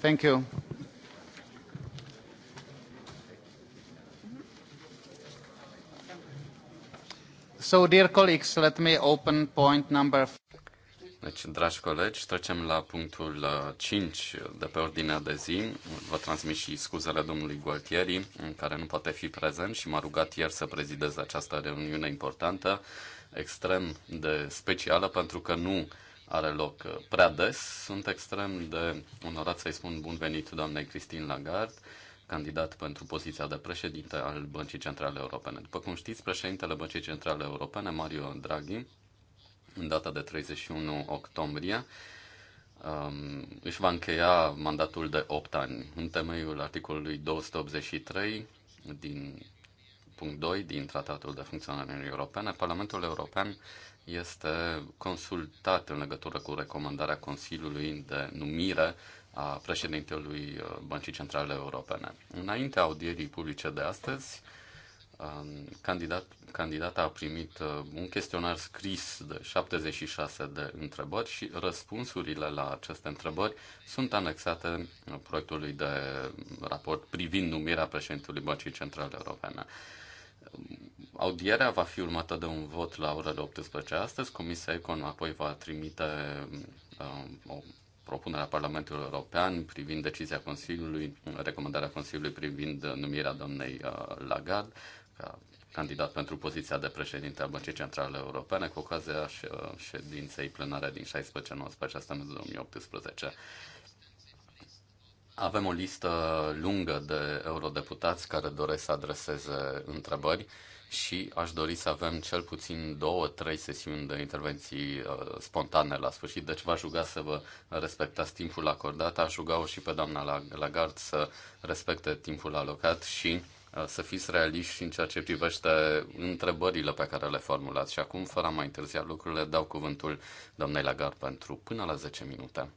Deci, dragi colegi, trecem la punctul 5 uh, de pe ordinea de zi. Vă transmit și scuzele domnului Gualtieri, care nu poate fi prezent și m-a rugat ieri să prezidez această reuniune importantă, extrem de specială, pentru că nu are loc prea des. Sunt extrem de onorat să-i spun bun venit doamnei Cristin Lagarde, candidat pentru poziția de președinte al Băncii Centrale Europene. După cum știți, președintele Băncii Centrale Europene, Mario Draghi, în data de 31 octombrie, um, își va încheia mandatul de 8 ani. În temeiul articolului 283 din punct 2 din Tratatul de Funcționare Europene, Parlamentul European este consultat în legătură cu recomandarea Consiliului de numire a președintelui uh, Băncii Centrale Europene. Înaintea audierii publice de astăzi, um, candidat, candidata a primit uh, un chestionar scris de 76 de întrebări și răspunsurile la aceste întrebări sunt anexate în uh, proiectului de raport privind numirea președintelui Băncii Centrale Europene. Audierea va fi urmată de un vot la orele 18 astăzi. Comisia Econ apoi va trimite um, o propunere a Parlamentului European privind decizia Consiliului, recomandarea Consiliului privind numirea doamnei uh, Lagarde ca candidat pentru poziția de președinte al Băncii Centrale Europene cu ocazia uh, ședinței plenare din 16-19 septembrie 2018. Avem o listă lungă de eurodeputați care doresc să adreseze întrebări și aș dori să avem cel puțin două, trei sesiuni de intervenții uh, spontane la sfârșit, deci v-aș ruga să vă respectați timpul acordat, aș ruga-o și pe doamna Lagarde să respecte timpul alocat și uh, să fiți realiști și în ceea ce privește întrebările pe care le formulați. Și acum, fără a mai întârzia lucrurile, dau cuvântul doamnei Lagarde pentru până la 10 minute.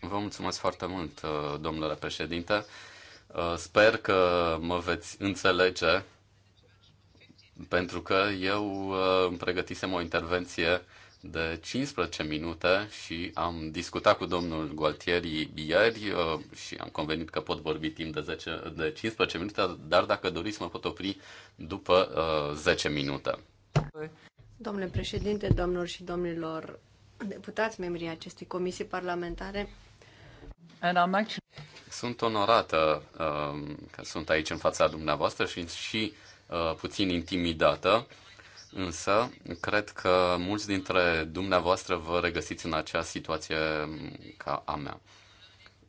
Vă mulțumesc foarte mult, uh, domnule președinte. Uh, sper că mă veți înțelege, pentru că eu uh, îmi pregătisem o intervenție de 15 minute și am discutat cu domnul Gualtieri ieri uh, și am convenit că pot vorbi timp de, 10, de 15 minute, dar dacă doriți mă pot opri după 10 minute. Domnule președinte, domnilor și domnilor deputați, membrii acestei comisii parlamentare, And I'm actually... Sunt onorată um, că sunt aici în fața dumneavoastră și, și uh, puțin intimidată, însă cred că mulți dintre dumneavoastră vă regăsiți în acea situație ca a mea.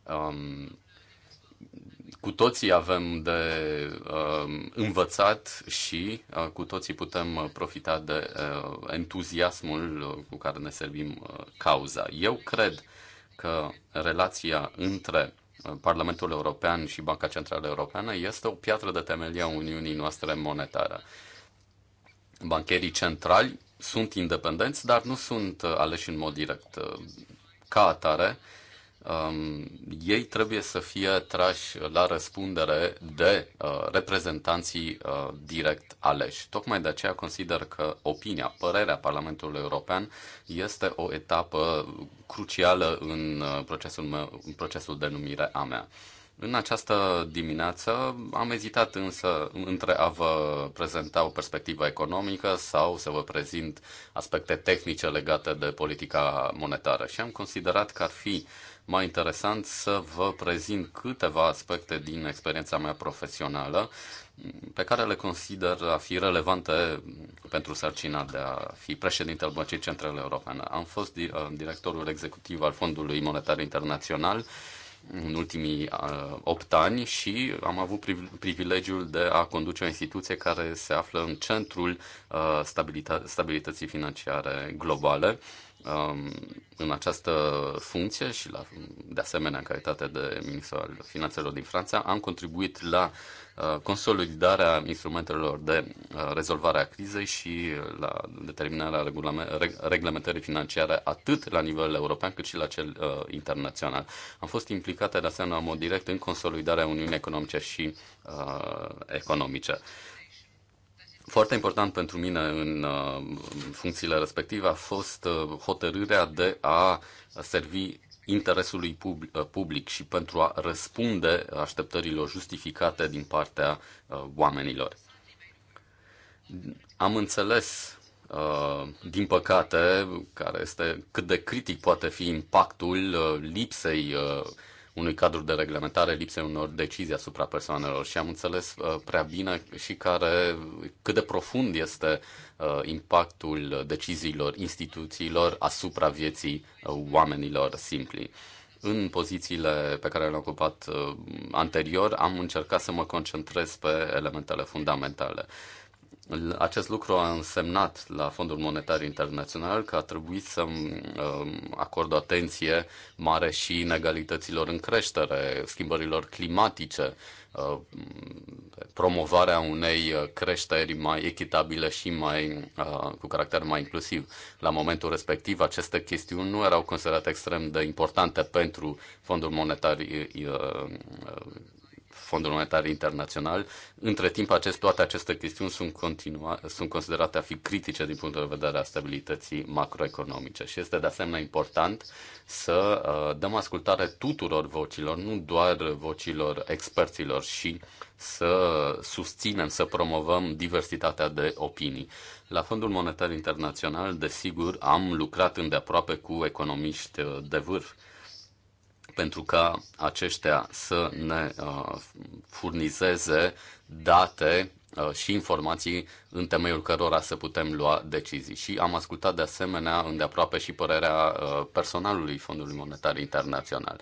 Um, cu toții avem de uh, învățat și uh, cu toții putem uh, profita de uh, entuziasmul uh, cu care ne servim uh, cauza. Eu cred că relația între Parlamentul European și Banca Centrală Europeană este o piatră de temelie a Uniunii noastre monetare. Bancherii centrali sunt independenți, dar nu sunt uh, aleși în mod direct. Uh, ca atare, um, ei trebuie să fie trași la răspundere de uh, reprezentanții uh, direct aleși. Tocmai de aceea consider că opinia, părerea Parlamentului European este o etapă crucială în uh, procesul, meu, în procesul de numire a mea. În această dimineață am ezitat însă între a vă prezenta o perspectivă economică sau să vă prezint aspecte tehnice legate de politica monetară și am considerat că ar fi uh, mai interesant să vă prezint câteva aspecte din experiența mea profesională pe care le consider a fi relevante pentru sarcina de a fi președinte al Băncii Centrale Europene. Am fost uh, directorul executiv al Fondului Monetar Internațional în ultimii uh, opt ani și am avut privilegiul de a conduce o instituție care se află în centrul uh, stabilită- stabilității financiare globale Um, în această funcție și la, de asemenea în calitate de ministru al finanțelor din Franța, am contribuit la uh, consolidarea instrumentelor de uh, rezolvare a crizei și uh, la determinarea reglementării financiare atât la nivel european cât și la cel uh, internațional. Am fost implicate de asemenea în mod direct în consolidarea Uniunii Economice și uh, Economice. Foarte important pentru mine în uh, funcțiile respective a fost uh, hotărârea de a servi interesului uh, public și pentru a răspunde așteptărilor justificate din partea oamenilor. Am înțeles, din păcate, care este cât de critic poate fi impactul lipsei unui cadru de reglementare, lipsei unor decizii asupra persoanelor și am înțeles uh, prea bine și care, cât de profund este uh, impactul deciziilor instituțiilor asupra vieții uh, oamenilor simpli. În pozițiile pe care le-am ocupat anterior, am încercat să mă concentrez pe elementele fundamentale. Acest lucru a însemnat la Fondul Monetar Internațional că a trebuit să um, acord o atenție mare și inegalităților în creștere, schimbărilor climatice, uh, promovarea unei creșteri mai echitabile și mai, uh, cu caracter mai inclusiv. La momentul respectiv, aceste chestiuni nu erau considerate extrem de importante pentru Fondul Monetar uh, Fondul Monetar Internațional. Între timp, acest, toate aceste chestiuni sunt, continua, sunt considerate a fi critice din punctul de vedere a stabilității macroeconomice și este de asemenea important să uh, dăm ascultare tuturor vocilor, nu doar vocilor experților și să susținem, să promovăm diversitatea de opinii. La Fondul Monetar Internațional, desigur, am lucrat îndeaproape cu economiști uh, de vârf pentru ca aceștia să ne uh, furnizeze date uh, și informații în temeiul cărora să putem lua decizii. Și am ascultat de asemenea îndeaproape și părerea uh, personalului Fondului Monetar Internațional.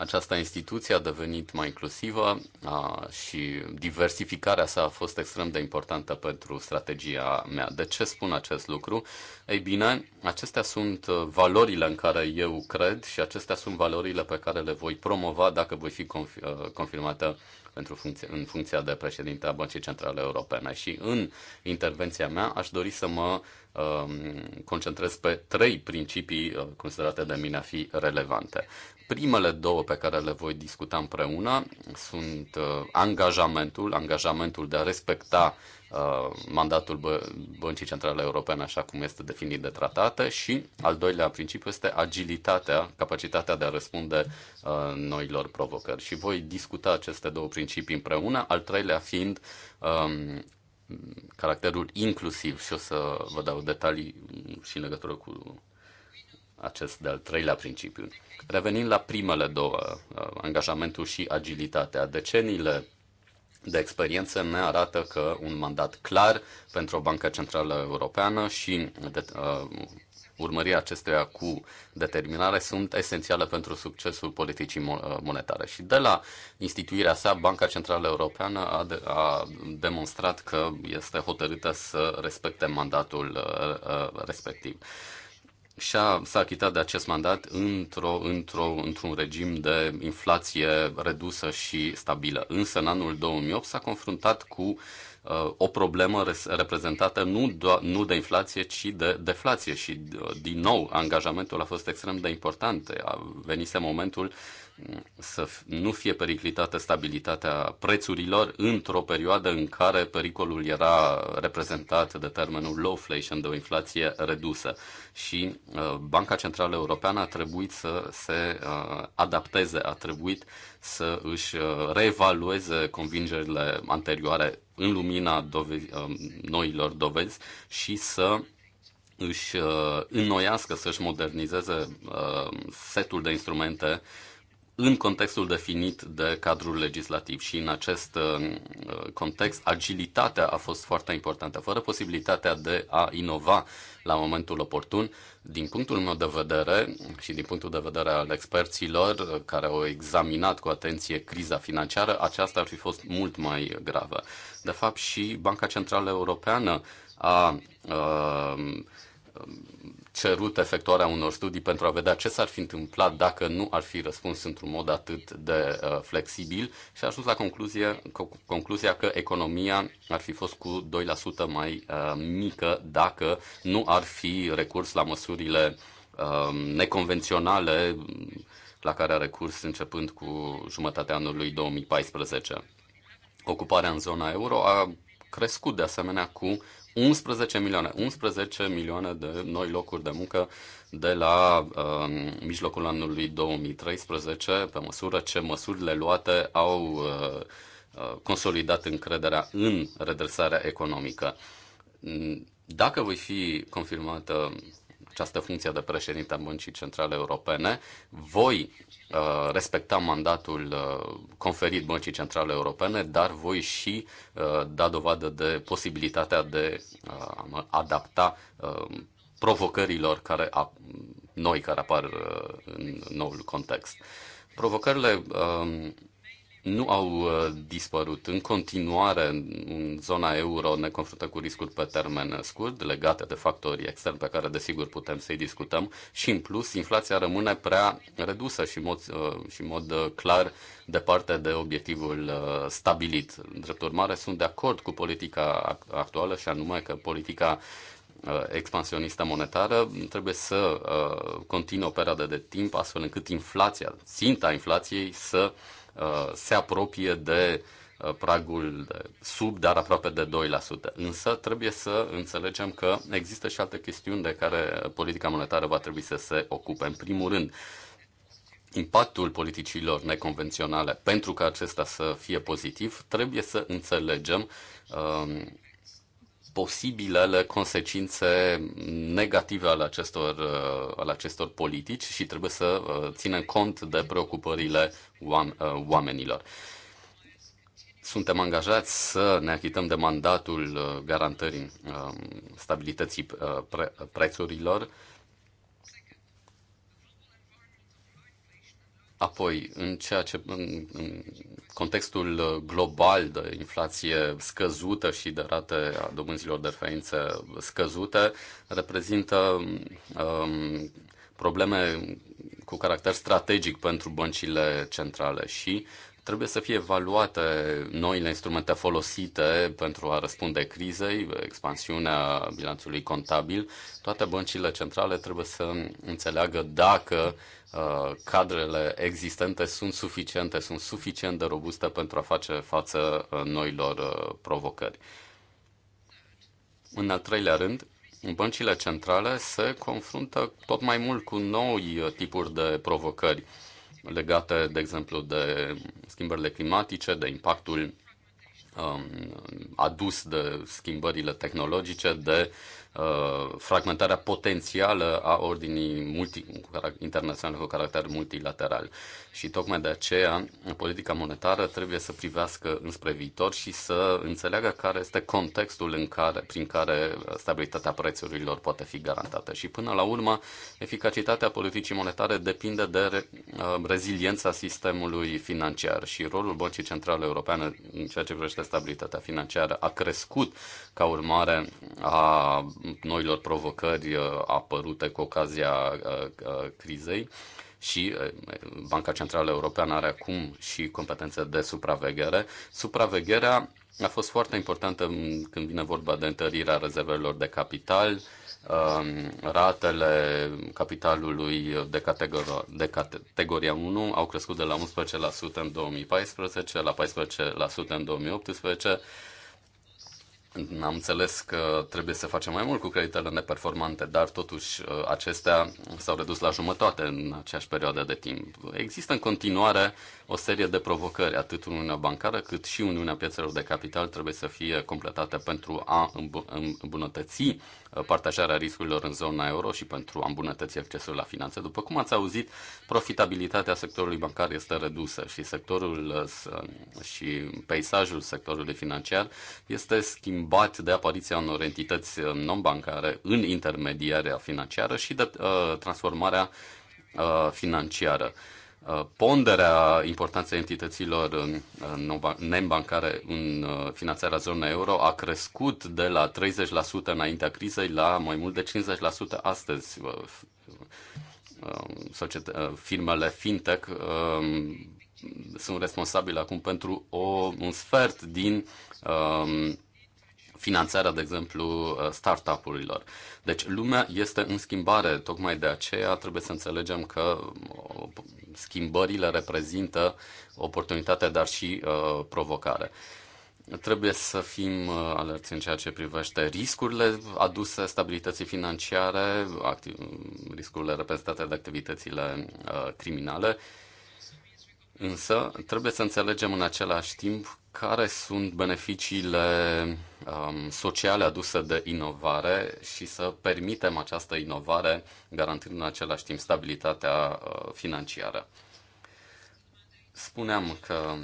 Această instituție a devenit mai inclusivă a, și diversificarea sa a fost extrem de importantă pentru strategia mea. De ce spun acest lucru? Ei bine, acestea sunt uh, valorile în care eu cred și acestea sunt valorile pe care le voi promova dacă voi fi confi- uh, confirmată pentru funcție, în funcția de președinte a Băncii Centrale Europene. Și în intervenția mea aș dori să mă um, concentrez pe trei principii uh, considerate de mine a fi relevante primele două pe care le voi discuta împreună sunt uh, angajamentul, angajamentul de a respecta uh, mandatul Bă- Băncii Centrale Europene așa cum este definit de tratate și al doilea principiu este agilitatea, capacitatea de a răspunde uh, noilor provocări. Și voi discuta aceste două principii împreună, al treilea fiind um, caracterul inclusiv și o să vă dau detalii și în legătură cu acest de-al treilea principiu. Revenind la primele două, uh, angajamentul și agilitatea, deceniile de experiență ne arată că un mandat clar pentru o bancă centrală europeană și uh, de, uh, urmărirea acesteia cu determinare sunt esențiale pentru succesul politicii uh, monetare. Și de la instituirea sa, Banca Centrală Europeană a, de, a demonstrat că este hotărâtă să respecte mandatul uh, respectiv și-a s-a achitat de acest mandat într-o, într-o, într-un regim de inflație redusă și stabilă. Însă, în anul 2008 s-a confruntat cu uh, o problemă reprezentată nu, do- nu de inflație, ci de deflație. Și, uh, din nou, angajamentul a fost extrem de important. A venise momentul să nu fie periclitată stabilitatea prețurilor într-o perioadă în care pericolul era reprezentat de termenul low inflation, de o inflație redusă. Și uh, Banca Centrală Europeană a trebuit să se uh, adapteze, a trebuit să își uh, reevalueze convingerile anterioare în lumina dovezi, noilor dovezi și să își înnoiască, să-și modernizeze setul de instrumente în contextul definit de cadrul legislativ și în acest uh, context agilitatea a fost foarte importantă, fără posibilitatea de a inova la momentul oportun. Din punctul meu de vedere și din punctul de vedere al experților uh, care au examinat cu atenție criza financiară, aceasta ar fi fost mult mai gravă. De fapt și Banca Centrală Europeană a, a, uh, a cerut efectuarea unor studii pentru a vedea ce s-ar fi întâmplat dacă nu ar fi răspuns într-un mod atât de uh, flexibil și a ajuns la concluzie, co- concluzia că economia ar fi fost cu 2% mai uh, mică dacă nu ar fi recurs la măsurile uh, neconvenționale la care a recurs începând cu jumătatea anului 2014. Ocuparea în zona euro a crescut de asemenea cu 11 milioane, 11 milioane de noi locuri de muncă de la uh, mijlocul anului 2013, pe măsură ce măsurile luate au uh, uh, consolidat încrederea în redresarea economică. Dacă voi fi confirmată această funcție de președinte a Băncii Centrale Europene, voi uh, respecta mandatul uh, conferit Băncii Centrale Europene, dar voi și uh, da dovadă de posibilitatea de uh, a mă adapta uh, provocărilor care a, noi care apar uh, în noul context. Provocările uh, nu au uh, dispărut. În continuare, în zona euro ne confruntă cu riscuri pe termen scurt, legate de factorii externi pe care, desigur, putem să-i discutăm și, în plus, inflația rămâne prea redusă și, în mod, uh, și în mod uh, clar departe de obiectivul stabilit. Drept urmare, sunt de acord cu politica actuală și anume că politica expansionistă monetară trebuie să continue o perioadă de timp astfel încât inflația, ținta inflației să Uh, se apropie de uh, pragul de sub, dar aproape de 2%. Însă trebuie să înțelegem că există și alte chestiuni de care politica monetară va trebui să se ocupe. În primul rând, impactul politicilor neconvenționale pentru ca acesta să fie pozitiv, trebuie să înțelegem uh, posibilele consecințe negative ale acestor, uh, ale acestor politici și trebuie să uh, ținem cont de preocupările uh, oamenilor. Suntem angajați să ne achităm de mandatul garantării um, stabilității prețurilor Apoi, în ceea ce în, în contextul global de inflație scăzută și de rate a dobânzilor de referință scăzute, reprezintă um, probleme cu caracter strategic pentru băncile centrale și trebuie să fie evaluate noile instrumente folosite pentru a răspunde crizei, expansiunea bilanțului contabil. Toate băncile centrale trebuie să înțeleagă dacă uh, Uh, cadrele existente sunt suficiente, sunt suficient de robuste pentru a face față uh, noilor uh, provocări. În al treilea rând, băncile centrale se confruntă tot mai mult cu noi tipuri de provocări legate, de exemplu, de schimbările climatice, de impactul um, adus de schimbările tehnologice, de uh, Uh, fragmentarea potențială a ordinii multi, internaționale cu caracter multilateral. Și tocmai de aceea, politica monetară trebuie să privească înspre viitor și să înțeleagă care este contextul în care, prin care uh, stabilitatea prețurilor poate fi garantată. Și până la urmă, eficacitatea politicii monetare depinde de uh, reziliența sistemului financiar și rolul Băncii Centrale Europeane în ceea ce privește stabilitatea financiară a crescut ca urmare a noilor provocări uh, apărute cu ocazia crizei și Banca Centrală Europeană are acum și competențe de supraveghere. Supravegherea a fost foarte importantă când vine vorba de întărirea rezervelor de capital, um, ratele capitalului de, categor- de categoria 1 au crescut de la 11% în 2014 la 14% în 2018 am înțeles că trebuie să facem mai mult cu creditele neperformante, dar totuși uh, acestea s-au redus la jumătate în aceeași perioadă de timp. Există în continuare o serie de provocări, atât Uniunea Bancară cât și Uniunea Piețelor de Capital trebuie să fie completate pentru a îmbunătăți Uh, partajarea riscurilor în zona euro și pentru a îmbunătăți accesul la finanțe. După cum ați auzit, profitabilitatea sectorului bancar este redusă și sectorul uh, uh, și peisajul sectorului financiar este schimbat de apariția unor entități non-bancare în intermediarea financiară și de uh, transformarea uh, financiară. Uh, Uh, ponderea importanței entităților uh, uh, nebancare în finanțarea zonei euro a crescut de la 30% înaintea crizei la mai mult de 50% astăzi. Firmele fintech sunt responsabile acum pentru o, un sfert din finanțarea, de exemplu, uh, startup-urilor. Deci lumea este în schimbare, tocmai de aceea trebuie să înțelegem că uh, schimbările reprezintă oportunitate, dar și uh, provocare. Trebuie să fim uh, alerți în ceea ce privește riscurile aduse stabilității financiare, riscurile reprezentate de activitățile uh, criminale, Însă, trebuie să înțelegem în același timp care sunt beneficiile um, sociale aduse de inovare și să permitem această inovare, garantând în același timp stabilitatea uh, financiară. Spuneam că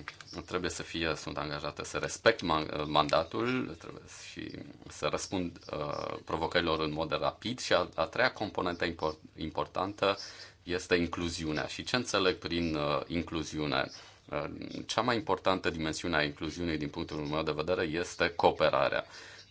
trebuie să fie, sunt angajate să respect man, uh, mandatul trebuie și să răspund uh, provocărilor în mod rapid și a, a treia componentă import, importantă este incluziunea. Și ce înțeleg prin uh, incluziune? Uh, cea mai importantă dimensiune a incluziunii din punctul meu de vedere este cooperarea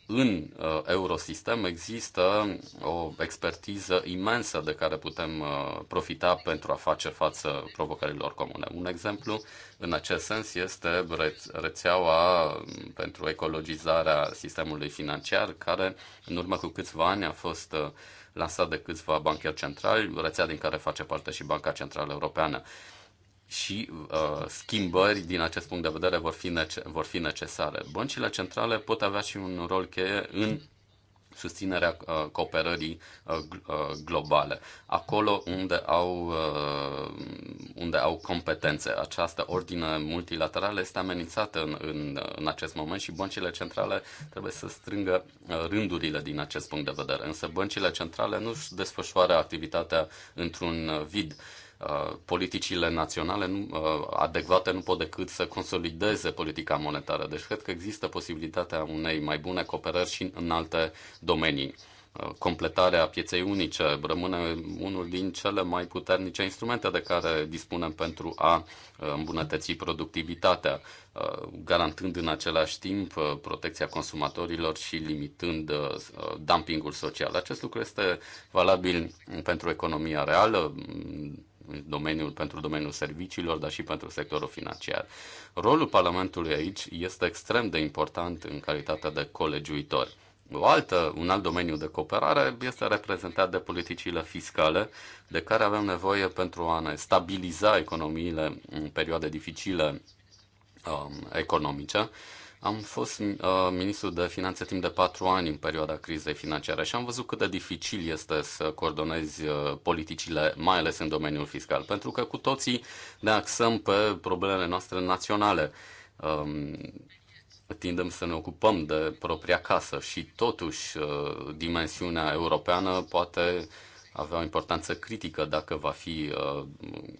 în uh, Eurosistem există o expertiză imensă de care putem uh, profita pentru a face față provocărilor comune. Un exemplu în acest sens este rețeaua pentru ecologizarea sistemului financiar, care în urmă cu câțiva ani a fost uh, lansat de câțiva bancheri centrali, rețea din care face parte și Banca Centrală Europeană. Uh, și uh, schimbări din acest punct de vedere vor fi, nece- vor fi necesare. Băncile centrale pot avea și un rol cheie în susținerea uh, cooperării uh, uh globale, acolo unde au, uh, unde au competențe. Această ordine multilaterală este amenințată în, în, în acest moment și băncile centrale trebuie să strângă uh, rândurile din acest punct de vedere. Însă băncile centrale nu își desfășoară activitatea într-un vid Uh, politicile naționale uh, adecvate nu pot decât să consolideze politica monetară. Deci cred că există posibilitatea unei mai bune cooperări și în alte domenii. Uh, completarea pieței unice rămâne unul din cele mai puternice instrumente de care dispunem pentru a îmbunătăți productivitatea, garantând în același timp protecția consumatorilor și limitând dumpingul social. Acest lucru este valabil pentru economia reală, domeniul, pentru domeniul serviciilor, dar și pentru sectorul financiar. Rolul Parlamentului aici este extrem de important în calitatea de colegiuitor. O altă, un alt domeniu de cooperare este reprezentat de politicile fiscale de care avem nevoie pentru a ne stabiliza economiile în perioade dificile um, economice am fost uh, ministru de finanțe timp de patru ani în perioada crizei financiare și am văzut cât de dificil este să coordonezi uh, politicile, mai ales în domeniul fiscal, pentru că cu toții ne axăm pe problemele noastre naționale. Um, tindem să ne ocupăm de propria casă și totuși uh, dimensiunea europeană poate avea o importanță critică dacă va fi uh,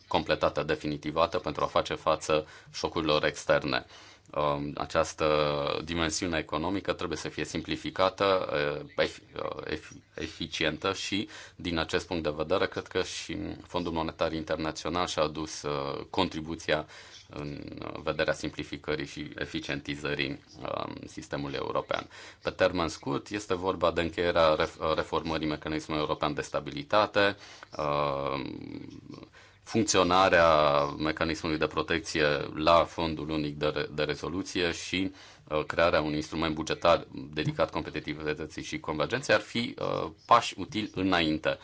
completată, definitivată pentru a face față șocurilor externe. Um, această dimensiune economică trebuie să fie simplificată, uh, uh, eficientă și, din acest punct de vedere, cred că și Fondul Monetar Internațional și-a adus uh, contribuția în vederea simplificării și eficientizării um, sistemului european. Pe termen scurt, este vorba de încheierea reformării mecanismului european de stabilitate, funcționarea mecanismului de protecție la fondul unic de, re- de rezoluție și uh, crearea unui instrument bugetar dedicat competitivității și convergenței ar fi uh, pași utili înainte.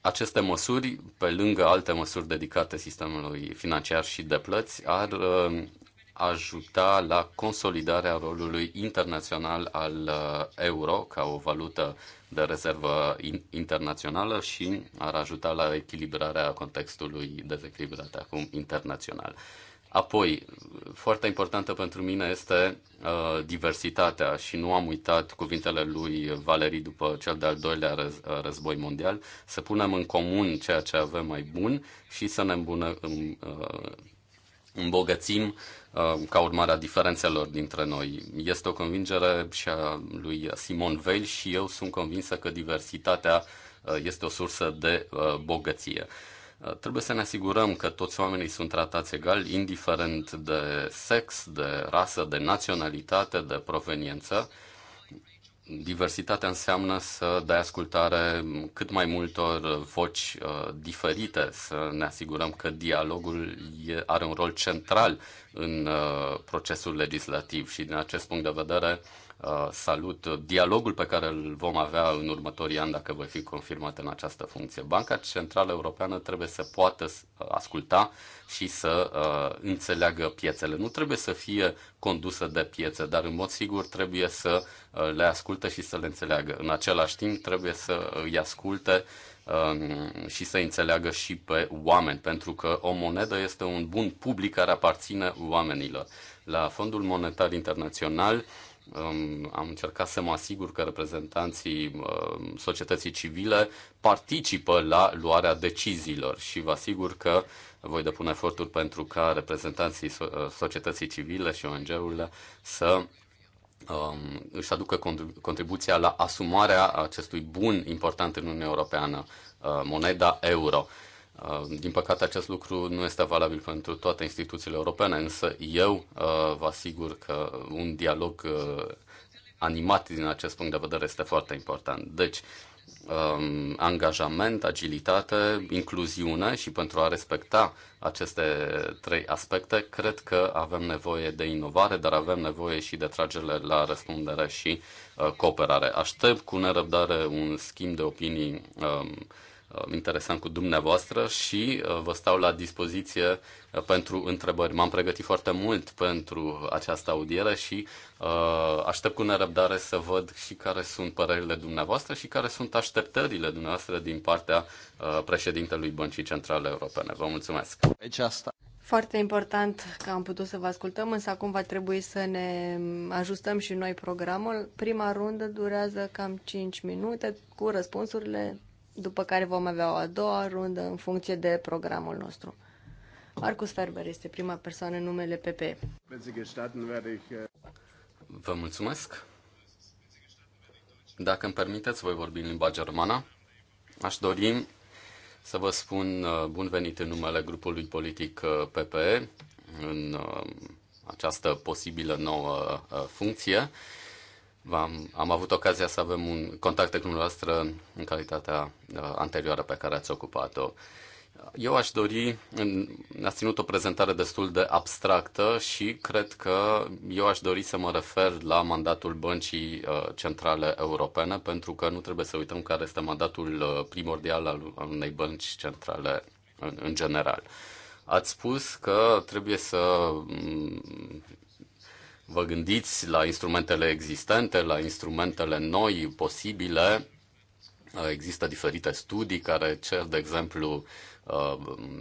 Aceste măsuri, pe lângă alte măsuri dedicate sistemului financiar și de plăți, ar uh, ajuta la consolidarea rolului internațional al uh, euro ca o valută uh, de rezervă internațională și ar ajuta la echilibrarea contextului dezechilibrat acum internațional. Apoi, foarte importantă pentru mine este uh, diversitatea și nu am uitat cuvintele lui Valerii după cel de-al doilea răz- uh, război mondial, să punem în comun ceea ce avem mai bun și să ne îmbună, um, uh, îmbogățim uh, ca urmare a diferențelor dintre noi. Este o convingere și a lui Simon Veil și eu sunt convinsă că diversitatea uh, este o sursă de uh, bogăție. Trebuie să ne asigurăm că toți oamenii sunt tratați egal, indiferent de sex, de rasă, de naționalitate, de proveniență diversitatea înseamnă să dai ascultare cât mai multor voci uh, diferite, să ne asigurăm că dialogul e, are un rol central în uh, procesul legislativ și din acest punct de vedere Uh, salut dialogul pe care îl vom avea în următorii ani dacă voi fi confirmat în această funcție. Banca Centrală Europeană trebuie să poată uh, asculta și să uh, înțeleagă piețele. Nu trebuie să fie condusă de piețe, dar în mod sigur trebuie să uh, le asculte și să le înțeleagă. În același timp trebuie să îi asculte um, și să înțeleagă și pe oameni, pentru că o monedă este un bun public care aparține oamenilor. La Fondul Monetar Internațional uh, am încercat să mă asigur că reprezentanții uh, societății civile participă la luarea deciziilor și vă asigur că voi depune eforturi pentru ca reprezentanții uh, societății civile și ONG-urile să um, își aducă contribuția la asumarea acestui bun important în Uniunea Europeană, uh, moneda euro. Uh, din păcate, acest lucru nu este valabil pentru toate instituțiile europene, însă eu uh, vă asigur că un dialog uh, animat din acest punct de vedere este foarte important. Deci, um, angajament, agilitate, incluziune și pentru a respecta aceste trei aspecte, cred că avem nevoie de inovare, dar avem nevoie și de tragere la răspundere și cooperare. Aștept cu nerăbdare un schimb de opinii um, Uh, interesant cu dumneavoastră și uh, vă stau la dispoziție uh, pentru întrebări. M-am pregătit foarte mult pentru această audiere și aștept cu nerăbdare să văd și care sunt părerile dumneavoastră și care sunt așteptările dumneavoastră din partea președintelui Băncii Centrale Europene. Vă mulțumesc! Deci foarte important că am putut să vă ascultăm, însă acum va trebui să ne ajustăm și noi programul. Prima rundă durează cam 5 minute cu răspunsurile după care vom avea o a doua rundă în funcție de programul nostru. Marcus Ferber este prima persoană în numele PP. Vă mulțumesc. Dacă îmi permiteți, voi vorbi în limba germană. Aș dori să vă spun uh, bun venit în numele grupului politic uh, PPE în uh, această posibilă nouă funcție am am avut ocazia să avem un contact cu dumneavoastră în calitatea uh, anterioară pe care ați ocupat-o. Eu aș dori, ați ținut o prezentare destul de abstractă și cred că eu aș dori să mă refer la mandatul Băncii uh, Centrale Europene, pentru că nu trebuie să uităm care este mandatul uh, primordial al unei bănci centrale în, în general. Ați spus că trebuie să mm, vă gândiți la instrumentele existente, la instrumentele noi posibile. Există diferite studii care cer, de exemplu, uh,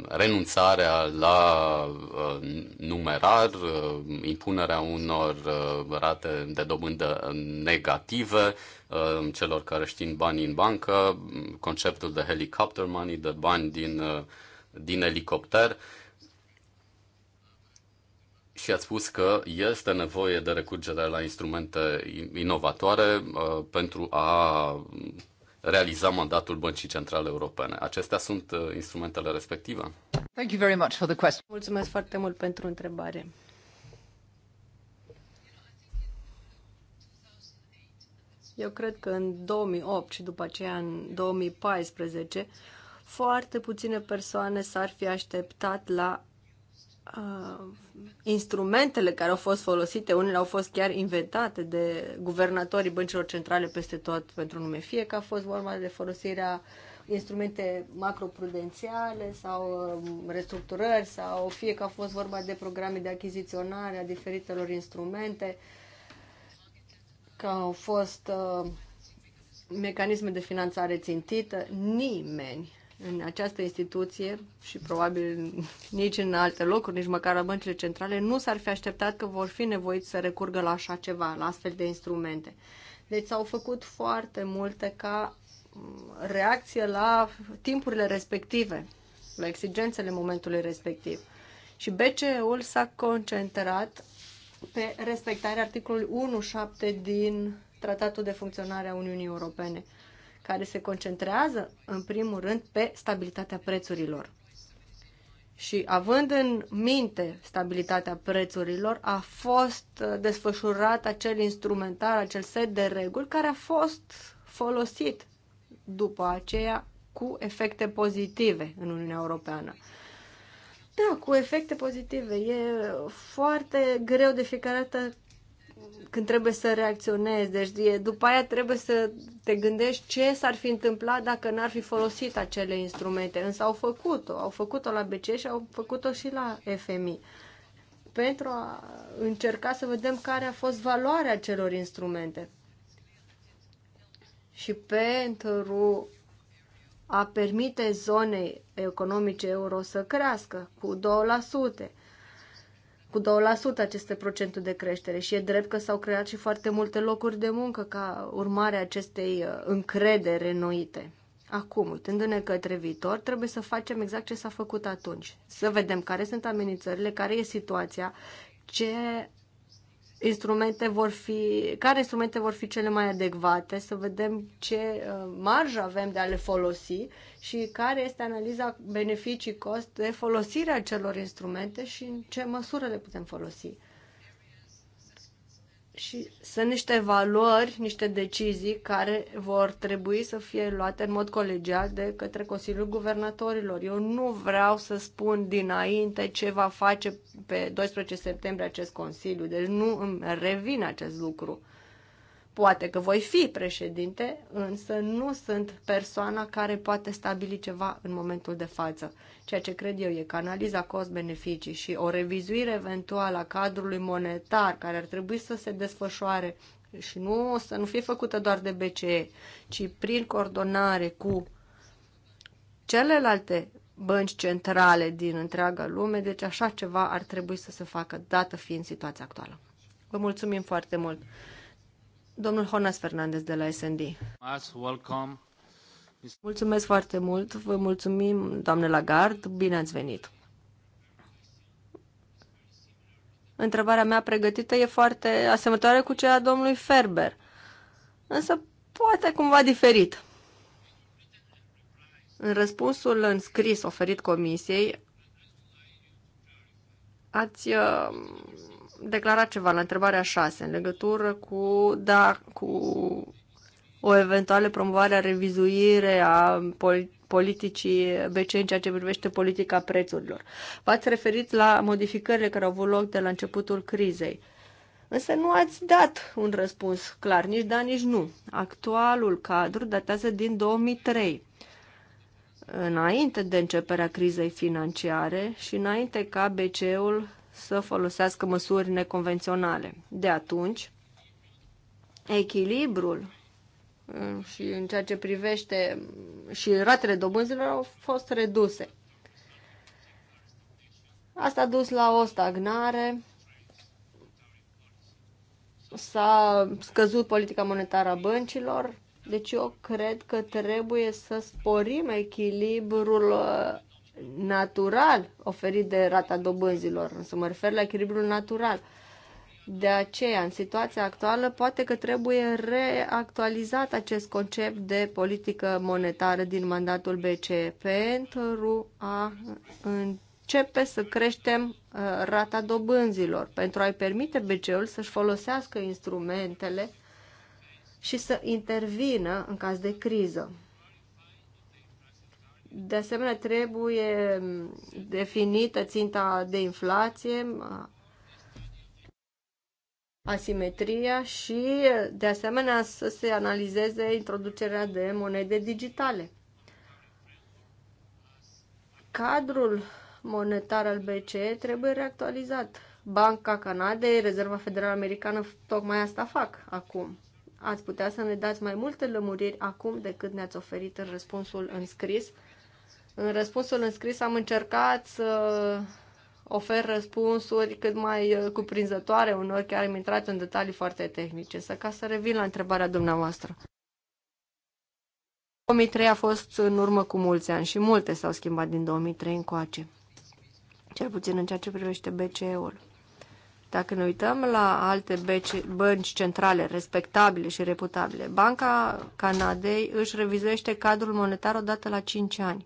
renunțarea la uh, numerar, uh, impunerea unor rate de dobândă negative celor care știu bani în bancă, conceptul de helicopter money, de bani din, din elicopter și ați spus că este nevoie de recurgere la instrumente inovatoare uh, pentru a realiza mandatul Băncii Centrale Europene. Acestea sunt uh, instrumentele respective? Thank you very much for the question. Mulțumesc foarte mult pentru întrebare. Eu cred că în 2008 și după aceea în 2014, foarte puține persoane s-ar fi așteptat la uh, instrumentele care au fost folosite, unele au fost chiar inventate de guvernatorii băncilor centrale peste tot pentru nume, fie că a fost vorba de folosirea instrumente macroprudențiale sau um, restructurări sau fie că a fost vorba de programe de achiziționare a diferitelor instrumente, că au fost uh, mecanisme de finanțare țintită, nimeni în această instituție și probabil nici în alte locuri, nici măcar la băncile centrale, nu s-ar fi așteptat că vor fi nevoiți să recurgă la așa ceva, la astfel de instrumente. Deci s-au făcut foarte multe ca mm, reacție la timpurile respective, la exigențele momentului respectiv. Și BCE-ul s-a concentrat pe respectarea articolului 1.7 din Tratatul de Funcționare a Uniunii Europene – care se concentrează, în primul rând, pe stabilitatea prețurilor. Și având în minte stabilitatea prețurilor, a fost uh, desfășurat acel instrumentar, acel set de reguli care a fost folosit după aceea cu efecte pozitive în Uniunea Europeană. Da, cu efecte pozitive. E foarte greu de fiecare dată când trebuie să reacționezi. Deci e, după aia trebuie să te gândești ce s-ar fi întâmplat dacă n-ar fi folosit acele instrumente. Însă au făcut-o. Au făcut-o la BCE și au făcut-o și la FMI pentru a încerca să vedem care a fost valoarea acelor instrumente. Și pentru a permite zonei economice euro să crească cu 2% cu 2% aceste procentul de creștere și e drept că s-au creat și foarte multe locuri de muncă ca urmare a acestei uh, încredere noite. Acum, uitându-ne către viitor, trebuie să facem exact ce s-a făcut atunci. Să vedem care sunt amenințările, care e situația, ce instrumente vor fi, care instrumente vor fi cele mai adecvate, să vedem ce uh, marjă avem de a le folosi și care este analiza beneficii-cost de folosirea celor instrumente și în ce măsură le putem folosi și sunt niște valori, niște decizii care vor trebui să fie luate în mod colegial de către Consiliul Guvernatorilor. Eu nu vreau să spun dinainte ce va face pe 12 septembrie acest Consiliu, deci nu îmi revine acest lucru. Poate că voi fi președinte, însă nu sunt persoana care poate stabili ceva în momentul de față. Ceea ce cred eu e că analiza cost-beneficii și o revizuire eventuală a cadrului monetar care ar trebui să se desfășoare și nu să nu fie făcută doar de BCE, ci prin coordonare cu celelalte bănci centrale din întreaga lume, deci așa ceva ar trebui să se facă, dată fiind situația actuală. Vă mulțumim foarte mult! Domnul Jonas Fernandez de la SND. Mulțumesc foarte mult, vă mulțumim, doamne Lagarde, bine ați venit. Întrebarea mea pregătită e foarte asemănătoare cu cea a domnului Ferber, însă poate cumva diferit. În răspunsul în scris oferit comisiei, ați uh, declarat ceva la întrebarea 6 în legătură cu, da, cu o eventuală promovare a revizuire a politicii BC în ceea ce privește politica prețurilor. V-ați referit la modificările care au avut loc de la începutul crizei. Însă nu ați dat un răspuns clar, nici da, nici nu. Actualul cadru datează din 2003 înainte de începerea crizei financiare și înainte ca BCE-ul să folosească măsuri neconvenționale. De atunci, echilibrul mm, și în ceea ce privește și ratele dobânzilor au fost reduse. Asta a dus la o stagnare, s-a scăzut politica monetară a băncilor, deci eu cred că trebuie să sporim echilibrul natural oferit de rata dobânzilor, însă mă refer la echilibrul natural. De aceea, în situația actuală, poate că trebuie reactualizat acest concept de politică monetară din mandatul BCE pentru a începe să creștem uh, rata dobânzilor, pentru a-i permite BCE-ul să-și folosească instrumentele și să intervină în caz de criză. De asemenea, trebuie definită ținta de inflație, asimetria și, de asemenea, să se analizeze introducerea de monede digitale. Cadrul monetar al BCE trebuie reactualizat. Banca Canadei, Rezerva Federală Americană, tocmai asta fac acum. Ați putea să ne dați mai multe lămuriri acum decât ne-ați oferit în răspunsul înscris. scris în răspunsul înscris am încercat să ofer răspunsuri cât mai uh, cuprinzătoare, unor chiar am intrat în detalii foarte tehnice. Să ca să revin la întrebarea dumneavoastră. 2003 a fost în urmă cu mulți ani și multe s-au schimbat din 2003 încoace, cel puțin în ceea ce privește BCE-ul. Dacă ne uităm la alte BC, bănci centrale respectabile și reputabile, Banca Canadei își revizuiește cadrul monetar odată la 5 ani.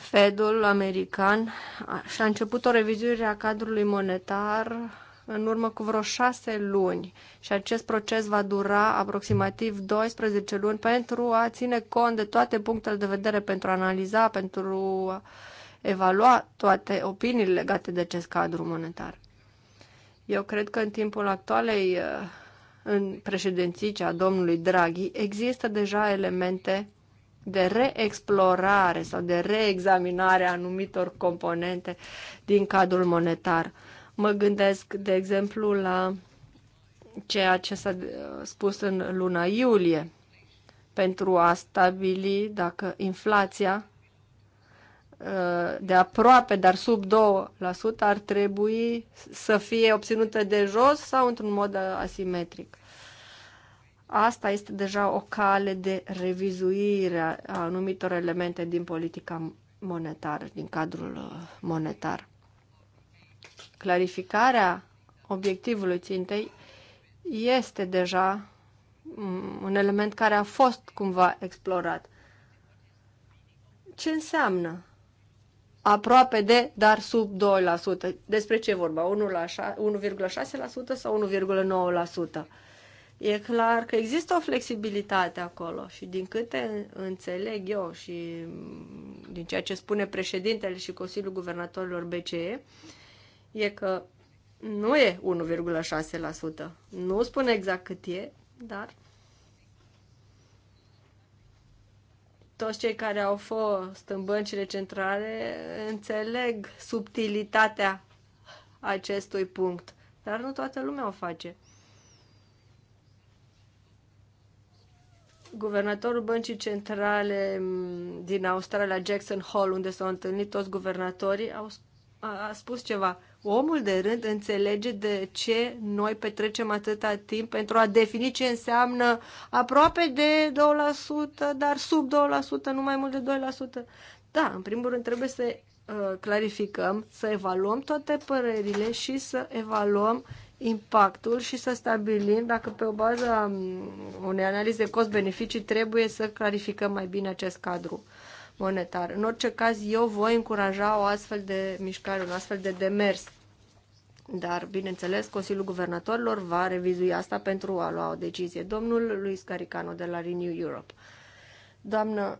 Fedul american și-a început o revizuire a cadrului monetar în urmă cu vreo șase luni și acest proces va dura aproximativ 12 luni pentru a ține cont de toate punctele de vedere, pentru a analiza, pentru a evalua toate opiniile legate de acest cadru monetar. Eu cred că în timpul actualei în președinții a domnului Draghi există deja elemente de reexplorare sau de reexaminare a anumitor componente din cadrul monetar. Mă gândesc, de exemplu, la ceea ce s-a uh, spus în luna iulie pentru a stabili dacă inflația uh, de aproape, dar sub 2% ar trebui să fie obținută de jos sau într-un mod asimetric. Asta este deja o cale de revizuire a anumitor elemente din politica monetară, din cadrul uh, monetar. Clarificarea obiectivului țintei este deja mm, un element care a fost cumva explorat. Ce înseamnă? Aproape de, dar sub 2%. Despre ce vorba? 1,6% sau 1,9%? E clar că există o flexibilitate acolo și din câte înțeleg eu și din ceea ce spune președintele și Consiliul Guvernatorilor BCE, e că nu e 1,6%. Nu spune exact cât e, dar toți cei care au fost în băncile centrale înțeleg subtilitatea acestui punct, dar nu toată lumea o face. guvernatorul Băncii Centrale din Australia, Jackson Hall, unde s-au întâlnit toți guvernatorii, au, a, a spus ceva. Omul de rând înțelege de ce noi petrecem atâta timp pentru a defini ce înseamnă aproape de 2%, dar sub 2%, nu mai mult de 2%. Da, în primul rând trebuie să uh, clarificăm, să evaluăm toate părerile și să evaluăm impactul și să stabilim dacă pe o bază unei analize cost-beneficii trebuie să clarificăm mai bine acest cadru monetar. În orice caz, eu voi încuraja o astfel de mișcare, un astfel de demers. Dar, bineînțeles, Consiliul Guvernatorilor va revizui asta pentru a lua o decizie. Domnul Luis Caricano de la Renew Europe. Doamnă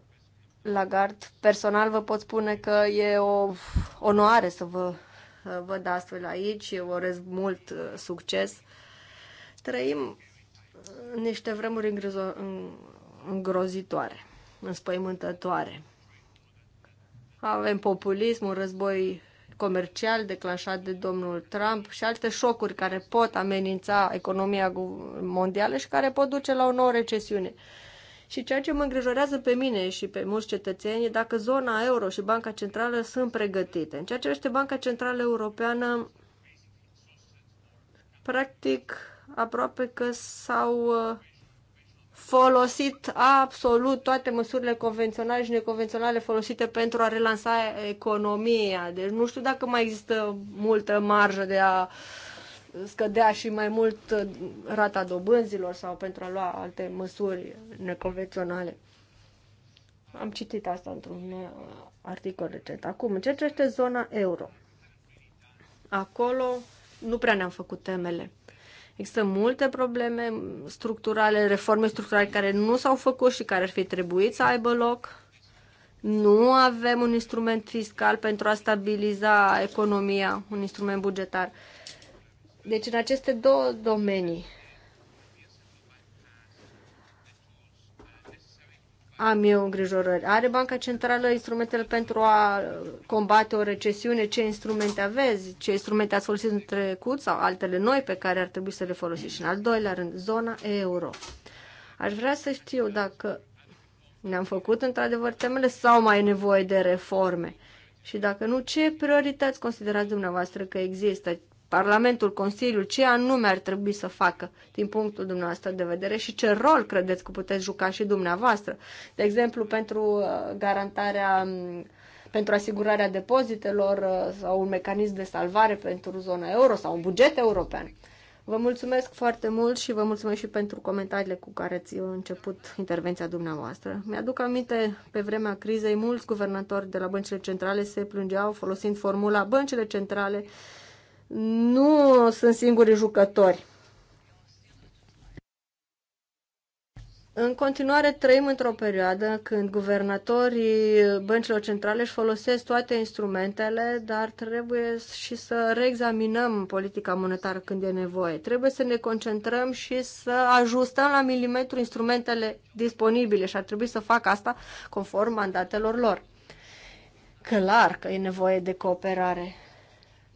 Lagarde, personal vă pot spune că e o onoare să vă văd astfel aici, eu urez mult uh, succes. Trăim niște vremuri îngrozitoare, înspăimântătoare. Avem populism, un război comercial declanșat de domnul Trump și alte șocuri care pot amenința economia mondială și care pot duce la o nouă recesiune. Și ceea ce mă îngrijorează pe mine și pe mulți cetățeni e dacă zona euro și Banca Centrală sunt pregătite. În ceea ce este Banca Centrală Europeană, practic, aproape că s-au uh, folosit absolut toate măsurile convenționale și neconvenționale folosite pentru a relansa economia. Deci nu știu dacă mai există multă marjă de a uh, scădea și mai mult uh, rata dobânzilor sau pentru a lua alte măsuri neconvenționale. Am citit asta într-un uh, articol recent. Acum, în ce este zona euro, acolo nu prea ne-am făcut temele. Există multe probleme structurale, reforme structurale care nu s-au făcut și care ar fi trebuit să aibă loc. Nu avem un instrument fiscal pentru a stabiliza economia, un instrument bugetar. Uh, deci în aceste două domenii am eu îngrijorări. Are Banca Centrală instrumentele pentru a combate o recesiune? Ce instrumente aveți? Ce instrumente ați folosit în trecut sau altele noi pe care ar trebui să le folosiți? Și în al doilea rând, zona euro. Aș vrea să știu dacă ne-am făcut într-adevăr temele sau mai e nevoie de reforme. Și dacă nu, ce priorități considerați dumneavoastră că există? Parlamentul, Consiliul, ce anume ar trebui să facă din punctul dumneavoastră de vedere și ce rol credeți că puteți juca și dumneavoastră. De exemplu, pentru uh, garantarea, um, pentru asigurarea depozitelor uh, sau un mecanism de salvare pentru zona euro sau un buget european. Vă mulțumesc foarte mult și vă mulțumesc și pentru comentariile cu care ați început intervenția dumneavoastră. Mi-aduc aminte, pe vremea crizei, mulți guvernatori de la băncile centrale se plângeau folosind formula băncile centrale nu sunt singurii jucători. În continuare trăim într-o perioadă când guvernatorii băncilor centrale își folosesc toate instrumentele, dar trebuie și să reexaminăm politica monetară când e nevoie. Trebuie să ne concentrăm și să ajustăm la milimetru instrumentele disponibile și ar trebui să fac asta conform mandatelor lor. Clar că e nevoie de cooperare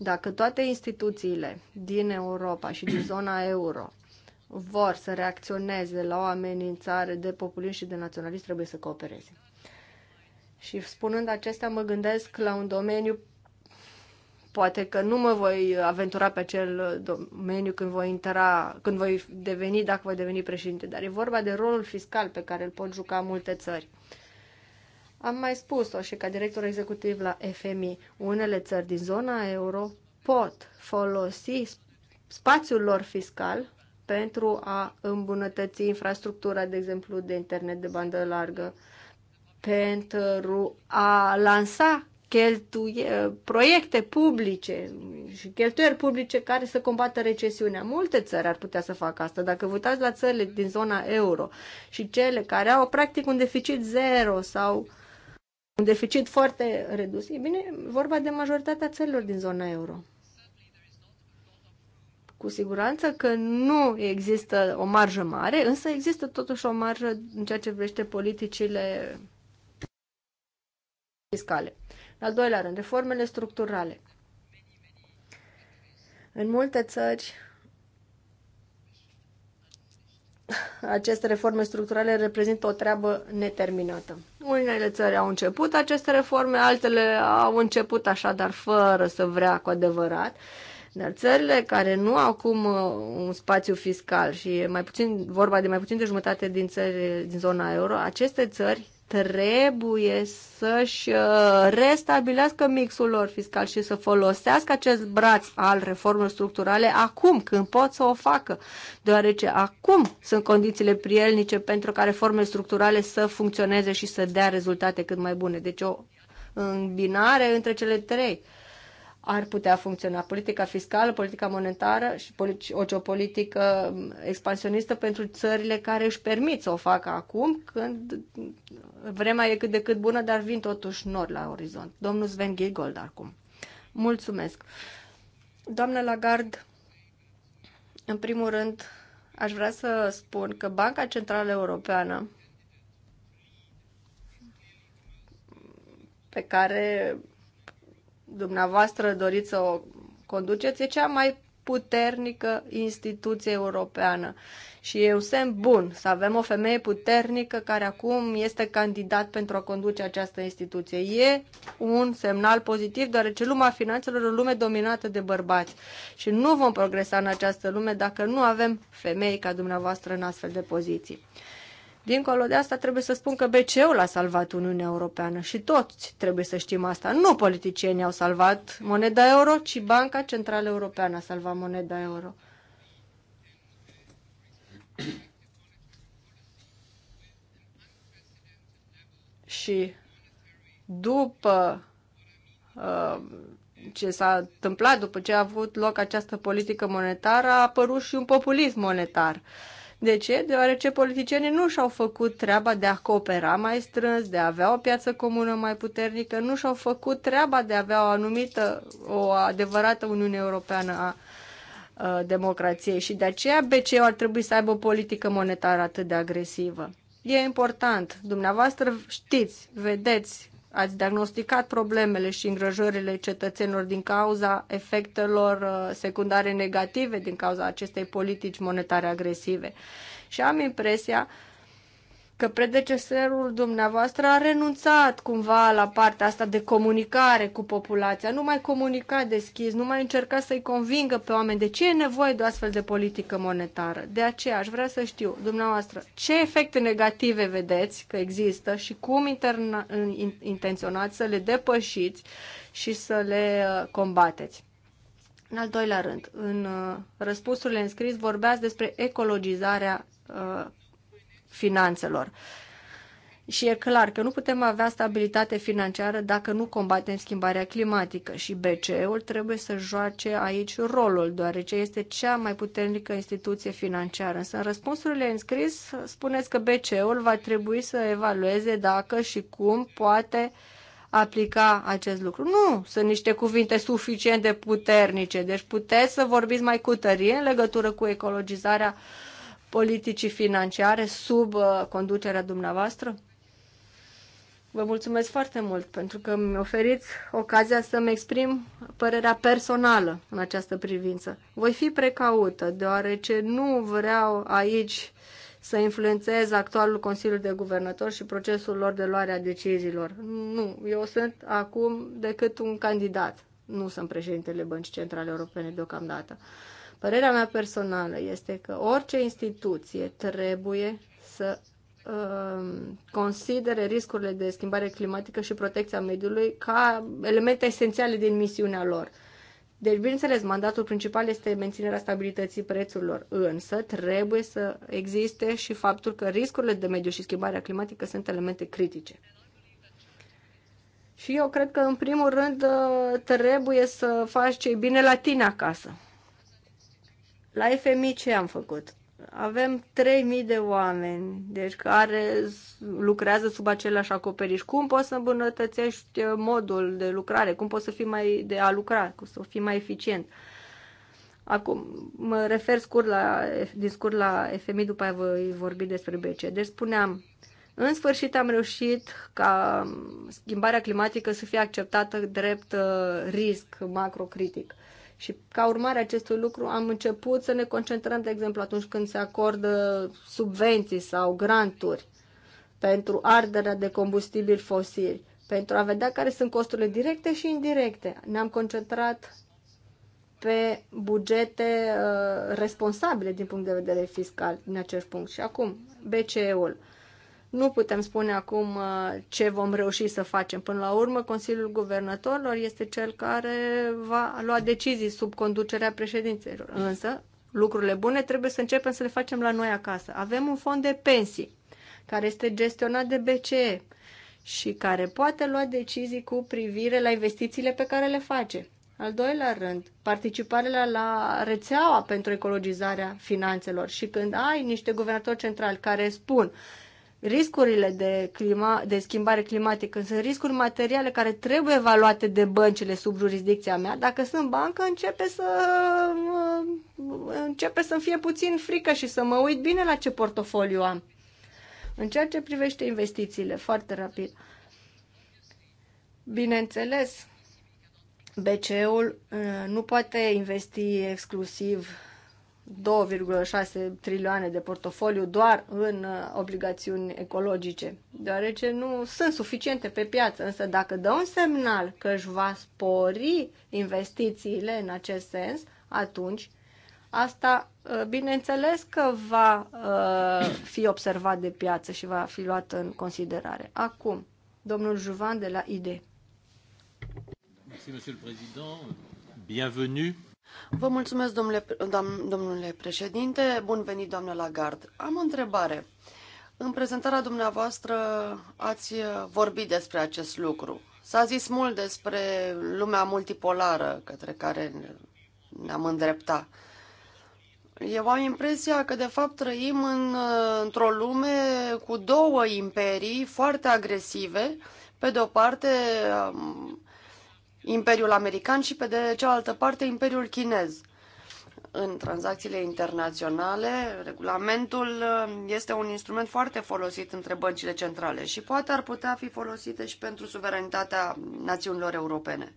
dacă toate instituțiile din Europa și din zona euro vor să reacționeze la o amenințare de populism și de naționalism, trebuie să coopereze. Și spunând acestea, mă gândesc la un domeniu, poate că nu mă voi aventura pe acel domeniu când voi intra, când voi deveni, dacă voi deveni președinte, dar e vorba de rolul fiscal pe care îl pot juca multe țări. Am mai spus-o și ca director executiv la FMI, unele țări din zona euro pot folosi spațiul lor fiscal pentru a îmbunătăți infrastructura, de exemplu, de internet de bandă largă, pentru a lansa cheltuie, proiecte publice și cheltuieli publice care să combată recesiunea. Multe țări ar putea să facă asta. Dacă vă uitați la țările din zona euro și cele care au practic un deficit zero sau uh, un deficit foarte redus. E bine, vorba de majoritatea țărilor din zona euro. Cu siguranță că nu există o marjă mare, însă există totuși o marjă în ceea ce privește politicile fiscale. În al doilea rând, reformele structurale. În multe țări, aceste reforme structurale reprezintă o treabă neterminată. Unele țări au început aceste reforme, altele au început așa, dar fără să vrea cu adevărat. Dar țările care nu au acum uh, un spațiu fiscal și e mai puțin, vorba de mai puțin de jumătate din țări din zona euro, aceste țări trebuie să-și uh, restabilească mixul lor fiscal și să folosească acest braț al reformelor structurale acum, când pot să o facă, deoarece acum sunt condițiile prielnice pentru ca reformele structurale să funcționeze și să dea rezultate cât mai bune. Deci o îmbinare între cele trei. Uh, ar putea funcționa. Politica fiscală, politica monetară și o politică um, expansionistă pentru țările care își permit să o facă acum, când vremea e cât de cât bună, dar vin totuși nori la orizont. Domnul Sven Giegold acum. Mulțumesc. Doamna Lagarde, în primul rând, aș vrea să spun că Banca Centrală Europeană pe care dumneavoastră doriți să o conduceți, e cea mai puternică instituție europeană. Și e un semn bun să avem o femeie puternică care acum este candidat pentru a conduce această instituție. E un semnal pozitiv, deoarece lumea finanțelor e o lume dominată de bărbați. Și nu vom progresa în această lume dacă nu avem femei ca dumneavoastră în astfel de poziții. Dincolo de asta, trebuie să spun că BCE-ul a salvat Uniunea Europeană și toți trebuie să știm asta. Nu politicienii au salvat moneda euro, ci Banca Centrală Europeană a salvat moneda euro. și după uh, ce s-a întâmplat, după ce a avut loc această politică monetară, a apărut și un populism monetar. Uh, de ce? Deoarece politicienii nu și-au făcut treaba de a coopera mai strâns, de a avea o piață comună mai puternică, nu și-au făcut treaba de a avea o anumită, o adevărată Uniune Europeană a, democrației și de aceea BCE ar trebui să aibă o politică monetară atât de agresivă. E important. Dumneavoastră știți, vedeți ați diagnosticat problemele și îngrăjările cetățenilor din cauza efectelor uh, secundare negative din cauza acestei politici monetare agresive. Și am impresia că predecesorul dumneavoastră a renunțat cumva la partea asta de comunicare cu populația, nu mai comunica deschis, nu mai încerca să-i convingă pe oameni de ce e nevoie de o astfel de politică monetară. De aceea aș vrea să știu, dumneavoastră, ce efecte negative vedeți că există și cum intenționați să le depășiți și să le uh, combateți. În al doilea rând, în uh, răspunsurile înscris vorbeați despre ecologizarea uh, finanțelor. Și e clar că nu putem avea stabilitate financiară dacă nu combatem schimbarea climatică și BCE-ul trebuie să joace aici rolul, deoarece este cea mai puternică instituție financiară. Însă în răspunsurile înscris spuneți că BCE-ul va trebui să evalueze dacă și cum poate aplica acest lucru. Nu, sunt niște cuvinte suficient de puternice, deci puteți să vorbiți mai cu tărie în legătură cu ecologizarea uh, politicii financiare sub uh, conducerea dumneavoastră? Vă mulțumesc foarte mult pentru că mi oferiți ocazia să-mi exprim părerea personală în această privință. Voi fi precaută, deoarece nu vreau aici să influențez actualul Consiliu de Guvernători și procesul lor de luare a deciziilor. Nu, eu sunt acum decât un candidat. Nu sunt președintele Băncii Centrale Europene deocamdată. Părerea mea personală este că orice instituție trebuie să uh, considere riscurile de schimbare climatică și protecția mediului ca elemente esențiale din misiunea lor. Deci, bineînțeles, mandatul principal este menținerea stabilității prețurilor, însă trebuie să existe și faptul că riscurile de mediu și schimbarea climatică sunt elemente critice. Și eu cred că, în primul rând, uh, trebuie să faci ce bine la tine acasă. La FMI ce am făcut? Avem 3.000 de oameni deci care lucrează sub același acoperiș. Cum poți să îmbunătățești uh, modul de lucrare? Cum poți să fii mai de a lucra? Cum să fii mai eficient? Acum, mă refer scurt la, din scurt la FMI, după aia voi vorbi despre BC. Deci spuneam, în sfârșit am reușit ca schimbarea climatică să fie acceptată drept uh, risc macrocritic. Și ca urmare a acestui lucru am început să ne concentrăm, de exemplu, atunci când se acordă subvenții sau granturi pentru arderea de combustibili fosili, pentru a vedea care sunt costurile directe și indirecte. Ne-am concentrat pe bugete uh, responsabile din punct de vedere fiscal în acest punct. Și acum, BCE-ul. Uh, nu putem spune acum uh, ce vom reuși să facem. Până la urmă, Consiliul Guvernatorilor este cel care va lua decizii sub conducerea președinților. Însă, lucrurile bune trebuie să începem să le facem la noi acasă. Avem un fond de pensii care este gestionat de BCE și care poate lua decizii cu privire la investițiile pe care le face. Al doilea rând, participarea la rețeaua pentru ecologizarea finanțelor. Și când ai niște guvernatori centrali care spun riscurile de, clima, de schimbare climatică, sunt riscuri materiale care trebuie evaluate de băncile sub jurisdicția mea. Dacă sunt bancă, începe să începe să fie puțin frică și să mă uit bine la ce portofoliu am. În ceea ce privește investițiile, foarte rapid. Bineînțeles, BCE-ul uh, nu poate investi exclusiv 2,6 trilioane de portofoliu doar în uh, obligațiuni ecologice, deoarece nu sunt suficiente pe piață, însă dacă dă un semnal că își va spori investițiile în acest sens, atunci asta uh, bineînțeles că va uh, fi observat de piață și va fi luat în considerare. Acum, domnul Juvan de la IDE. Mulțumesc, domnule președinte. Bienvenue Vă mulțumesc, domnule, domnule președinte. Bun venit, doamnă Lagarde. Am o întrebare. În prezentarea dumneavoastră ați vorbit despre acest lucru. S-a zis mult despre lumea multipolară către care ne-am îndreptat. Eu am impresia că, de fapt, trăim în, într-o lume cu două imperii foarte agresive. Pe de o parte, Imperiul American și pe de cealaltă parte Imperiul Chinez. În tranzacțiile internaționale, regulamentul uh, este un instrument foarte folosit între băncile centrale și poate ar putea fi folosite și pentru suveranitatea națiunilor europene.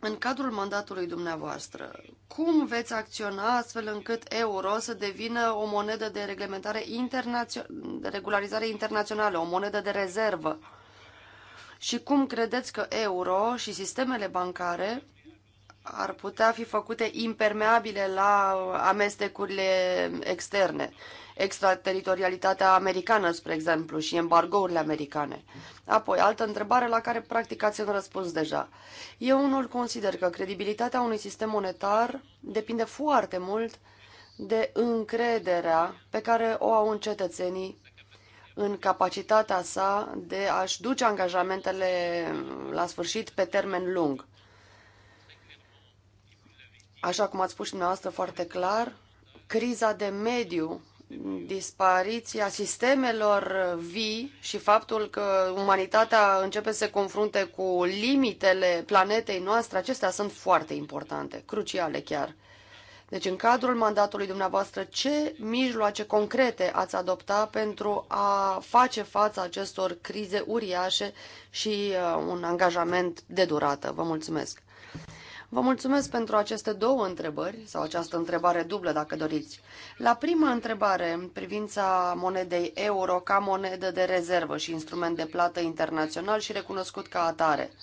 În cadrul mandatului dumneavoastră, cum veți acționa astfel încât euro să devină o monedă de reglementare de regularizare internațională, o monedă de rezervă? și cum credeți că euro și sistemele bancare ar putea fi făcute impermeabile la amestecurile externe, extrateritorialitatea americană, spre exemplu, și embargourile americane. Apoi, altă întrebare la care practic ați răspuns deja. Eu unul consider că credibilitatea unui sistem monetar depinde foarte mult de încrederea pe care o au în cetățenii în capacitatea sa de a-și duce angajamentele la sfârșit pe termen lung. Așa cum ați spus și dumneavoastră foarte clar, criza de mediu, dispariția sistemelor vii și faptul că umanitatea începe să se confrunte cu limitele planetei noastre, acestea sunt foarte importante, cruciale chiar. Deci, în cadrul mandatului dumneavoastră, ce mijloace concrete ați adopta pentru a face față acestor crize uriașe și uh, un angajament de durată? Vă mulțumesc! Vă mulțumesc pentru aceste două întrebări, sau această întrebare dublă, dacă doriți. La prima întrebare, în privința monedei euro ca monedă de rezervă și instrument de plată internațional și recunoscut ca atare –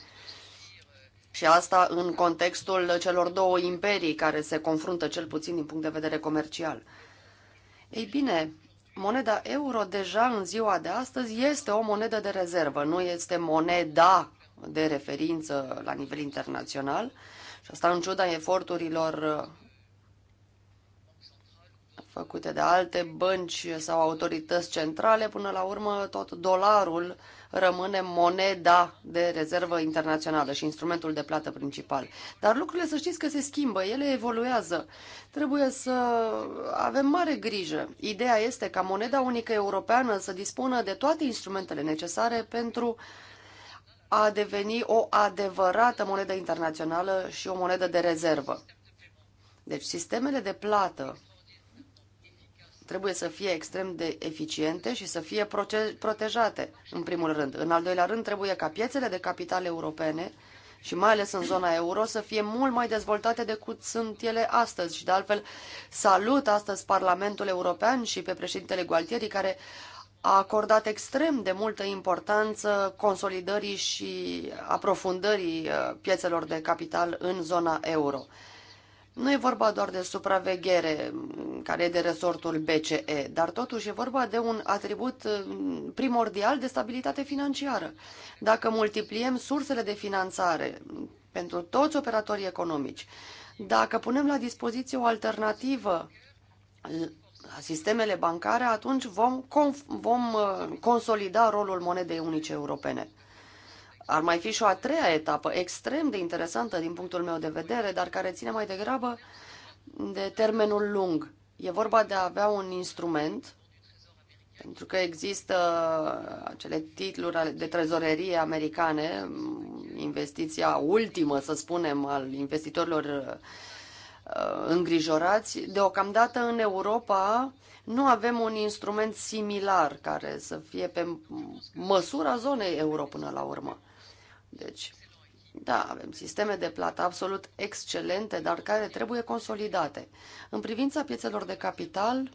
și asta în contextul celor două imperii care se confruntă, cel puțin din punct de vedere comercial. Ei bine, moneda euro deja în ziua de astăzi este o monedă de rezervă, nu este moneda de referință la nivel internațional. Și asta în ciuda eforturilor făcute de alte bănci sau autorități centrale, până la urmă tot dolarul rămâne moneda de rezervă internațională și instrumentul de plată principal. Dar lucrurile să știți că se schimbă, ele evoluează. Trebuie să avem mare grijă. Ideea este ca moneda unică europeană să dispună de toate instrumentele necesare pentru a deveni o adevărată monedă internațională și o monedă de rezervă. Deci sistemele de plată trebuie să fie extrem de eficiente și să fie protejate, în primul rând. În al doilea rând, trebuie ca piețele de capital europene și mai ales în zona euro să fie mult mai dezvoltate decât sunt ele astăzi. Și de altfel, salut astăzi Parlamentul European și pe președintele Gualtieri, care a acordat extrem de multă importanță consolidării și aprofundării uh, piețelor de capital în zona euro. Nu e vorba doar de supraveghere, care e de resortul BCE, dar totuși e vorba de un atribut uh, primordial de stabilitate financiară. Dacă multipliem sursele de finanțare pentru toți operatorii economici, dacă punem la dispoziție o alternativă la sistemele bancare, atunci vom, vom uh, consolida rolul monedei unice europene. Ar mai fi și o a treia etapă, extrem de interesantă din punctul meu de vedere, dar care ține mai degrabă de termenul lung. E vorba de a avea un instrument, pentru că există acele titluri de trezorerie americane, investiția ultimă, să spunem, al investitorilor uh, îngrijorați. Deocamdată în Europa nu avem un instrument similar care să fie pe măsura zonei euro până la urmă. Deci, da, avem sisteme de plată absolut excelente, dar care trebuie consolidate. În privința piețelor de capital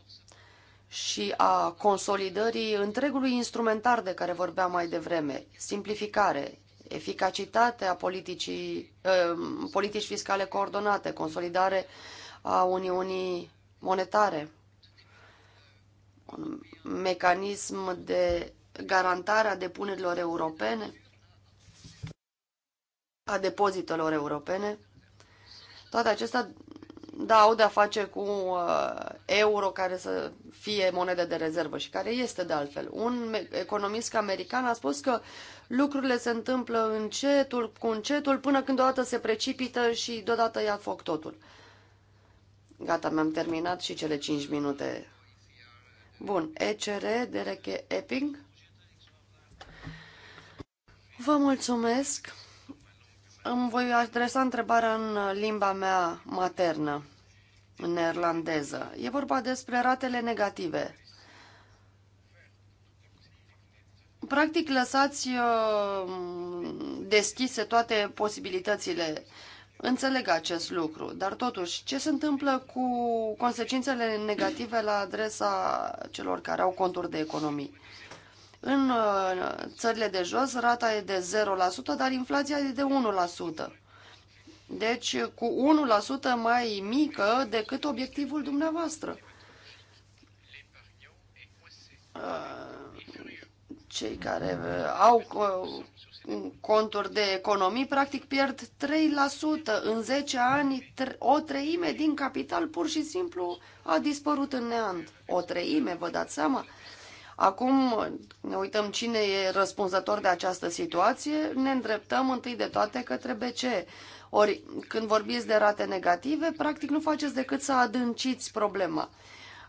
și a consolidării întregului instrumentar de care vorbeam mai devreme, simplificare, eficacitatea politicii, uh, politici fiscale coordonate, consolidare a Uniunii Monetare, un mecanism de garantare a depunerilor europene, a depozitelor europene. Toate acestea da, au de-a face cu uh, euro care să fie monedă de rezervă și care este de altfel. Un economist american a spus că lucrurile se întâmplă încetul cu încetul până când odată se precipită și deodată ia foc totul. Gata, mi-am terminat și cele 5 minute. Bun, ECR, Dereche Epping. Vă mulțumesc! Îmi voi adresa întrebarea în limba mea maternă, în neerlandeză. E vorba despre ratele negative. Practic lăsați uh, deschise toate posibilitățile. Înțeleg acest lucru, dar totuși, ce se întâmplă cu consecințele negative la adresa celor care au conturi de economii? În țările de jos rata e de 0%, dar inflația e de 1%. Deci cu 1% mai mică decât obiectivul dumneavoastră. Uh, cei care uh, au uh, conturi de economii, practic pierd 3% în 10 ani, o treime din capital pur și simplu a dispărut în neant. O treime, vă dați seama? Acum ne uităm cine e răspunzător de această situație, ne îndreptăm întâi de toate către BC. Ori, când vorbiți de rate negative, practic nu faceți decât să adânciți problema.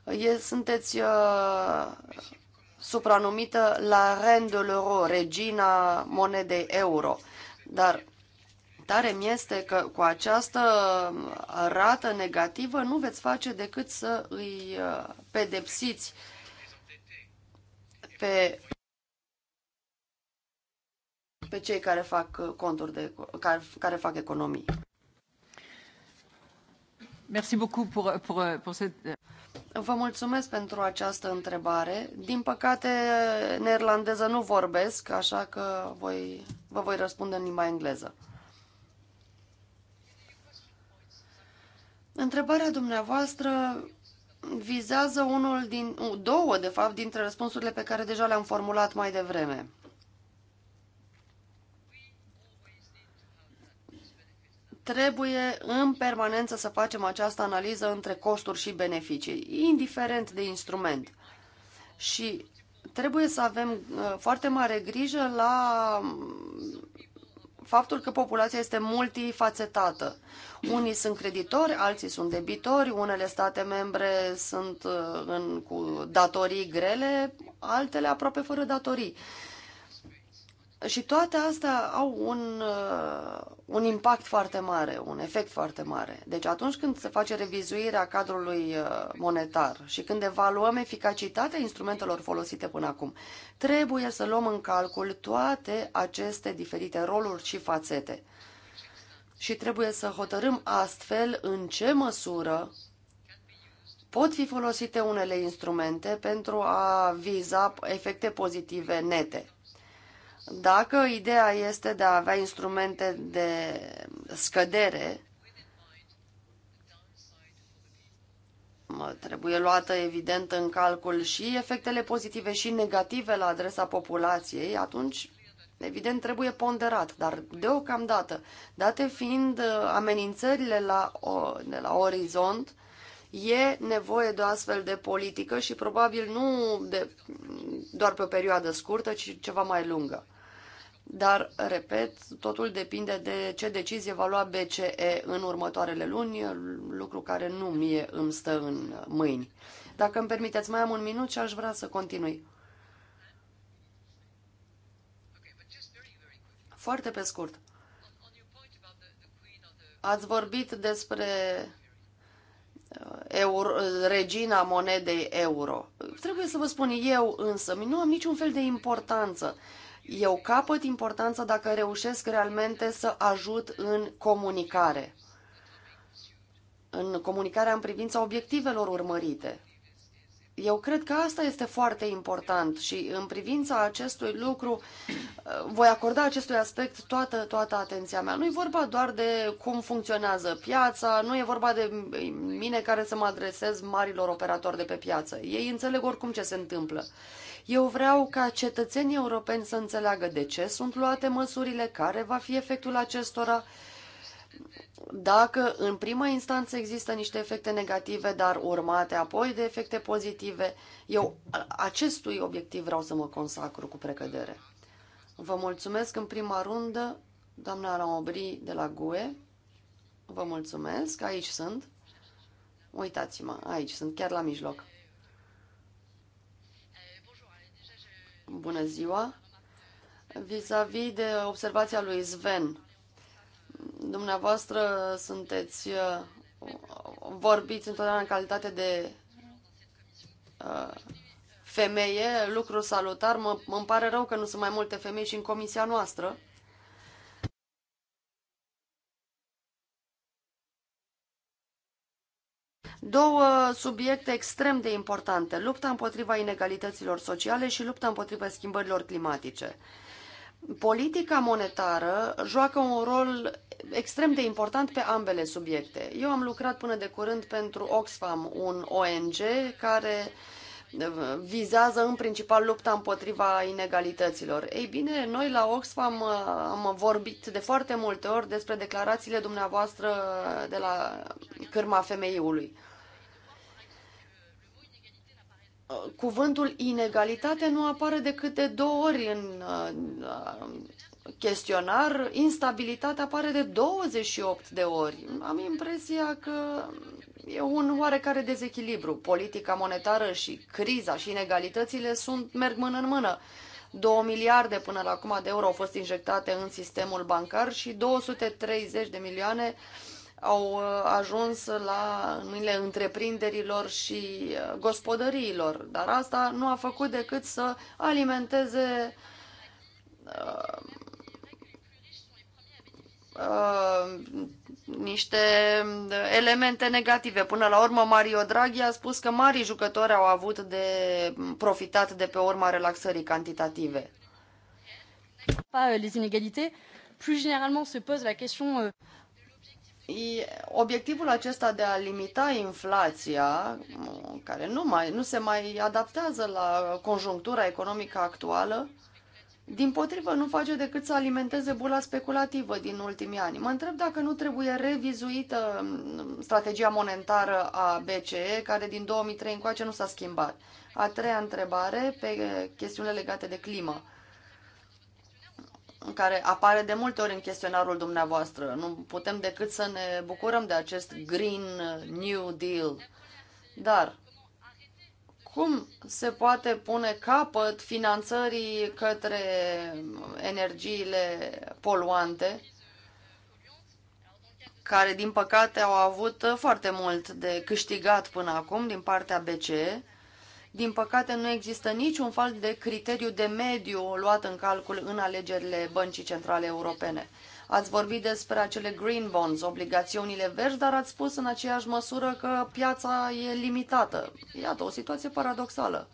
E, sunteți uh, supranumită la rendul euro, regina monedei euro. Dar tare mi este că cu această rată negativă nu veți face decât să îi uh, pedepsiți uh, pe, pe cei care fac uh, conturi de, care, care fac economii. Merci beaucoup pour, pour, pour cette... Euh, vă mulțumesc pentru această întrebare. Din păcate, neerlandeză nu vorbesc, așa că voi, vă voi răspunde în limba engleză. Întrebarea dumneavoastră vizează unul din, două, de fapt, dintre răspunsurile pe care deja le-am formulat mai devreme. Trebuie în permanență să facem această analiză între costuri și beneficii, indiferent de instrument. Și trebuie să avem uh, foarte mare grijă la faptul că populația este multifacetată. Unii sunt creditori, alții sunt debitori, unele state membre sunt uh, în, cu datorii grele, altele aproape fără datorii. Și toate astea au un, uh, un impact foarte mare, un efect foarte mare. Deci atunci când se face revizuirea cadrului uh, monetar și când evaluăm eficacitatea instrumentelor folosite până acum, trebuie să luăm în calcul toate aceste diferite roluri și fațete. Și trebuie să hotărâm astfel în ce măsură pot fi folosite unele instrumente pentru a viza efecte pozitive nete dacă ideea este de a avea instrumente de scădere, trebuie luată evident în calcul și efectele pozitive și negative la adresa populației, atunci evident trebuie ponderat, dar deocamdată, date fiind uh, amenințările la, de la orizont, e nevoie de o astfel de politică și probabil nu de, doar pe o perioadă scurtă, ci ceva mai lungă. Dar, repet, totul depinde de ce decizie va lua BCE în următoarele luni, lucru care nu mie îmi stă în mâini. Dacă îmi permiteți, mai am un minut și aș vrea să continui. Foarte pe scurt. Ați vorbit despre uh, euro, regina monedei euro. Trebuie să vă spun eu însă, nu am niciun fel de importanță eu capăt importanță dacă reușesc realmente să ajut în comunicare. În comunicarea în privința obiectivelor urmărite. Eu cred că asta este foarte important și în privința acestui lucru eh, voi acorda acestui aspect toată, toată atenția mea. Nu e vorba doar de cum funcționează piața, nu e vorba de mine care să mă adresez marilor operatori de pe piață. Ei înțeleg oricum ce se întâmplă. Eu vreau ca cetățenii europeni să înțeleagă de ce sunt luate măsurile, care va fi efectul acestora, dacă în prima instanță există niște efecte negative, dar urmate apoi de efecte pozitive, eu acestui obiectiv vreau să mă consacru cu precădere. Vă mulțumesc în prima rundă, doamna Ramobri de la GUE. Vă mulțumesc, aici sunt. Uitați-mă, aici sunt, chiar la mijloc. Bună ziua! Vis-a-vis -vis de observația lui Sven, dumneavoastră sunteți, uh, vorbiți întotdeauna în calitate de uh, femeie, lucru salutar. Mă, mă pare rău că nu sunt mai multe femei și în comisia noastră. două subiecte extrem de importante, lupta împotriva inegalităților sociale și lupta împotriva schimbărilor climatice. Politica monetară joacă un rol extrem de important pe ambele subiecte. Eu am lucrat până de curând pentru Oxfam, un ONG care uh, vizează în principal lupta împotriva inegalităților. Ei bine, noi la Oxfam uh, am vorbit de foarte multe ori despre declarațiile dumneavoastră de la cârma femeiului cuvântul inegalitate nu apare decât de două ori în uh, chestionar, instabilitate apare de 28 de ori. Am impresia că e un oarecare dezechilibru. Politica monetară și criza și inegalitățile sunt, merg mână în mână. 2 miliarde până la acum de euro au fost injectate în sistemul bancar și 230 de milioane uh, au uh, ajuns la mâinile întreprinderilor și uh, gospodăriilor, dar asta nu a făcut decât să alimenteze uh, uh, niște elemente negative. Până la urmă, Mario Draghi a spus că mari jucători au avut de profitat de pe urma relaxării cantitative. Pas euh, les inégalités. Plus généralement se pose la question euh, obiectivul acesta de a limita inflația, care nu, mai, nu se mai adaptează la conjunctura economică actuală, din potrivă nu face decât să alimenteze bula speculativă din ultimii ani. Mă întreb dacă nu trebuie revizuită strategia monetară a BCE, care din 2003 încoace nu s-a schimbat. A treia întrebare pe chestiunile legate de climă care apare de multe ori în chestionarul dumneavoastră. Nu putem decât să ne bucurăm de acest Green New Deal. Dar cum se poate pune capăt finanțării către energiile poluante, care, din păcate, au avut foarte mult de câștigat până acum din partea BCE, din păcate, nu există niciun fel de criteriu de mediu luat în calcul în alegerile Băncii Centrale Europene. Ați vorbit despre acele green bonds, obligațiunile verzi, dar ați spus în aceeași măsură că piața e limitată. Iată, o situație paradoxală.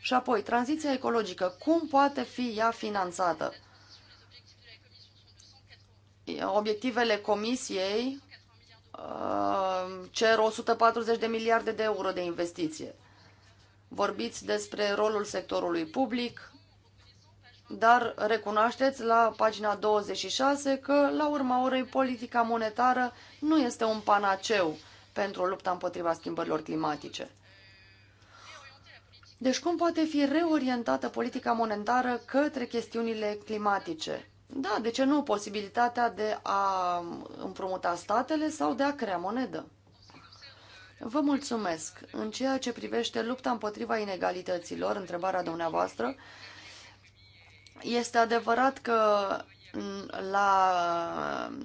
Și apoi, tranziția ecologică, cum poate fi ea finanțată? Obiectivele comisiei uh, cer 140 de miliarde de euro de investiție vorbiți despre rolul sectorului public, dar recunoașteți la pagina 26 că, la urma orei, politica monetară nu este un panaceu pentru lupta împotriva schimbărilor climatice. Deci cum poate fi reorientată politica monetară către chestiunile climatice? Da, de ce nu? Posibilitatea de a împrumuta statele sau de a crea monedă. Vă mulțumesc. În ceea ce privește lupta împotriva inegalităților, întrebarea dumneavoastră, este adevărat că la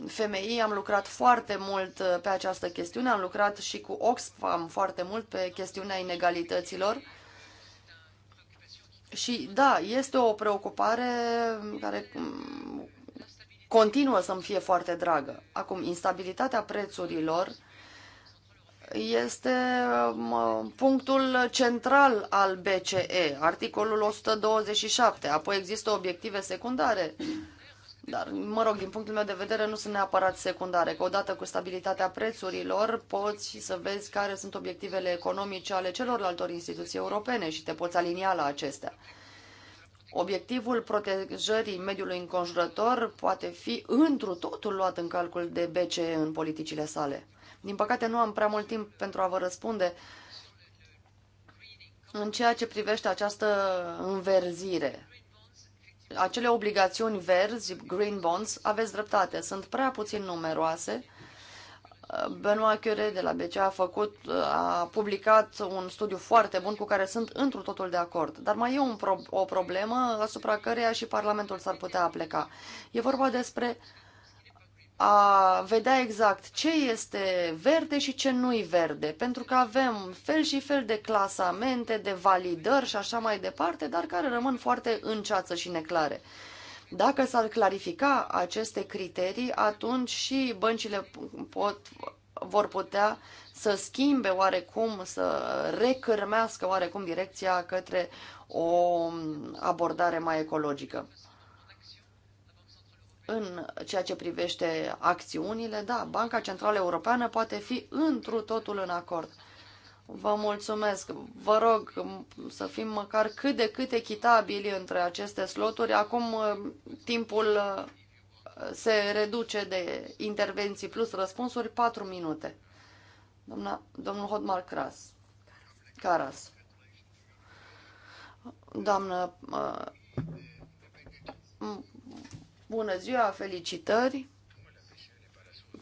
FMI am lucrat foarte mult pe această chestiune, am lucrat și cu Oxfam foarte mult pe chestiunea inegalităților. Și da, este o preocupare care continuă să-mi fie foarte dragă. Acum, instabilitatea prețurilor este um, punctul central al BCE, articolul 127. Apoi există obiective secundare, dar, mă rog, din punctul meu de vedere, nu sunt neapărat secundare, că odată cu stabilitatea prețurilor poți să vezi care sunt obiectivele economice ale celorlalte instituții europene și te poți alinia la acestea. Obiectivul protejării mediului înconjurător poate fi întru totul luat în calcul de BCE în politicile sale. Din păcate nu am prea mult timp pentru a vă răspunde în ceea ce privește această înverzire. Acele obligațiuni verzi, green bonds, aveți dreptate, sunt prea puțin numeroase. Benoît Chiure de la BCE a făcut, a publicat un studiu foarte bun cu care sunt întru totul de acord. Dar mai e un pro- o problemă asupra căreia și Parlamentul s-ar putea apleca. E vorba despre uh, a vedea exact ce este verde și ce nu-i verde, pentru că avem fel și fel de clasamente, de validări și așa mai departe, dar care rămân foarte înceață și neclare. Dacă s-ar clarifica aceste criterii, atunci și băncile pot, vor putea să schimbe oarecum, să recârmească oarecum direcția către o abordare mai ecologică. În ceea ce privește acțiunile, da, Banca Centrală Europeană poate fi întru totul în acord. Vă mulțumesc. Vă rog să fim măcar cât de cât echitabili între aceste sloturi. Acum uh, timpul uh, se reduce de intervenții plus răspunsuri, 4 minute. Doamna, domnul Hodmar Kras. Caras. Doamnă, uh, Bună ziua, felicitări!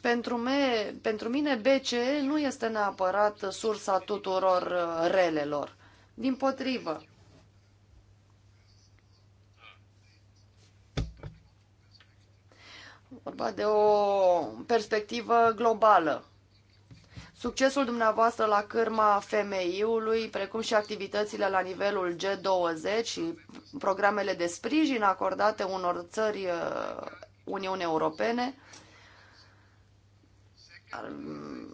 Pentru, me, pentru mine BCE nu este neapărat sursa tuturor uh, relelor. Din potrivă. Vorba de o perspectivă globală Succesul dumneavoastră la cârma femeiului, precum și activitățile la nivelul G20 și programele de sprijin acordate unor țări uh, Uniunii Europene, um,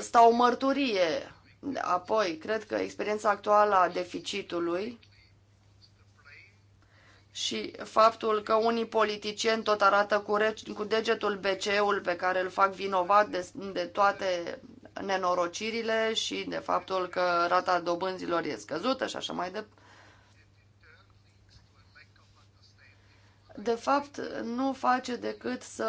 stau mărturie. Apoi, cred că experiența actuală a deficitului și faptul că unii politicieni tot arată cu, re- cu degetul BCE-ul pe care îl fac vinovat de, de toate nenorocirile și de faptul că rata dobânzilor e scăzută și așa mai departe. De fapt, nu face decât să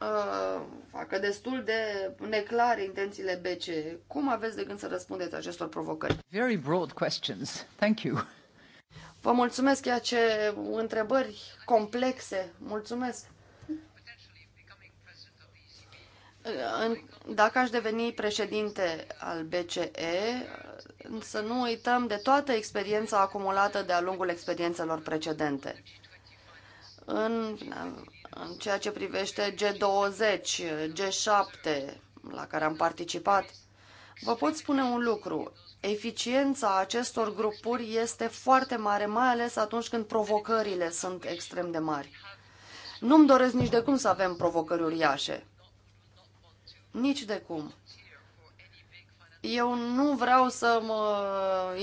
uh, facă destul de neclare intențiile BCE. Cum aveți de gând să răspundeți acestor provocări? Very broad questions. Thank you. Vă mulțumesc, ceea ce întrebări complexe. Mulțumesc. Dacă aș deveni președinte al BCE, să nu uităm de toată experiența acumulată de-a lungul experiențelor precedente. În, în ceea ce privește G20, G7, la care am participat, vă pot spune un lucru eficiența acestor grupuri este foarte mare, mai ales atunci când provocările sunt extrem de mari. Nu-mi doresc nici de cum să avem provocări uriașe. Nici de cum. Eu nu vreau să mă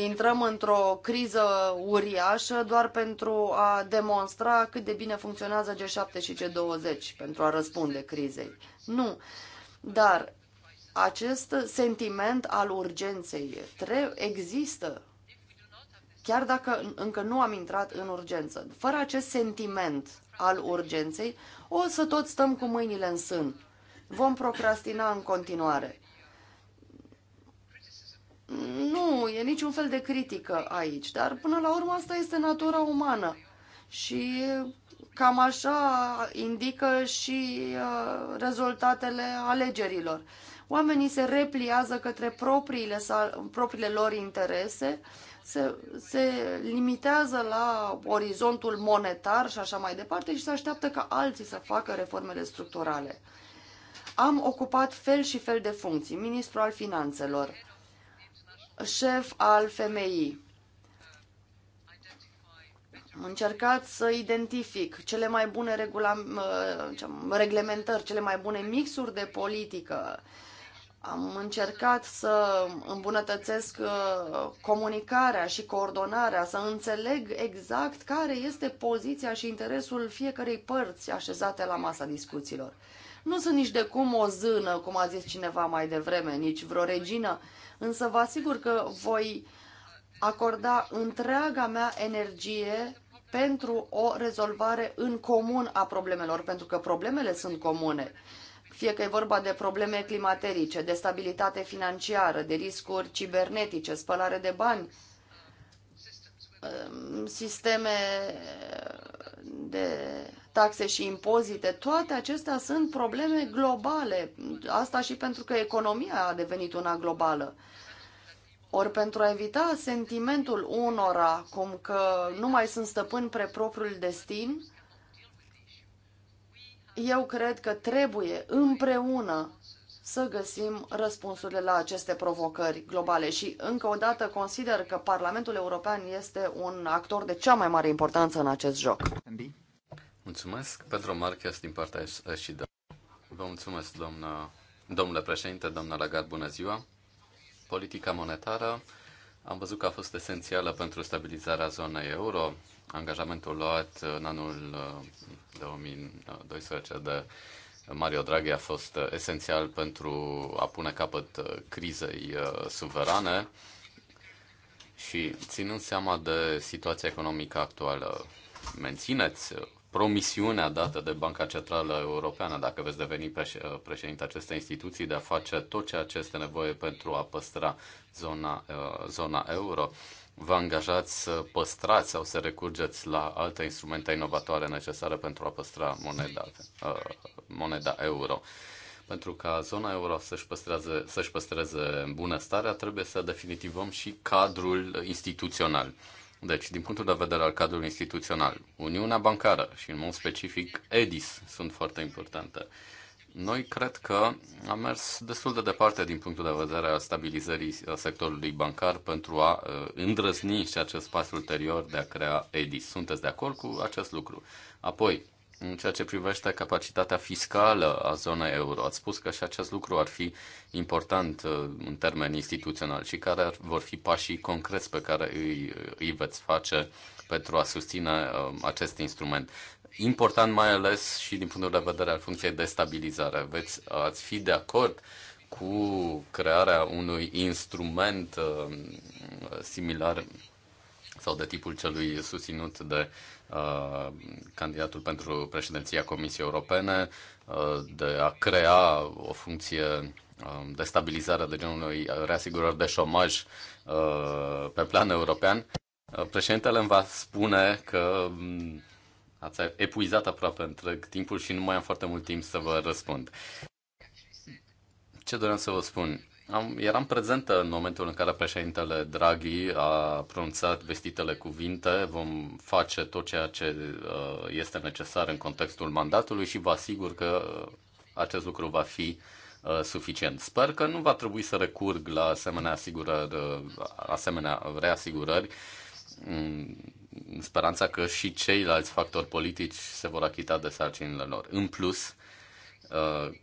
intrăm într-o criză uriașă doar pentru a demonstra cât de bine funcționează G7 și G20 pentru a răspunde crizei. Nu. Dar acest sentiment al urgenței există, chiar dacă încă nu am intrat în urgență. Fără acest sentiment al urgenței, o să tot stăm cu mâinile în sân. Vom procrastina în continuare. Nu, e niciun fel de critică aici, dar până la urmă asta este natura umană. Și cam așa indică și uh, rezultatele alegerilor oamenii se repliază către propriile, sal, propriile lor interese, se, se limitează la orizontul monetar și așa mai departe și se așteaptă ca alții să facă reformele structurale. Am ocupat fel și fel de funcții, ministru al finanțelor, șef al FMI, am încercat să identific cele mai bune regula, uh, reglementări, cele mai bune mixuri de politică, am încercat să îmbunătățesc uh, comunicarea și coordonarea, să înțeleg exact care este poziția și interesul fiecărei părți așezate la masa discuțiilor. Nu sunt nici de cum o zână, cum a zis cineva mai devreme, nici vreo regină, însă vă asigur că voi acorda întreaga mea energie pentru o rezolvare în comun a problemelor, pentru că problemele sunt comune fie că e vorba de probleme climaterice, de stabilitate financiară, de riscuri cibernetice, spălare de bani, um, sisteme de taxe și impozite, toate acestea sunt probleme globale. Asta și pentru că economia a devenit una globală. Ori pentru a evita sentimentul unora cum că nu mai sunt stăpân pe propriul destin, eu cred că trebuie împreună să găsim răspunsurile la aceste provocări globale și încă o dată consider că Parlamentul European este un actor de cea mai mare importanță în acest joc. Mulțumesc, Pedro Marques, din partea Eșida. Vă mulțumesc, doamna, domnule președinte, doamna Lagarde, bună ziua. Politica monetară am văzut că a fost esențială pentru stabilizarea zonei euro, angajamentul luat în anul 2012 uh, de Mario Draghi a fost uh, esențial pentru a pune capăt uh, crizei suverane și ținând seama de situația economică actuală, mențineți promisiunea dată de Banca Centrală Europeană, dacă veți deveni președinte acestei instituții, de a face tot ceea ce este nevoie pentru a păstra zona, zona euro vă angajați să păstrați sau să recurgeți la alte instrumente inovatoare necesare pentru a păstra moneda, uh, moneda euro. Pentru ca zona euro să-și păstreze, să-și păstreze bunăstarea, trebuie să definitivăm și cadrul instituțional. Deci, din punctul de vedere al cadrului instituțional, Uniunea Bancară și, în mod specific, EDIS sunt foarte importante. Uh, noi cred că am mers destul de departe din punctul de vedere al stabilizării uh, sectorului bancar pentru a uh, îndrăzni și acest pas ulterior de a crea EDIS. Sunteți de acord cu acest lucru? Apoi, în ceea ce privește capacitatea fiscală a zonei euro. Ați spus că și acest lucru ar fi important uh, în termen instituțional și care vor fi pașii concreți pe care îi, îi veți face pentru a susține acest instrument important mai ales și din punctul de vedere al funcției de stabilizare. Veți, ați fi de acord cu crearea unui instrument uh, similar sau de tipul celui susținut de uh, candidatul pentru președinția Comisiei Europene uh, de a crea o funcție uh, de stabilizare de genul unui reasigurări de șomaj uh, pe plan european. Uh, președintele îmi va spune că um, Ați epuizat aproape întreg timpul și nu mai am foarte mult timp să vă răspund. Ce doream să vă spun? Am, eram prezentă în momentul în care președintele Draghi a pronunțat vestitele cuvinte, vom face tot ceea ce uh, este necesar în contextul mandatului și vă asigur că uh, acest lucru va fi uh, suficient. Sper că nu va trebui să recurg la asemenea, asigurări, uh, asemenea reasigurări. Um, în speranța că și ceilalți factori politici se vor achita de sarcinile lor. În plus, uh,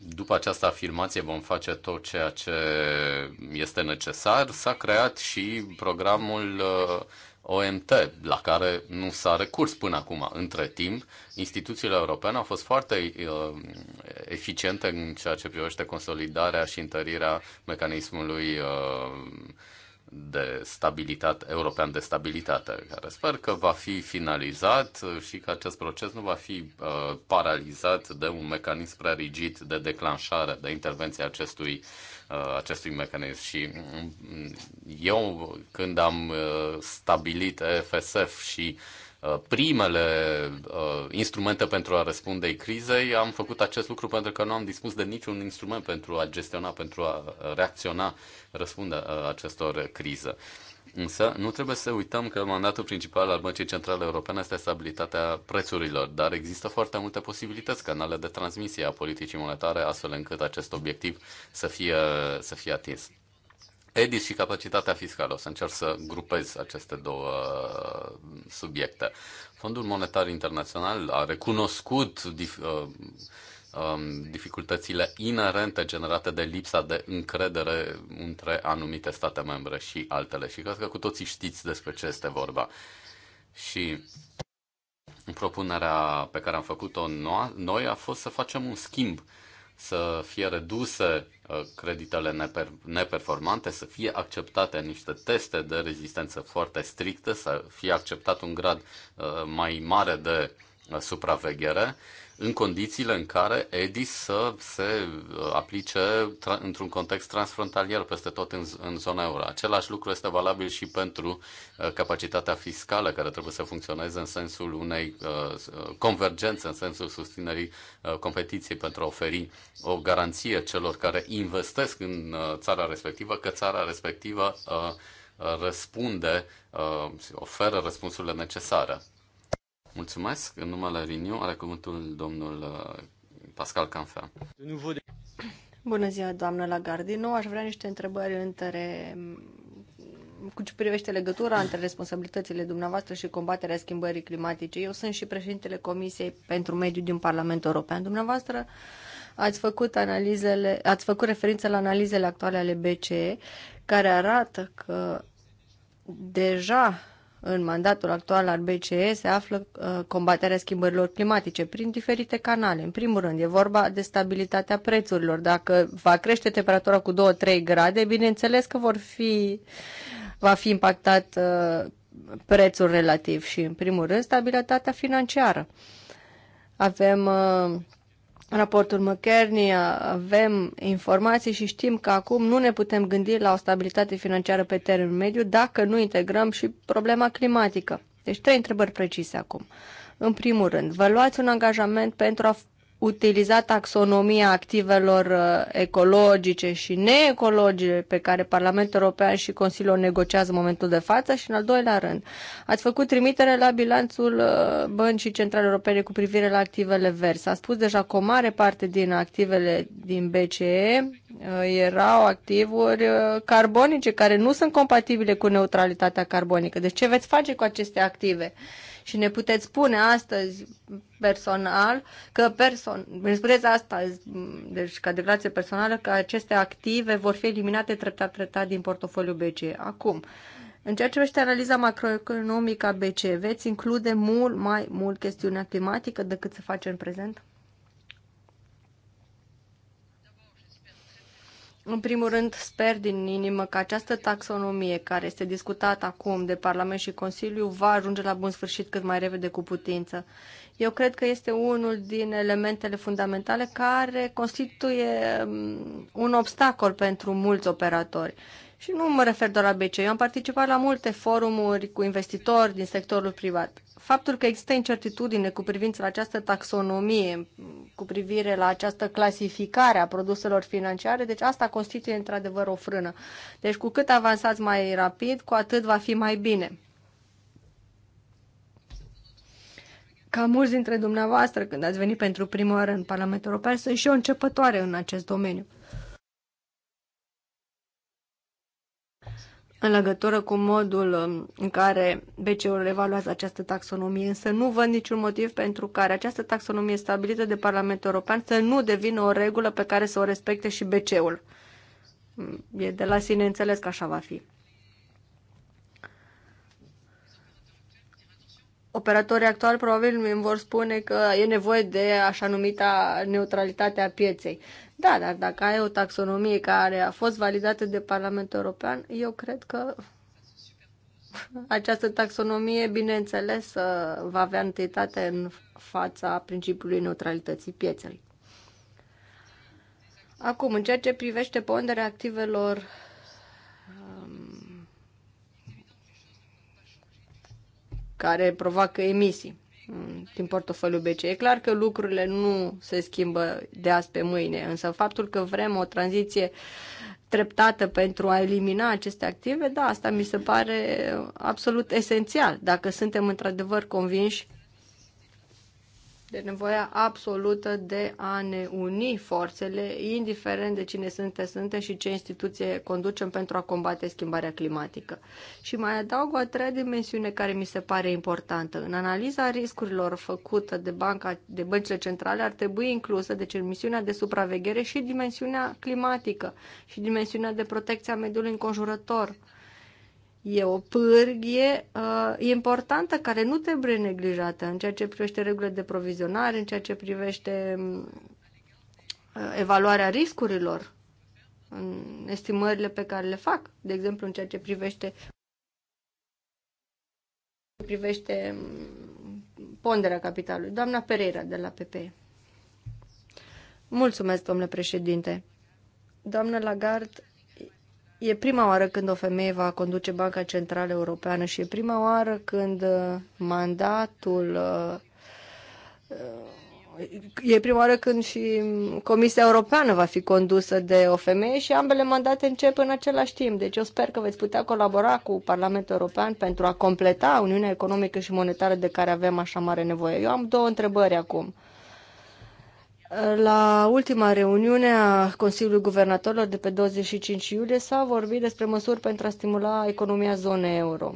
după această afirmație vom face tot ceea ce este necesar. S-a creat și programul uh, OMT, la care nu s-a recurs până acum. Între timp, instituțiile europene au fost foarte uh, eficiente în ceea ce privește consolidarea și întărirea mecanismului uh, de stabilitate, european de stabilitate, care sper că va fi finalizat și că acest proces nu va fi uh, paralizat de un mecanism prea rigid de declanșare, de intervenție acestui, uh, acestui mecanism. Și mm, mm, eu, când am uh, stabilit EFSF și uh, Uh, primele uh, instrumente pentru a răspunde crizei. Am făcut acest lucru pentru că nu am dispus de niciun instrument pentru a gestiona, pentru a reacționa, răspunde uh, acestor crize. Însă nu trebuie să uităm că mandatul principal al Băncii Centrale Europene este stabilitatea prețurilor, dar există foarte multe posibilități, canale de transmisie a politicii monetare, astfel încât acest obiectiv să fie, să fie atins. EDIS și capacitatea fiscală. O să încerc să grupez aceste două uh, subiecte. Fondul Monetar Internațional a recunoscut dif- uh, um, dificultățile inerente generate de lipsa de încredere între anumite state membre și altele. Și cred că cu toții știți despre ce este vorba. Și propunerea pe care am făcut-o noi a fost să facem un schimb, să fie reduse Uh, creditele neperformante, să fie acceptate niște teste de rezistență foarte stricte, să fie acceptat un grad uh, mai mare de uh, supraveghere în condițiile în care EDIS să se uh, aplice într-un context transfrontalier peste tot în, în zona euro. Același lucru este valabil și pentru uh, capacitatea fiscală care trebuie să funcționeze în sensul unei uh, convergențe, în sensul susținerii competiției pentru a oferi o garanție celor care investesc în țara respectivă că țara respectivă răspunde, oferă răspunsurile necesare. Mulțumesc. În numele Riniu are cuvântul domnul uh, Pascal Canfea. Bună ziua, doamnă Nu Aș vrea niște întrebări între mm, cu ce privește legătura între responsabilitățile dumneavoastră și combaterea schimbării climatice. Eu sunt și președintele Comisiei pentru Mediu din Parlamentul European. Dumneavoastră ați făcut, analizele, ați făcut referință la analizele actuale ale BCE, care arată că deja în mandatul actual al BCE se află uh, combaterea schimbărilor climatice prin diferite canale. În primul rând, e vorba de stabilitatea prețurilor. Dacă va crește temperatura cu 2-3 grade, bineînțeles că vor fi, va fi impactat uh, prețul relativ și, în primul rând, stabilitatea financiară. Avem uh, raportul McKerney avem informații și știm că acum nu ne putem gândi la o stabilitate financiară pe termen mediu dacă nu integrăm și problema climatică. Deci trei întrebări precise acum. În primul rând, vă luați un angajament pentru a utiliza taxonomia activelor uh, ecologice și neecologice pe care Parlamentul European și Consiliul negociază în momentul de față și în al doilea rând ați făcut trimitere la bilanțul uh, Băncii Centrale Europene cu privire la activele verzi. A spus deja că o mare parte din activele din BCE uh, erau activuri carbonice care nu sunt compatibile cu neutralitatea carbonică. Deci ce veți face cu aceste active? și ne puteți spune astăzi personal că person, ne spuneți astăzi, deci ca declarație personală, că aceste active vor fi eliminate treptat treptat din portofoliul BCE. Acum, în ceea ce privește analiza macroeconomică a BCE, veți include mult mai mult chestiunea climatică decât se face în prezent? În primul rând, sper din inimă că această taxonomie care este discutată acum de Parlament și Consiliu va ajunge la bun sfârșit cât mai repede cu putință. Eu cred că este unul din elementele fundamentale care constituie mm, un obstacol pentru mulți operatori. Și nu mă refer doar la BCE, eu am participat la multe forumuri cu investitori din sectorul privat faptul că există incertitudine cu privință la această taxonomie, cu privire la această clasificare a produselor financiare, deci asta constituie într-adevăr o frână. Deci cu cât avansați mai rapid, cu atât va fi mai bine. Ca mulți dintre dumneavoastră, când ați venit pentru prima oară în Parlamentul European, sunt și eu începătoare în acest domeniu. în legătură cu modul um, în care BCE-ul evaluează această taxonomie, însă nu văd niciun motiv pentru care această taxonomie stabilită de Parlamentul European să nu devină o regulă pe care să o respecte și BCE-ul. Mm, e de la sine înțeles că așa va fi. operatorii actuali probabil îmi vor spune că e nevoie de așa numita neutralitate a pieței. Da, dar dacă ai o taxonomie care a fost validată de Parlamentul European, eu cred că această taxonomie, bineînțeles, uh, va avea întâietate în fața principiului neutralității pieței. Acum, în ceea ce privește ponderea activelor care provoacă emisii din portofoliul BCE. E clar că lucrurile nu se schimbă de azi pe mâine, însă faptul că vrem o tranziție treptată pentru a elimina aceste active, da, asta mi se pare absolut esențial, dacă suntem într-adevăr convinși de nevoia absolută de a ne uni forțele, indiferent de cine suntem, suntem și ce instituție conducem pentru a combate schimbarea climatică. Și mai adaug o a treia dimensiune care mi se pare importantă. În analiza riscurilor făcută de, banca, de băncile centrale ar trebui inclusă, deci în misiunea de supraveghere și dimensiunea climatică și dimensiunea de protecție a mediului înconjurător E o pârghie uh, importantă care nu trebuie neglijată în ceea ce privește regulile de provizionare, în ceea ce privește um, uh, evaluarea riscurilor, în estimările pe care le fac, de exemplu în ceea ce privește privește um, ponderea capitalului. Doamna Pereira de la PP. Mulțumesc, domnule președinte. Doamnă Lagarde, E prima oară când o femeie va conduce Banca Centrală Europeană și e prima oară când uh, mandatul. Uh, uh, e prima oară când și Comisia Europeană va fi condusă de o femeie și ambele mandate încep în același timp. Deci eu sper că veți putea colabora cu Parlamentul European pentru a completa Uniunea Economică și Monetară de care avem așa mare nevoie. Eu am două întrebări acum. La ultima reuniune a Consiliului Guvernatorilor de pe 25 iulie s-a vorbit despre măsuri pentru a stimula economia zonei euro.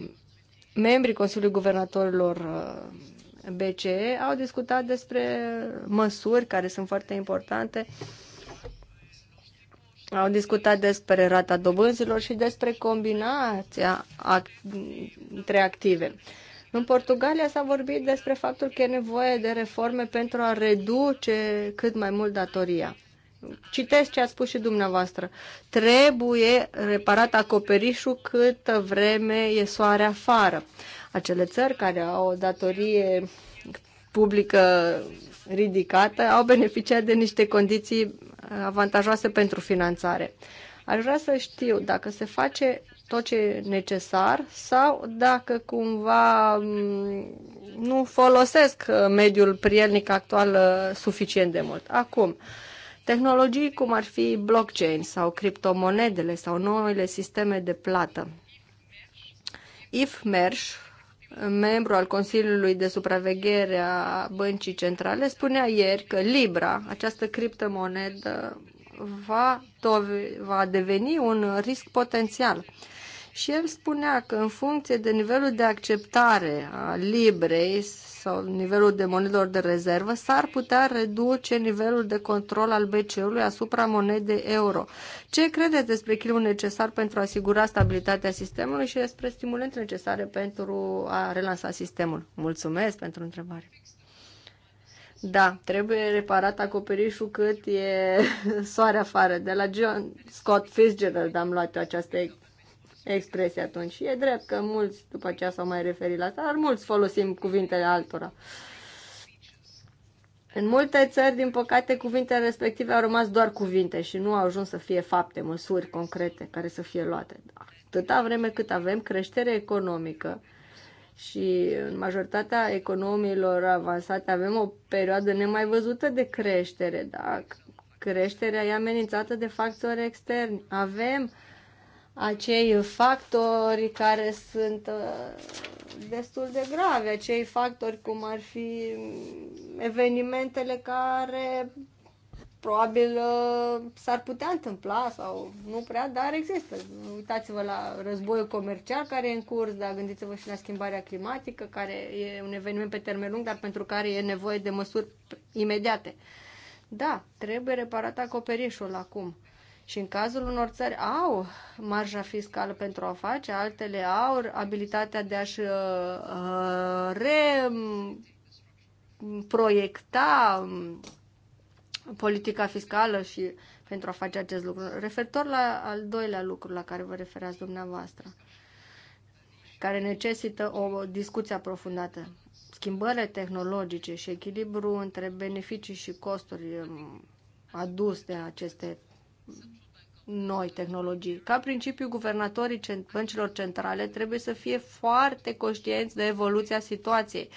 Membrii Consiliului Guvernatorilor uh, BCE au discutat despre măsuri care sunt foarte importante. Au discutat despre rata dobânzilor și despre combinația act- între active. În Portugalia s-a vorbit despre faptul că e nevoie de reforme pentru a reduce cât mai mult datoria. Citesc ce a spus și dumneavoastră. Trebuie reparat acoperișul câtă vreme e soare afară. Acele țări care au o datorie publică ridicată au beneficiat de niște condiții avantajoase pentru finanțare. Aș vrea să știu dacă se face tot ce e necesar sau dacă cumva mm, nu folosesc uh, mediul prielnic actual uh, suficient de mult. Acum, tehnologii cum ar fi blockchain sau criptomonedele sau noile sisteme de plată. If Mersh, membru al Consiliului de Supraveghere a Băncii Centrale, spunea ieri că Libra, această criptomonedă, va, va deveni un risc potențial. Și el spunea că în funcție de nivelul de acceptare a librei sau nivelul de monedor de rezervă, s-ar putea reduce nivelul de control al BCE-ului asupra monedei euro. Ce credeți despre chilul necesar pentru a asigura stabilitatea sistemului și despre stimulente necesare pentru a relansa sistemul? Mulțumesc pentru întrebare. Da, trebuie reparat acoperișul cât e soare afară. De la John Scott Fitzgerald am luat această expresie atunci. E drept că mulți după aceea s-au mai referit la asta, dar mulți folosim cuvintele altora. În multe țări, din păcate, cuvintele respective au rămas doar cuvinte și nu au ajuns să fie fapte, măsuri concrete care să fie luate. Atâta vreme cât avem creștere economică și în majoritatea economiilor avansate avem o perioadă nemai văzută de creștere, da? Creșterea e amenințată de factori externi. Avem uh, acei factori care sunt uh, destul de grave, acei factori cum ar fi evenimentele care probabil uh, s-ar putea întâmpla sau nu prea, dar există. Uitați-vă la războiul comercial care e în curs, dar gândiți-vă și la schimbarea climatică, care e un eveniment pe termen lung, dar pentru care e nevoie de măsuri imediate. Da, trebuie reparat acoperișul acum. Și în cazul unor țări au marja fiscală pentru a face, altele au abilitatea de a-și uh, uh reproiecta um, politica fiscală și pentru a face acest lucru. Referitor la al doilea lucru la care vă refereați dumneavoastră, care necesită o discuție aprofundată. Schimbările tehnologice și echilibru între beneficii și costuri um, adus de aceste noi tehnologii. Ca principiu, guvernatorii băncilor centrale trebuie să fie foarte conștienți de evoluția situației.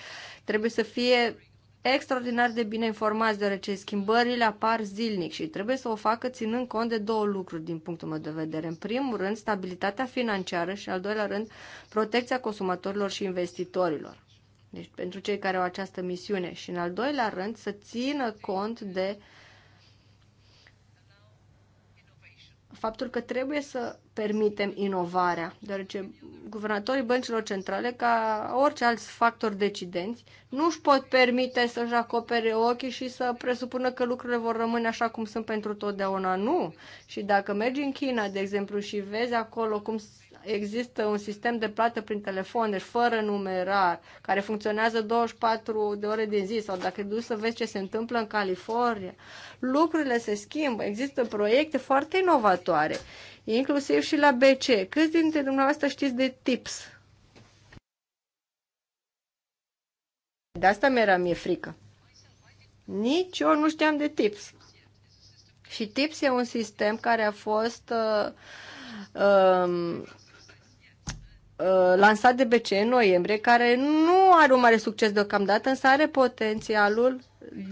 Trebuie să fie extraordinar de bine informați, deoarece schimbările apar zilnic și trebuie să o facă ținând cont de două lucruri din punctul meu de vedere. În primul rând, stabilitatea financiară și, al doilea rând, protecția consumatorilor și investitorilor. Deci, pentru cei care au această misiune. Și, în al doilea rând, să țină cont de uh, faptul că trebuie să permitem inovarea, deoarece guvernatorii băncilor centrale, ca orice alți factor decidenți, nu își pot permite să-și acopere ochii și să presupună că lucrurile vor rămâne așa cum sunt pentru totdeauna. Nu! Și dacă mergi în China, de exemplu, și vezi acolo cum există un sistem de plată prin telefon, deci fără numerar, care funcționează 24 de ore din zi sau dacă duci să vezi ce se întâmplă în California, lucrurile se schimbă, există proiecte foarte inovatoare, inclusiv și la BC. Câți dintre dumneavoastră știți de tips? De asta mi-era mie frică. Nici eu nu știam de tips. Și tips e un sistem care a fost uh, um, Uh, lansat de BCE în noiembrie, care nu are un mare succes deocamdată, însă are potențialul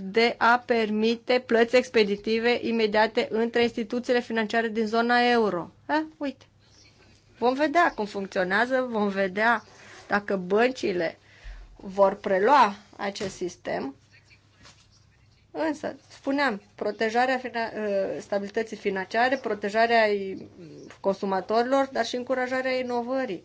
de a permite plăți expeditive imediate între instituțiile financiare din zona euro. Ha? Uite, vom vedea cum funcționează, vom vedea dacă băncile vor prelua acest sistem. Însă, spuneam, protejarea fina- uh, stabilității financiare, protejarea consumatorilor, dar și încurajarea inovării.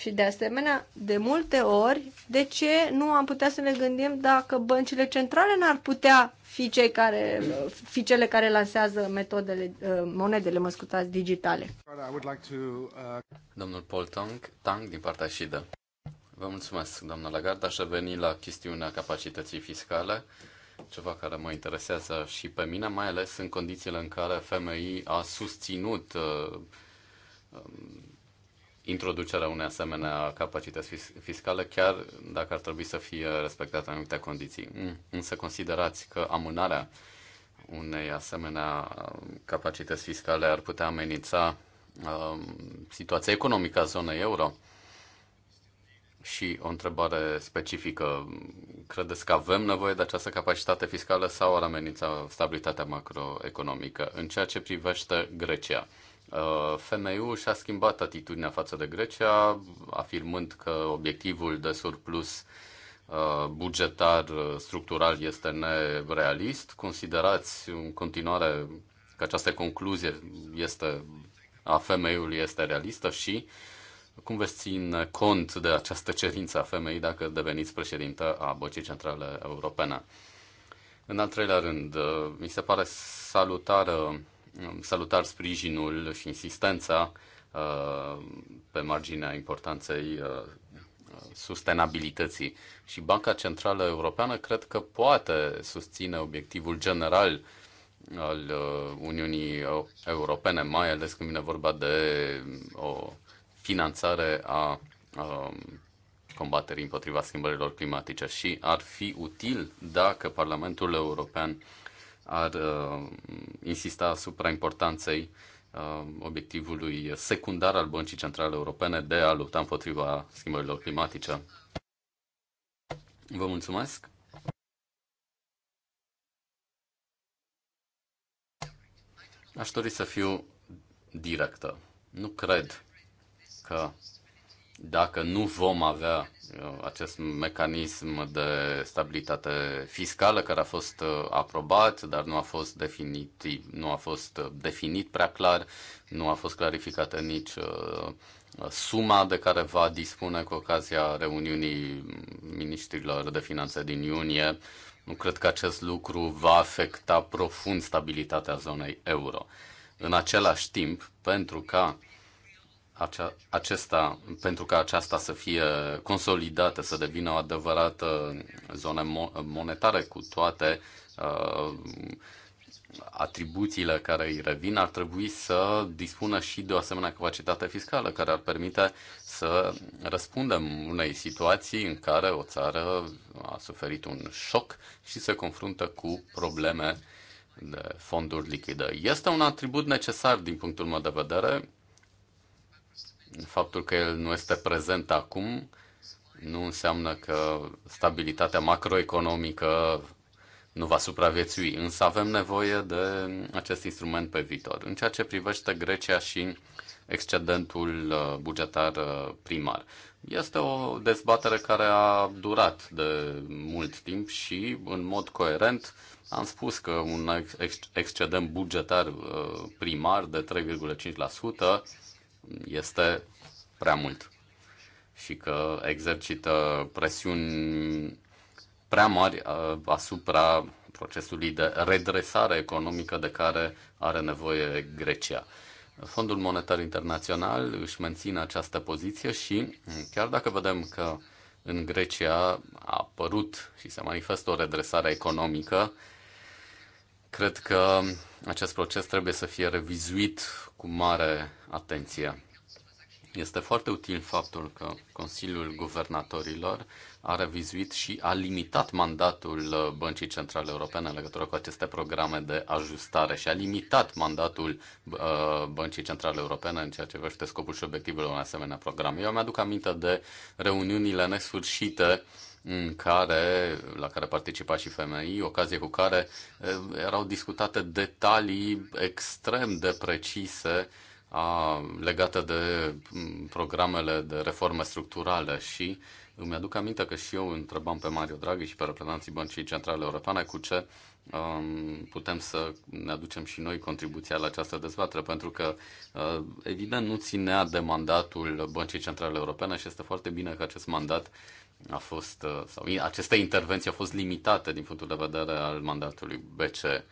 Și de asemenea, de multe ori, de ce nu am putea să ne gândim dacă băncile centrale n-ar putea fi, cei care, fi cele care lansează metodele, uh, monedele, mă scutați, digitale? Uh, Domnul Paul Tang, Tang din partea Shida. Vă mulțumesc, doamna Lagarde. Aș reveni la chestiunea capacității fiscale, ceva care mă interesează și pe mine, mai ales în condițiile în care FMI a susținut uh, um, introducerea unei asemenea capacități fiscale, chiar dacă ar trebui să fie respectate anumite condiții. Mm, însă considerați că amânarea unei asemenea um, capacități fiscale ar putea amenința uh, situația economică a zonei euro? Și o întrebare specifică. Credeți că avem nevoie de această capacitate fiscală sau ar amenința stabilitatea macroeconomică în ceea ce privește Grecia? Uh, FMI-ul și-a schimbat atitudinea față de Grecia, afirmând că obiectivul de surplus uh, bugetar uh, structural este nerealist. Considerați în continuare că această concluzie este a femeiului este realistă și cum veți ține cont de această cerință a femeii dacă deveniți președintă a Băcii Centrale Europene? În al treilea rând, mi se pare salutară salutar sprijinul și insistența uh, pe marginea importanței uh, sustenabilității. Și Banca Centrală Europeană cred că poate susține obiectivul general al uh, Uniunii Europene, mai ales când vine vorba de um, o finanțare a um, combaterii împotriva schimbărilor climatice și ar fi util dacă Parlamentul European ar uh, insista asupra importanței uh, obiectivului secundar al Băncii Centrale Europene de a lupta împotriva schimbărilor climatice. Vă mulțumesc! Aș dori să fiu directă. Nu cred că dacă nu vom avea acest mecanism de stabilitate fiscală care a fost uh, aprobat, dar nu a fost definit, nu a fost uh, definit prea clar, nu a fost clarificată nici uh, suma de care va dispune cu ocazia reuniunii ministrilor de finanțe din iunie. Nu cred că acest lucru va afecta profund stabilitatea zonei euro. În același timp, pentru ca acea, acesta, pentru ca aceasta să fie consolidată, să devină o adevărată zonă monetară cu toate uh, atribuțiile care îi revin, ar trebui să dispună și de o asemenea capacitate fiscală care ar permite să răspundem unei situații în care o țară a suferit un șoc și se confruntă cu probleme de fonduri lichide. Este un atribut necesar din punctul meu de vedere, Faptul că el nu este prezent acum nu înseamnă că stabilitatea macroeconomică nu va supraviețui, însă avem nevoie de acest instrument pe viitor. În ceea ce privește Grecia și excedentul uh, bugetar uh, primar. Este o dezbatere care a durat de mult timp și, în mod coerent, am spus că un excedent bugetar uh, primar de 3,5% este prea mult și că exercită presiuni prea mari uh, asupra procesului de redresare economică de care are nevoie Grecia. Fondul Monetar Internațional își menține această poziție și mm, chiar dacă vedem că în Grecia a apărut și se manifestă o redresare economică, Cred că acest proces trebuie să fie revizuit cu mare atenție. Este foarte util faptul că Consiliul Guvernatorilor a revizuit și a limitat mandatul Băncii Centrale Europene în legătură cu aceste programe de ajustare și a limitat mandatul uh, Băncii Centrale Europene în ceea ce vește scopul și obiectivele unui asemenea program. Eu mi-aduc aminte de reuniunile nesfârșite în care, la care participa și femei, ocazie cu care erau discutate detalii extrem de precise a, legate de programele de reforme structurale și îmi aduc aminte că și eu întrebam pe Mario Draghi și pe reprezentanții Băncii Centrale Europene cu ce um, putem să ne aducem și noi contribuția la această dezbatere, pentru că uh, evident nu ținea de mandatul Băncii Centrale Europene și este foarte bine că acest mandat a fost, uh, sau aceste intervenții au fost limitate din punctul de vedere al mandatului BC.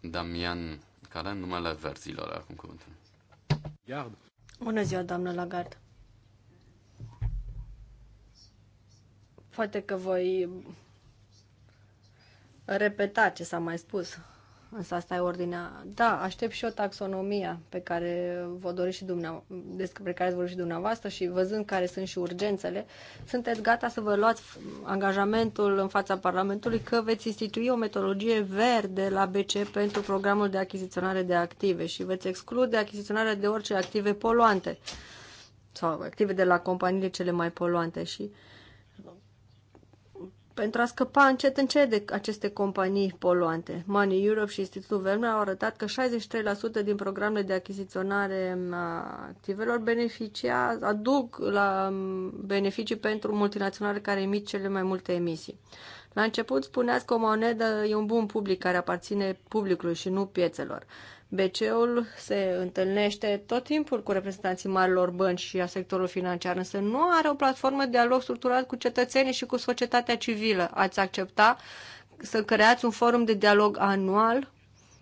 Damian, care numele verzilor acum cuvântul? Gard. Bună ziua, doamnă Lagarde. Poate că voi repeta ce s-a mai spus Însă asta e ordinea. Da, aștept și o taxonomia pe care vă doriți și despre care vă doriți și dumneavoastră și văzând care sunt și urgențele, sunteți gata să vă luați angajamentul în fața Parlamentului că veți institui o metodologie verde la BC pentru programul de achiziționare de active și veți exclude achiziționarea de orice active poluante sau active de la companiile cele mai poluante și uh, pentru a scăpa încet încet de aceste companii poluante. Money Europe și Institutul Vermeer au arătat că 63% din programele de achiziționare a activelor beneficia, aduc la beneficii pentru multinaționale care emit cele mai multe emisii. La început spuneați că o monedă e un bun public care aparține publicului și nu piețelor. BCE-ul se întâlnește tot timpul cu reprezentanții marilor bănci și a sectorului financiar, însă nu are o platformă de dialog structurat cu cetățenii și cu societatea civilă. Ați accepta să creați un forum de dialog anual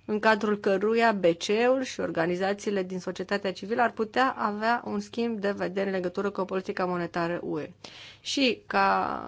în cadrul căruia BCE-ul și organizațiile din societatea civilă ar putea avea un schimb de vedere în legătură cu politica monetară UE. Și ca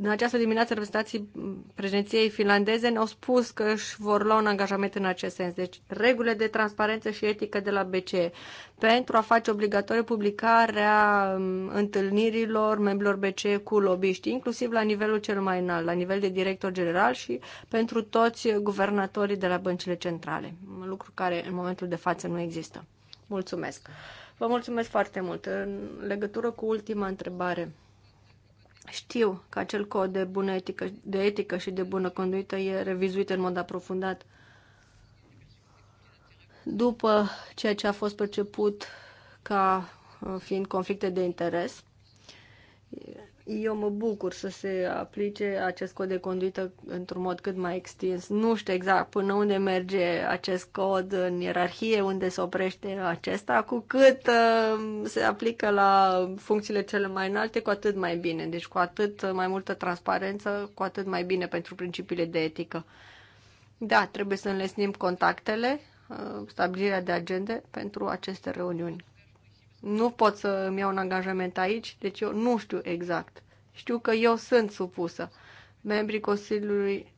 în această dimineață reprezentanții președinției finlandeze ne-au spus că își vor lua un angajament în acest sens. Deci, regulile de transparență și etică de la BCE pentru a face obligatorie publicarea um, întâlnirilor membrilor BCE cu lobbyști, inclusiv la nivelul cel mai înalt, la nivel de director general și pentru toți guvernatorii de la băncile centrale, un lucru care în momentul de față nu există. Mulțumesc! Vă mulțumesc foarte mult. În legătură cu ultima întrebare, știu că acel cod de, bună etică, de etică și de bună conduită e revizuit în mod aprofundat după ceea ce a fost perceput ca uh, fiind conflicte de interes. Eu mă bucur să se aplice acest cod de conduită într-un mod cât mai extins. Nu știu exact până unde merge acest cod în ierarhie, unde se oprește acesta, cu cât uh, se aplică la funcțiile cele mai înalte, cu atât mai bine. Deci cu atât mai multă transparență, cu atât mai bine pentru principiile de etică. Da, trebuie să înlesnim contactele, uh, stabilirea de agende pentru aceste reuniuni. Nu pot să îmi iau un angajament aici, deci eu nu știu exact. Știu că eu sunt supusă. Membrii Consiliului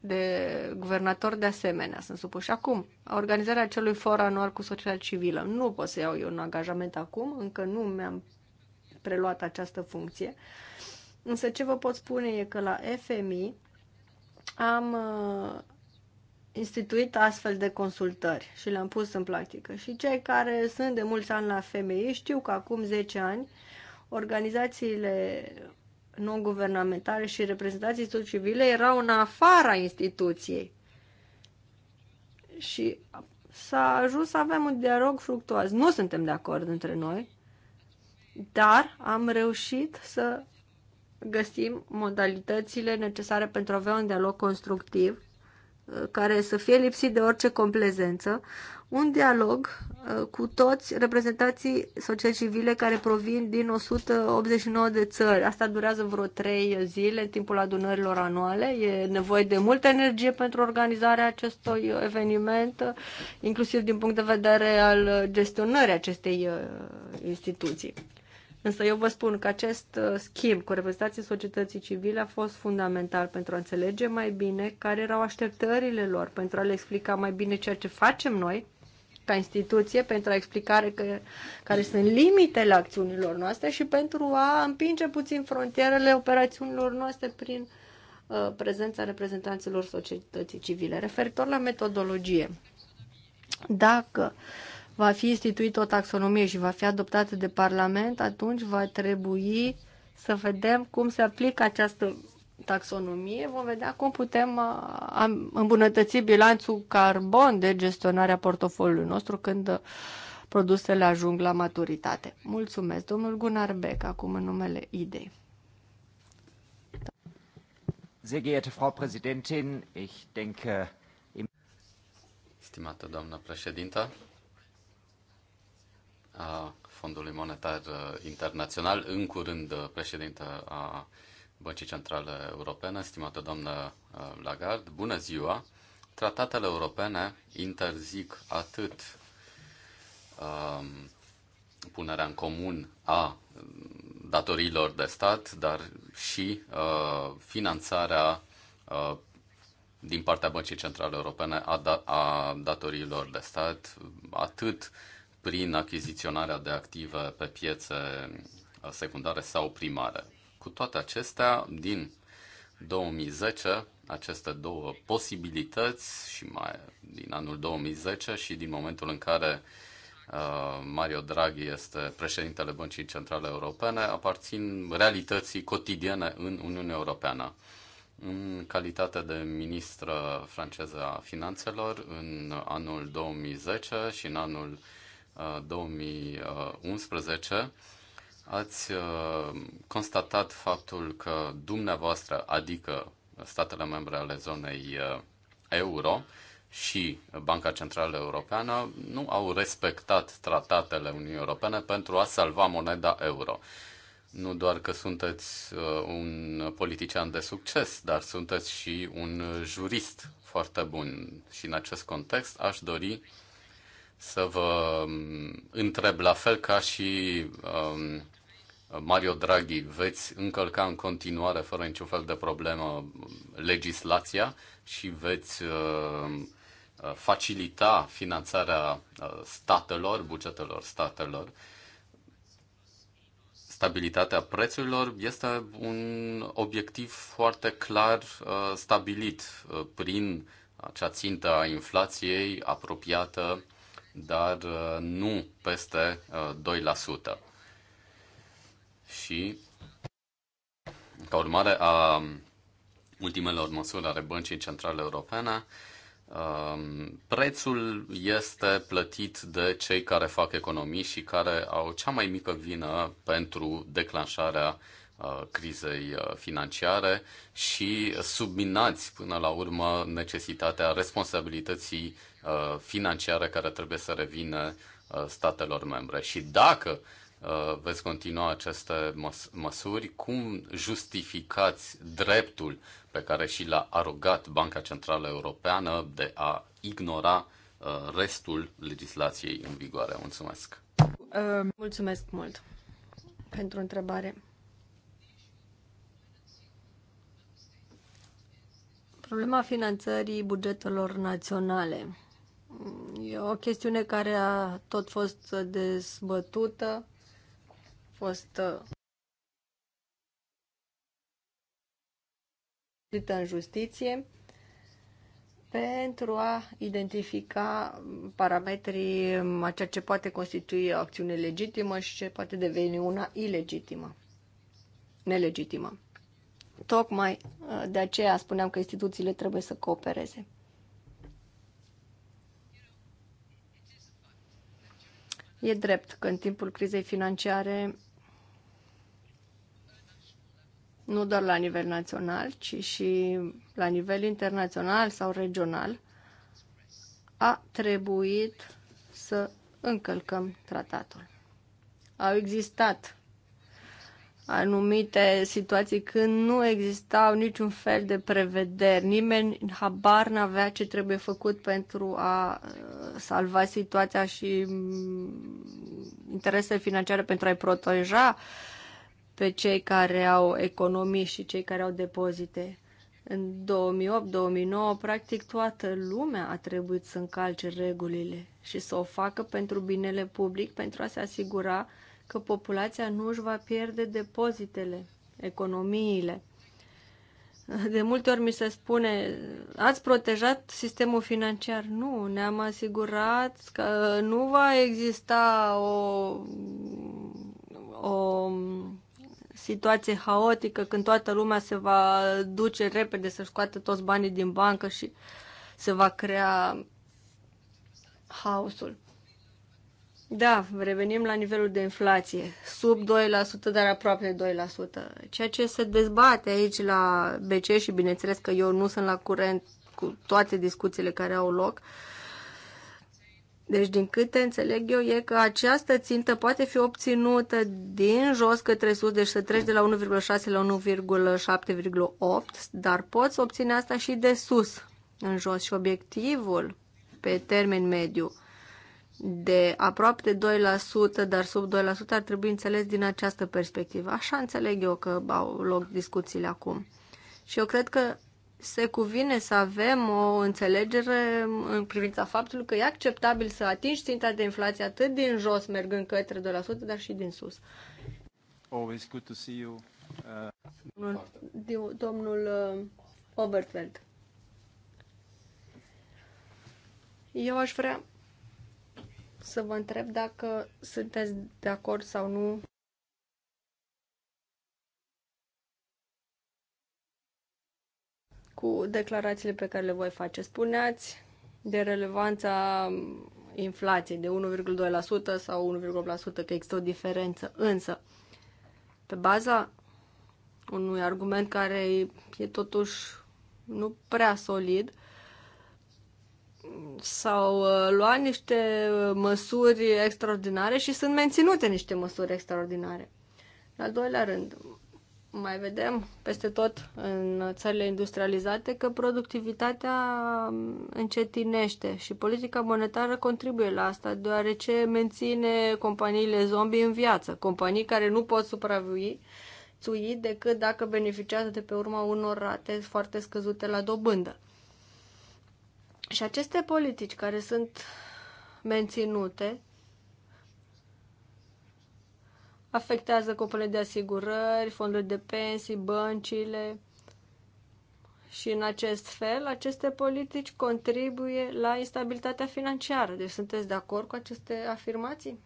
de guvernator de asemenea sunt supuși. Acum, organizarea acelui for anual cu societatea civilă. Nu pot să iau eu un angajament acum, încă nu mi-am preluat această funcție. Însă ce vă pot spune e că la FMI am uh, instituit astfel de consultări și le-am pus în practică. Și cei care sunt de mulți ani la femei știu că acum 10 ani organizațiile non-guvernamentale și reprezentații societății civile erau în afara instituției. Și s-a ajuns să avem un dialog fructuos. Nu suntem de acord între noi, dar am reușit să găsim modalitățile necesare pentru a avea un dialog constructiv care să fie lipsit de orice complezență, un dialog uh, cu toți reprezentații societății civile care provin din 189 de țări. Asta durează vreo 3 zile în timpul adunărilor anuale. E nevoie de multă energie pentru organizarea acestui eveniment, inclusiv din punct de vedere al gestionării acestei uh, instituții. Însă eu vă spun că acest uh, schimb cu reprezentații societății civile a fost fundamental pentru a înțelege mai bine care erau așteptările lor, pentru a le explica mai bine ceea ce facem noi ca instituție, pentru a explica că, care sunt limitele acțiunilor noastre și pentru a împinge puțin frontierele operațiunilor noastre prin uh, prezența reprezentanților societății civile. Referitor la metodologie, dacă uh, va fi instituită o taxonomie și va fi adoptată de Parlament, atunci va trebui să vedem cum se aplică această taxonomie, vom vedea cum putem uh, îmbunătăți bilanțul carbon de gestionarea portofoliului nostru când uh, produsele ajung la maturitate. Mulțumesc, domnul Gunnar Beck, acum în numele IDEI. Sehr geehrte Frau Präsidentin, ich denke... Stimată doamnă președintă, a Fondului Monetar uh, Internațional, în curând uh, președinte a Băncii Centrale Europene, stimată doamnă uh, Lagarde, bună ziua! Tratatele europene interzic atât um, punerea în comun a mm, datoriilor de stat, dar și uh, finanțarea uh, din partea Băncii Centrale Europene a, da- a datoriilor de stat, atât uh, prin achiziționarea de active pe piețe uh, secundare sau primare. Cu toate acestea, din 2010, aceste două posibilități și mai din anul 2010 și din momentul în care uh, Mario Draghi este președintele Băncii Centrale Europene, aparțin realității cotidiene în Uniunea Europeană. În calitate de ministră franceză a finanțelor, în anul 2010 și în anul 2011, uh, ați uh, constatat faptul că dumneavoastră, adică statele membre ale zonei uh, euro și Banca Centrală Europeană, nu au respectat tratatele Uniunii Europene pentru a salva moneda euro. Nu doar că sunteți un politician de succes, dar sunteți și un jurist foarte bun. Și în acest context aș dori să vă um, întreb la fel ca și um, Mario Draghi, veți încălca în continuare, fără niciun fel de problemă, legislația și veți uh, facilita finanțarea uh, statelor, bugetelor statelor. Stabilitatea prețurilor este un obiectiv foarte clar uh, stabilit uh, prin acea țintă a inflației apropiată dar uh, nu peste 2%. Uh, și ca urmare a ultimelor măsuri ale Băncii Centrale Europene, um, prețul este plătit de cei care fac economii și care au cea mai mică vină pentru declanșarea uh, crizei financiare și subminați până la urmă necesitatea responsabilității Uh, financiară care trebuie să revină uh, statelor membre. Și dacă uh, veți continua aceste măs- măsuri, cum justificați dreptul pe care și l-a arogat Banca Centrală Europeană de a ignora restul legislației în vigoare? Mulțumesc! Um. Mulțumesc mult pentru întrebare. Problema finanțării bugetelor naționale E o chestiune care a tot fost dezbătută, fost uh, în justiție pentru a identifica parametrii um, a ceea ce poate constitui o acțiune legitimă și ce poate deveni una ilegitimă, nelegitimă. Tocmai uh, de aceea spuneam că instituțiile trebuie să coopereze. E drept că în timpul crizei financiare, nu doar la nivel național, ci și la nivel internațional sau regional, a trebuit să încălcăm tratatul. Au existat anumite situații când nu existau niciun fel de prevederi, nimeni habar n-avea ce trebuie făcut pentru a uh, salva situația și mm, interesele financiare pentru a-i proteja pe cei care au economii și cei care au depozite. În 2008-2009, practic toată lumea a trebuit să încalce regulile și să o facă pentru binele public, pentru a se asigura că populația nu își va pierde depozitele, economiile. De multe ori mi se spune, ați protejat sistemul financiar. Nu, ne-am asigurat că nu va exista o, o situație haotică când toată lumea se va duce repede să scoată toți banii din bancă și se va crea haosul. Da, revenim la nivelul de inflație, sub 2%, dar aproape de 2%. Ceea ce se dezbate aici la BC și bineînțeles că eu nu sunt la curent cu toate discuțiile care au loc. Deci, din câte înțeleg eu, e că această țintă poate fi obținută din jos către sus, deci să treci de la 1,6 la 1,7,8, dar poți obține asta și de sus în jos. Și obiectivul pe termen mediu de aproape 2%, dar sub 2% ar trebui înțeles din această perspectivă. Așa înțeleg eu că au loc discuțiile acum. Și eu cred că se cuvine să avem o înțelegere în privința faptului că e acceptabil să atingi ținta de inflație atât din jos, mergând către 2%, dar și din sus. Always good to see you. Uh... Domnul, domnul uh, Oberfeld. Eu aș vrea să vă întreb dacă sunteți de acord sau nu cu declarațiile pe care le voi face. Spuneați de relevanța inflației de 1,2% sau 1,8% că există o diferență, însă pe baza unui argument care e totuși nu prea solid, s-au uh, luat niște măsuri extraordinare și sunt menținute niște măsuri extraordinare. În al doilea rând, mai vedem peste tot în țările industrializate că productivitatea um, încetinește și politica monetară contribuie la asta, deoarece menține companiile zombie în viață, companii care nu pot supraviețui decât dacă beneficiază de pe urma unor rate foarte scăzute la dobândă. Și aceste politici care sunt menținute afectează companiile de asigurări, fonduri de pensii, băncile și în acest fel aceste politici contribuie la instabilitatea financiară. Deci sunteți de acord cu aceste afirmații?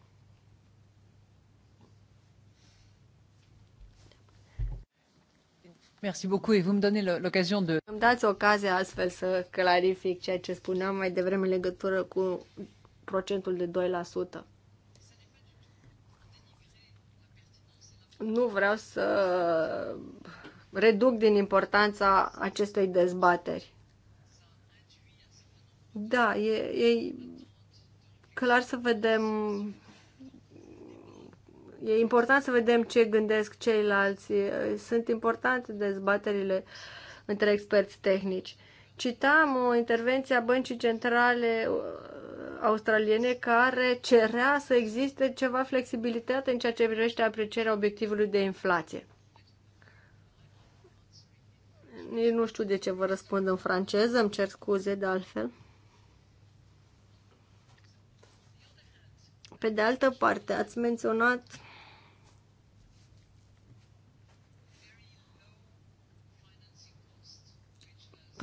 Merci beaucoup et vous me donnez l'occasion de... Îmi dați ocazia astfel să clarific ceea ce spuneam mai devreme în legătură cu procentul de 2%. Nu vreau să reduc din importanța acestei dezbateri. Da, e, e clar să vedem E important să vedem ce gândesc ceilalți. Sunt importante dezbaterile între experți tehnici. Citam o intervenție a Băncii Centrale uh, australiene care cerea să existe ceva flexibilitate în ceea ce privește aprecierea obiectivului de inflație. Eu nu știu de ce vă răspund în franceză, îmi cer scuze de altfel. Pe de altă parte, ați menționat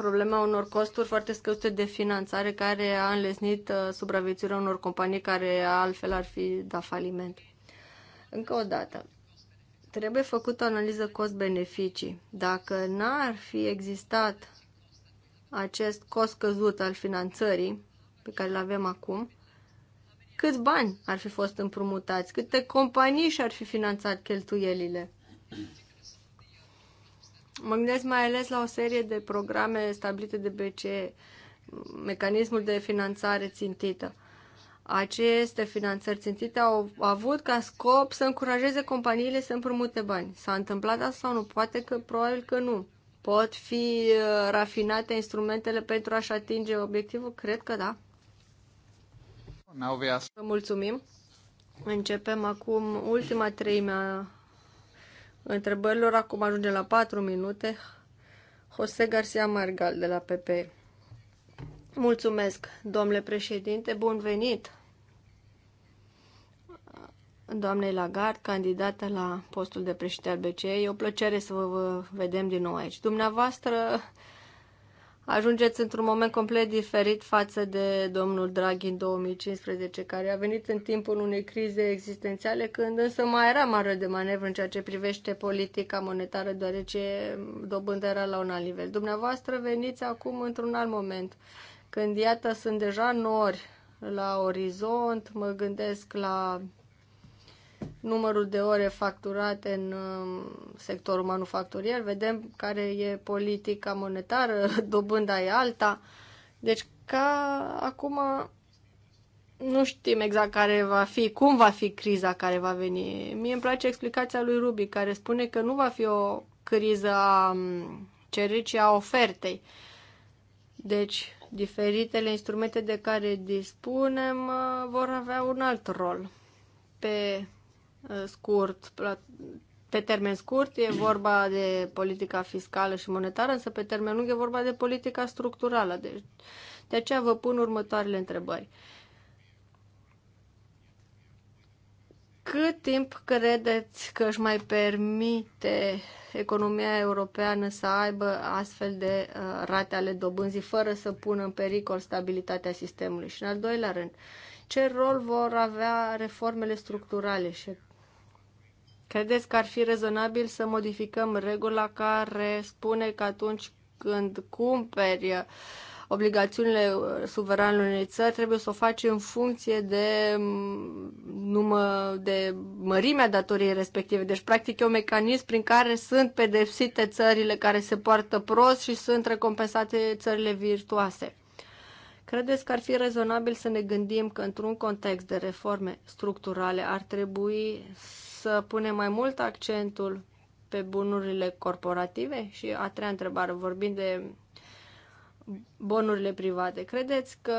problema unor costuri foarte scăzute de finanțare care a înlesnit uh, supraviețuirea unor companii care altfel ar fi dat faliment. Încă o dată, trebuie făcută o analiză cost-beneficii. Dacă n-ar fi existat acest cost scăzut al finanțării pe care îl avem acum, câți bani ar fi fost împrumutați, câte companii și-ar fi finanțat cheltuielile. Mă gândesc mai ales la o serie de programe stabilite de BCE, mecanismul de finanțare țintită. Aceste finanțări țintite au avut ca scop să încurajeze companiile să împrumute bani. S-a întâmplat asta sau nu? Poate că probabil că nu. Pot fi uh, rafinate instrumentele pentru a-și atinge obiectivul? Cred că da. Vă mulțumim. Începem acum ultima treime a întrebărilor. Acum ajungem la 4 minute. José Garcia Margal de la PP. Mulțumesc, domnule președinte. Bun venit, doamnei Lagarde, candidată la postul de președinte al BCE. E o plăcere să vă vedem din nou aici. Dumneavoastră ajungeți într-un moment complet diferit față de domnul Draghi în 2015, care a venit în timpul unei crize existențiale, când însă mai era mare de manevră în ceea ce privește politica monetară, deoarece dobândă era la un alt nivel. Dumneavoastră veniți acum într-un alt moment, când, iată, sunt deja nori la orizont, mă gândesc la numărul de ore facturate în um, sectorul manufacturier, vedem care e politica monetară, dobânda e alta. Deci ca acum nu știm exact care va fi, cum va fi criza care va veni. Mie îmi place explicația lui Rubi, care spune că nu va fi o criză a um, cererii, ci a ofertei. Deci, diferitele instrumente de care dispunem uh, vor avea un alt rol. Pe Uh, scurt, pe termen scurt e vorba de politica fiscală și monetară, însă pe termen lung e vorba de politica structurală. Deci, de aceea vă pun următoarele întrebări. Cât timp credeți că își mai permite economia europeană să aibă astfel de uh, rate ale dobânzii fără să pună în pericol stabilitatea sistemului? Și în al doilea rând, ce rol vor avea reformele structurale și Credeți că ar fi rezonabil să modificăm regula care spune că atunci când cumperi obligațiunile suveranului unei țări, trebuie să o faci în funcție de, numă, de mărimea datoriei respective. Deci, practic, e un mecanism prin care sunt pedepsite țările care se poartă prost și sunt recompensate țările virtuoase. Credeți că ar fi rezonabil să ne gândim că într-un context de reforme structurale ar trebui să punem mai mult accentul pe bunurile corporative? Și a treia întrebare, vorbind de bonurile private, credeți că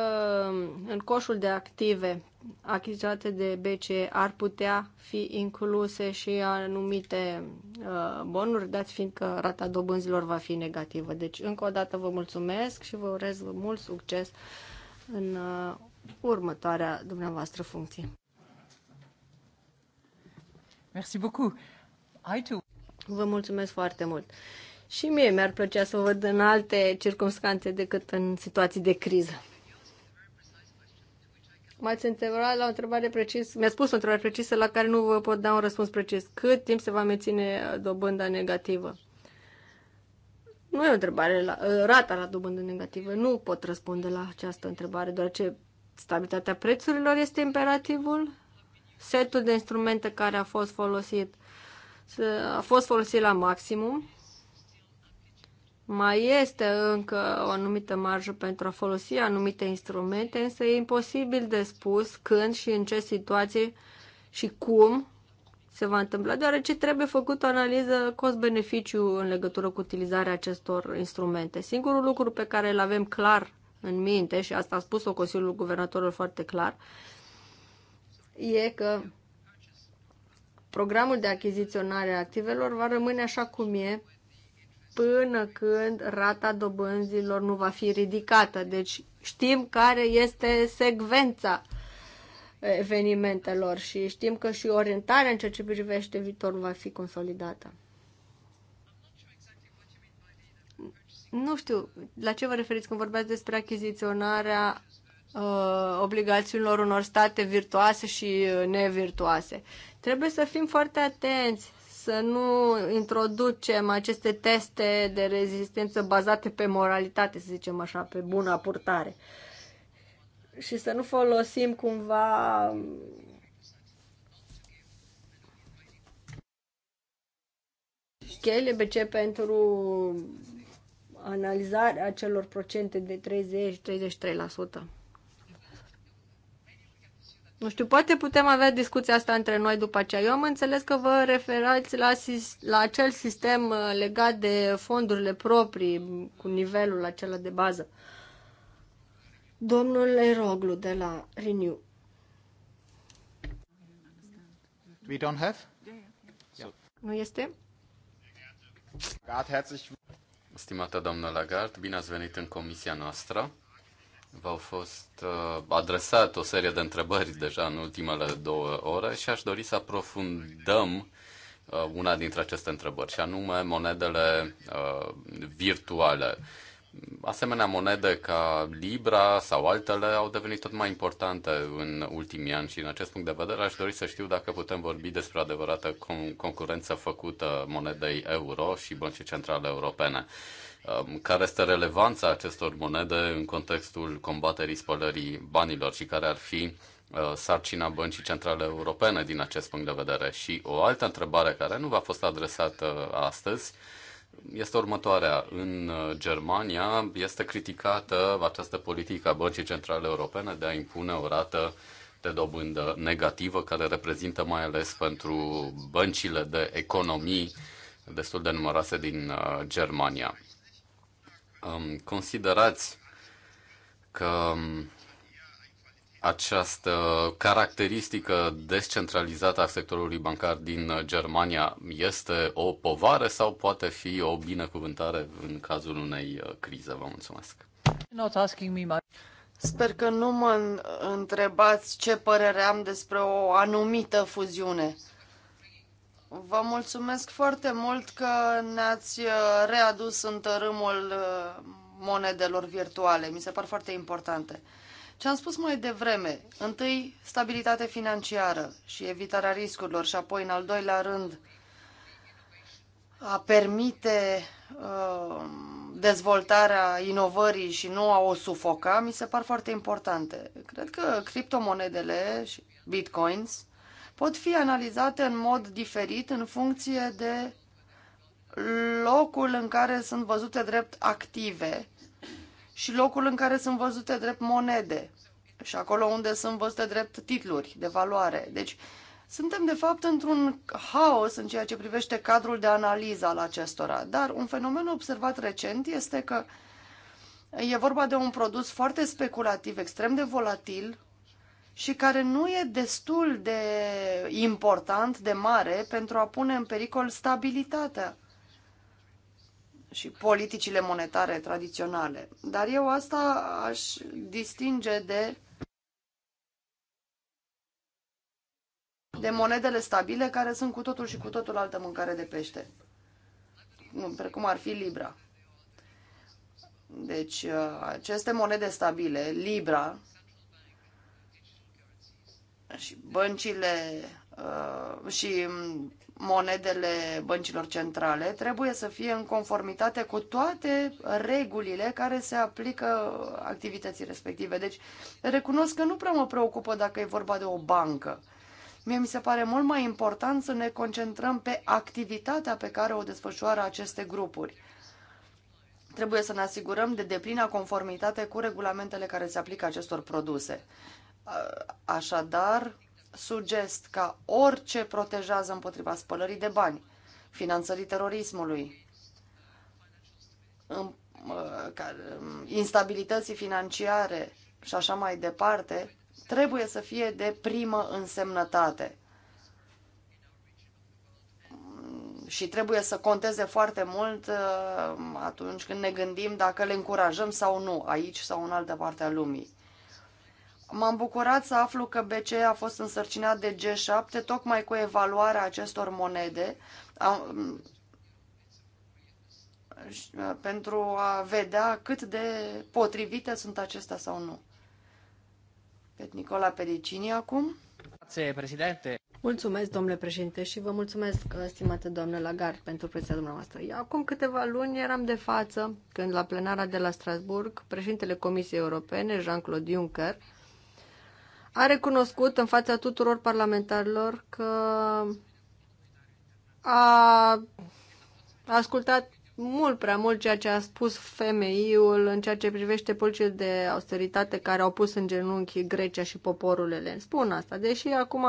în coșul de active achiziționate de BCE ar putea fi incluse și anumite uh, bonuri, dat fiind că rata dobânzilor va fi negativă. Deci, încă o dată vă mulțumesc și vă urez mult succes în uh, următoarea dumneavoastră funcție. Merci beaucoup. Vă mulțumesc foarte mult. Și mie mi-ar plăcea să văd în alte circunstanțe decât în situații de criză. M-ați întrebat la o întrebare precisă, mi-a spus o întrebare precisă la care nu vă pot da un răspuns precis. Cât timp se va menține dobânda negativă? Nu e o întrebare, la, uh, rata la dobândă negativă. Nu pot răspunde la această întrebare, doar ce stabilitatea prețurilor este imperativul setul de instrumente care a fost folosit a fost folosit la maximum. Mai este încă o anumită marjă pentru a folosi anumite instrumente, însă e imposibil de spus când și în ce situație și cum se va întâmpla, deoarece trebuie făcut o analiză cost-beneficiu în legătură cu utilizarea acestor instrumente. Singurul lucru pe care îl avem clar în minte, și asta a spus-o Consiliul Guvernatorilor foarte clar, e că programul de achiziționare a activelor va rămâne așa cum e până când rata dobânzilor nu va fi ridicată. Deci știm care este secvența evenimentelor și știm că și orientarea în ceea ce privește viitorul va fi consolidată. Nu știu la ce vă referiți când vorbeați despre achiziționarea Uh, obligațiunilor unor state virtuoase și uh, nevirtuoase. Trebuie să fim foarte atenți să nu introducem aceste teste de rezistență bazate pe moralitate, să zicem așa, pe bună purtare. Și să nu folosim cumva um, cheile BC pentru analizarea acelor procente de 30-33%. Nu știu, poate putem avea discuția asta între noi după aceea. Eu am înțeles că vă referați la, la acel sistem uh, legat de fondurile proprii, cu nivelul acela de bază. Domnul Eroglu de la Renew. We don't have? Nu este? Stimată doamnă Lagarde, bine ați venit în comisia noastră. V-au fost uh, adresat o serie de întrebări deja în ultimele două ore și aș dori să aprofundăm uh, una dintre aceste întrebări, și anume monedele uh, virtuale. Asemenea, monede ca Libra sau altele au devenit tot mai importante în ultimii ani și în acest punct de vedere aș dori să știu dacă putem vorbi despre adevărată concurență făcută monedei euro și băncii centrale europene. Um, care este relevanța acestor monede în contextul combaterii spălării banilor și care ar fi uh, sarcina Băncii Centrale Europene din acest punct de vedere. Și o altă întrebare care nu v-a fost adresată astăzi este următoarea. În uh, Germania este criticată această politică a Băncii Centrale Europene de a impune o rată de dobândă negativă, care reprezintă mai ales pentru băncile de economii destul de numeroase din uh, Germania um, considerați că um, această caracteristică descentralizată a sectorului bancar din uh, Germania este o povară sau poate fi o binecuvântare în cazul unei uh, crize? Vă mulțumesc! Sper că nu mă întrebați ce părere am despre o anumită fuziune. Vă mulțumesc foarte mult că ne-ați uh, readus în tărâmul uh, monedelor virtuale. Mi se par foarte importante. Ce am spus mai devreme, întâi stabilitate financiară și evitarea riscurilor și apoi în al doilea rând a permite uh, dezvoltarea inovării și nu a o sufoca, mi se par foarte importante. Cred că criptomonedele și bitcoins pot fi analizate în mod diferit în funcție de locul în care sunt văzute drept active și locul în care sunt văzute drept monede și acolo unde sunt văzute drept titluri de valoare. Deci, suntem, de fapt, într-un haos în ceea ce privește cadrul de analiză al acestora. Dar un fenomen observat recent este că e vorba de un produs foarte speculativ, extrem de volatil, și care nu e destul de important, de mare, pentru a pune în pericol stabilitatea și politicile monetare tradiționale. Dar eu asta aș distinge de, de monedele stabile, care sunt cu totul și cu totul altă mâncare de pește, precum ar fi Libra. Deci, uh, aceste monede stabile, Libra, și băncile uh, și monedele băncilor centrale trebuie să fie în conformitate cu toate regulile care se aplică activității respective. Deci recunosc că nu prea mă preocupă dacă e vorba de o bancă. Mie mi se pare mult mai important să ne concentrăm pe activitatea pe care o desfășoară aceste grupuri. Trebuie să ne asigurăm de deplina conformitate cu regulamentele care se aplică acestor produse. Așadar, sugest ca orice protejează împotriva spălării de bani, finanțării terorismului, în, uh, um, instabilității financiare și așa mai departe, trebuie să fie de primă însemnătate. Și trebuie să conteze foarte mult uh, atunci când ne gândim dacă le încurajăm sau nu, aici sau în altă parte a lumii. M-am bucurat să aflu că BCE a fost însărcinat de G7 tocmai cu evaluarea acestor monede pentru a vedea cât de potrivite sunt acestea sau nu. Pe Nicola Pedicini acum. Grazie, președinte. Mulțumesc, domnule președinte, și vă mulțumesc, uh, stimată doamnă Lagarde, pentru prezența dumneavoastră. Eu, acum câteva luni eram de față când la plenara de la Strasburg, președintele Comisiei Europene, Jean-Claude Juncker, a recunoscut în fața tuturor parlamentarilor că a ascultat mult prea mult ceea ce a spus femeiul în ceea ce privește politicile de austeritate care au pus în genunchi Grecia și poporul elen. Spun asta, deși acum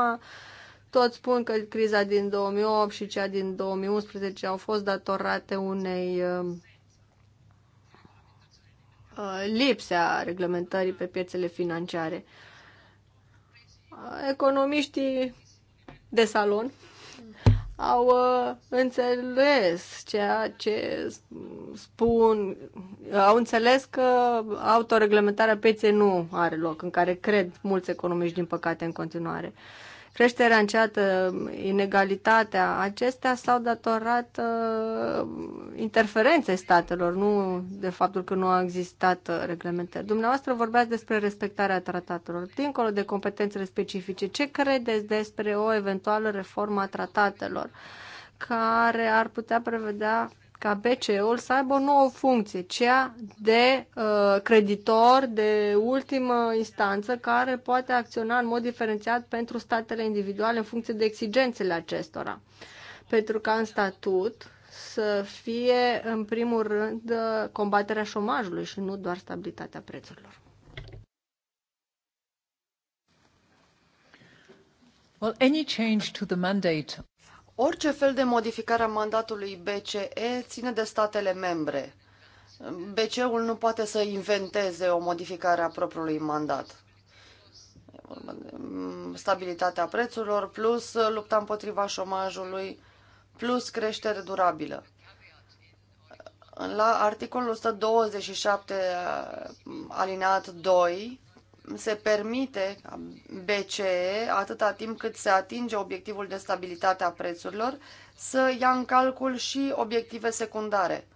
toți spun că criza din 2008 și cea din 2011 au fost datorate unei uh, uh, lipse a reglementării pe piețele financiare. Uh, economiștii de salon au uh, înțeles ceea ce spun, au înțeles că autoreglementarea pieței nu are loc, în care cred mulți economiști, din păcate, în continuare. Uh, creșterea înceată, inegalitatea, acestea s-au datorat uh, interferenței statelor, nu de faptul că nu au existat uh, reglementări. Dumneavoastră vorbeați despre respectarea tratatelor. Dincolo de competențele specifice, ce credeți despre o eventuală reformă a tratatelor care ar putea prevedea ca BCE-ul să aibă o nouă funcție, cea de uh, creditor de ultimă instanță care poate acționa în mod diferențiat pentru statele individuale în funcție de exigențele acestora. Pentru ca în statut să fie, în primul rând, uh, combaterea șomajului și nu doar stabilitatea prețurilor. Well, any change to the mandate Orice fel de modificare a mandatului BCE ține de statele membre. BCE-ul nu poate să inventeze o modificare a propriului mandat. Mm, stabilitatea prețurilor, plus lupta împotriva șomajului, plus creștere durabilă. La articolul 127 alineat 2 se permite BCE, atâta timp cât se atinge obiectivul de stabilitate a prețurilor, să ia în calcul și obiective secundare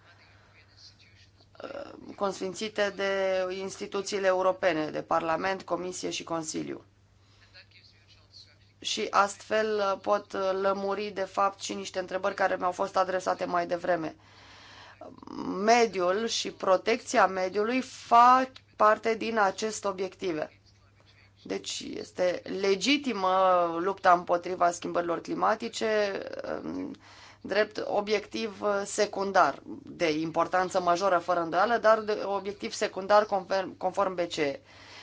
uh, consfințite de instituțiile europene, de Parlament, Comisie și Consiliu. Și astfel uh, pot uh, lămuri, de fapt, și niște întrebări care mi-au fost adresate mai devreme mediul și protecția mediului fac parte din aceste obiective. Deci este legitimă lupta împotriva schimbărilor climatice drept obiectiv secundar de importanță majoră fără îndoială, dar de obiectiv secundar conform, conform BCE.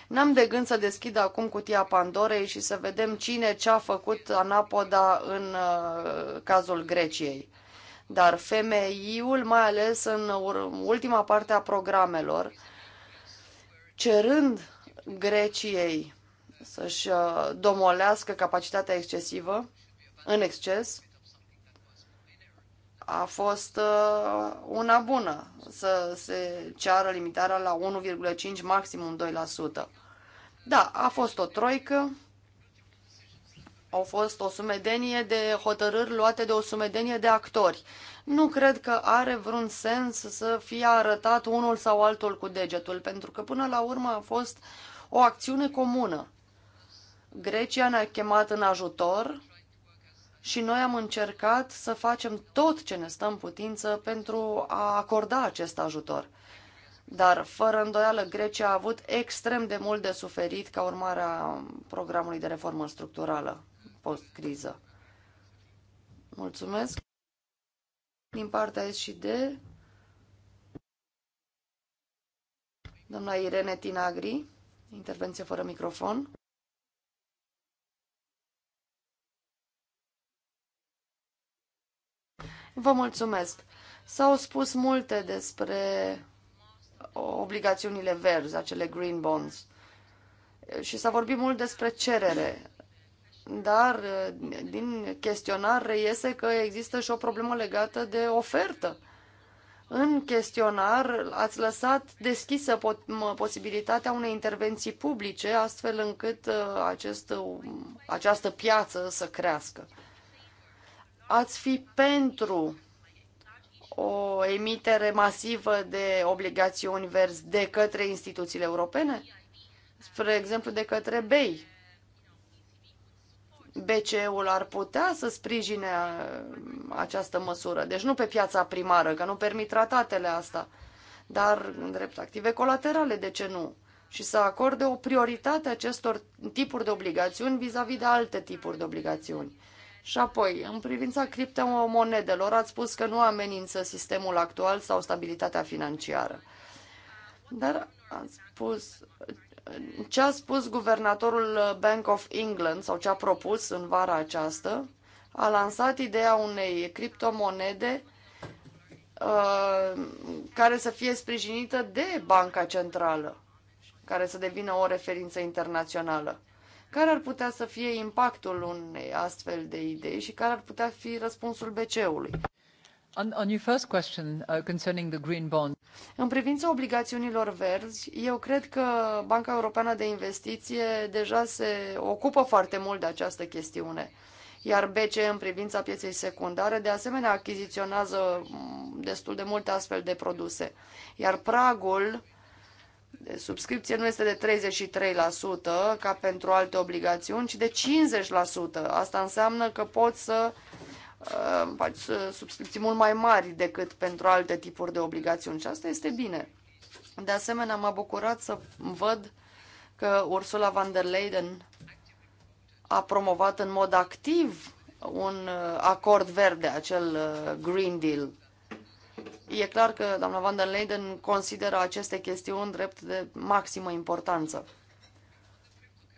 N-am de gând să deschid acum cutia Pandorei și să vedem cine ce-a făcut anapoda în uh, cazul Greciei. Dar femeiul, mai ales în ultima parte a programelor, cerând Greciei să-și uh, domolească capacitatea excesivă, în exces, a fost uh, una bună să se ceară limitarea la 1,5, maximum 2%. Da, a fost o troică, au fost o sumedenie de hotărâri luate de o sumedenie de actori nu cred că are vreun sens să fie arătat unul sau altul cu degetul, pentru că până la urmă a fost o acțiune comună. Grecia ne-a chemat în ajutor și noi am încercat să facem tot ce ne stă în putință pentru a acorda acest ajutor. Dar, fără îndoială, Grecia a avut extrem de mult de suferit ca urmare a programului de reformă structurală post-criză. Mulțumesc! din partea S și D. Doamna Irene Tinagri, intervenție fără microfon. Vă mulțumesc. S-au spus multe despre obligațiunile verzi, acele green bonds. Și s-a vorbit mult despre cerere dar eh, din chestionar reiese că există și o problemă legată de ofertă. În chestionar ați lăsat deschisă posibilitatea unei intervenții publice, astfel încât eh, acest, această piață să crească. Ați fi pentru o emitere masivă de obligațiuni verzi de către instituțiile europene? Spre exemplu, de către BEI BCE-ul ar putea să sprijine uh, această măsură. Deci nu pe piața primară, că nu permit tratatele asta, dar în drept active colaterale, de ce nu? Și să acorde o prioritate acestor tipuri de obligațiuni vis-a-vis -vis de alte tipuri de obligațiuni. Și apoi, în privința criptomonedelor, ați spus că nu amenință sistemul actual sau stabilitatea financiară. Dar ați spus ce a spus guvernatorul Bank of England sau ce a propus în vara aceasta, a lansat ideea unei criptomonede uh, care să fie sprijinită de Banca Centrală, care să devină o referință internațională. Care ar putea să fie impactul unei astfel de idei și care ar putea fi răspunsul BCE-ului? On, your first question uh, concerning the green bond. În privința obligațiunilor verzi, eu cred că Banca Europeană de Investiție deja se ocupă foarte mult de această chestiune. Iar BCE în privința pieței secundare, de asemenea, achiziționează mm, destul de multe astfel de produse. Iar pragul de subscripție nu este de 33% ca pentru alte obligațiuni, ci de 50%. Asta înseamnă că poți să Uh, faci uh, subscripții mult mai mari decât pentru alte tipuri de obligațiuni și asta este bine. De asemenea, m-a bucurat să văd că Ursula von der Leyen a promovat în mod activ un uh, acord verde, acel Green Deal. E clar că doamna von der Leyen consideră aceste chestiuni drept de maximă importanță.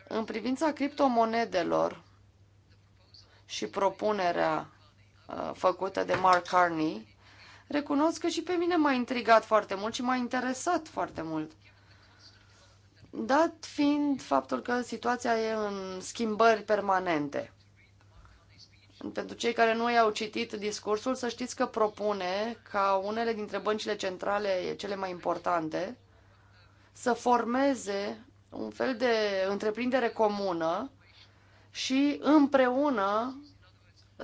În privința criptomonedelor și propunerea Uh, făcută de Mark Carney, recunosc că și pe mine m-a intrigat foarte mult și m-a interesat foarte mult. Dat fiind faptul că situația e în schimbări permanente. Pentru cei care nu i-au citit discursul, să știți că propune ca unele dintre băncile centrale, cele mai importante, să formeze un fel de întreprindere comună și împreună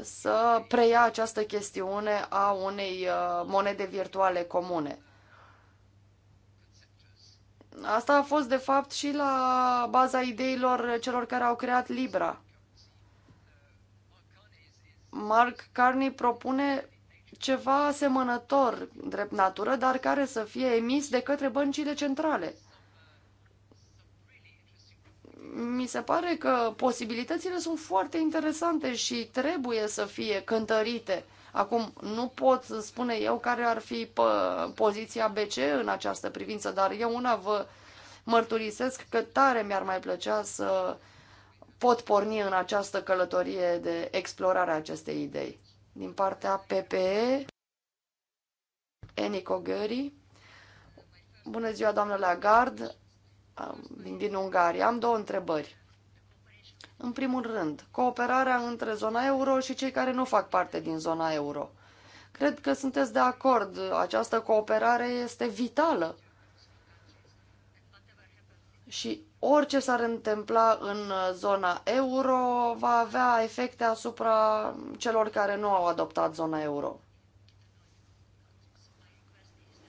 să preia această chestiune a unei uh, monede virtuale comune. Asta a fost, de fapt, și la baza ideilor celor care au creat Libra. Mark Carney propune ceva asemănător drept natură, dar care să fie emis de către băncile centrale – mi se pare că posibilitățile sunt foarte interesante și trebuie să fie cântărite. Acum, nu pot să spune eu care ar fi poziția BC în această privință, dar eu una vă mărturisesc că tare mi-ar mai plăcea să pot porni în această călătorie de explorare a acestei idei. Din partea PPE, Enico Gării. Bună ziua, doamnă Lagarde! Um, din Ungaria. Am două întrebări. În primul rând, cooperarea între zona euro și cei care nu fac parte din zona euro. Cred că sunteți de acord. Această cooperare este vitală. Și orice s-ar întâmpla în zona euro va avea efecte asupra celor care nu au adoptat zona euro.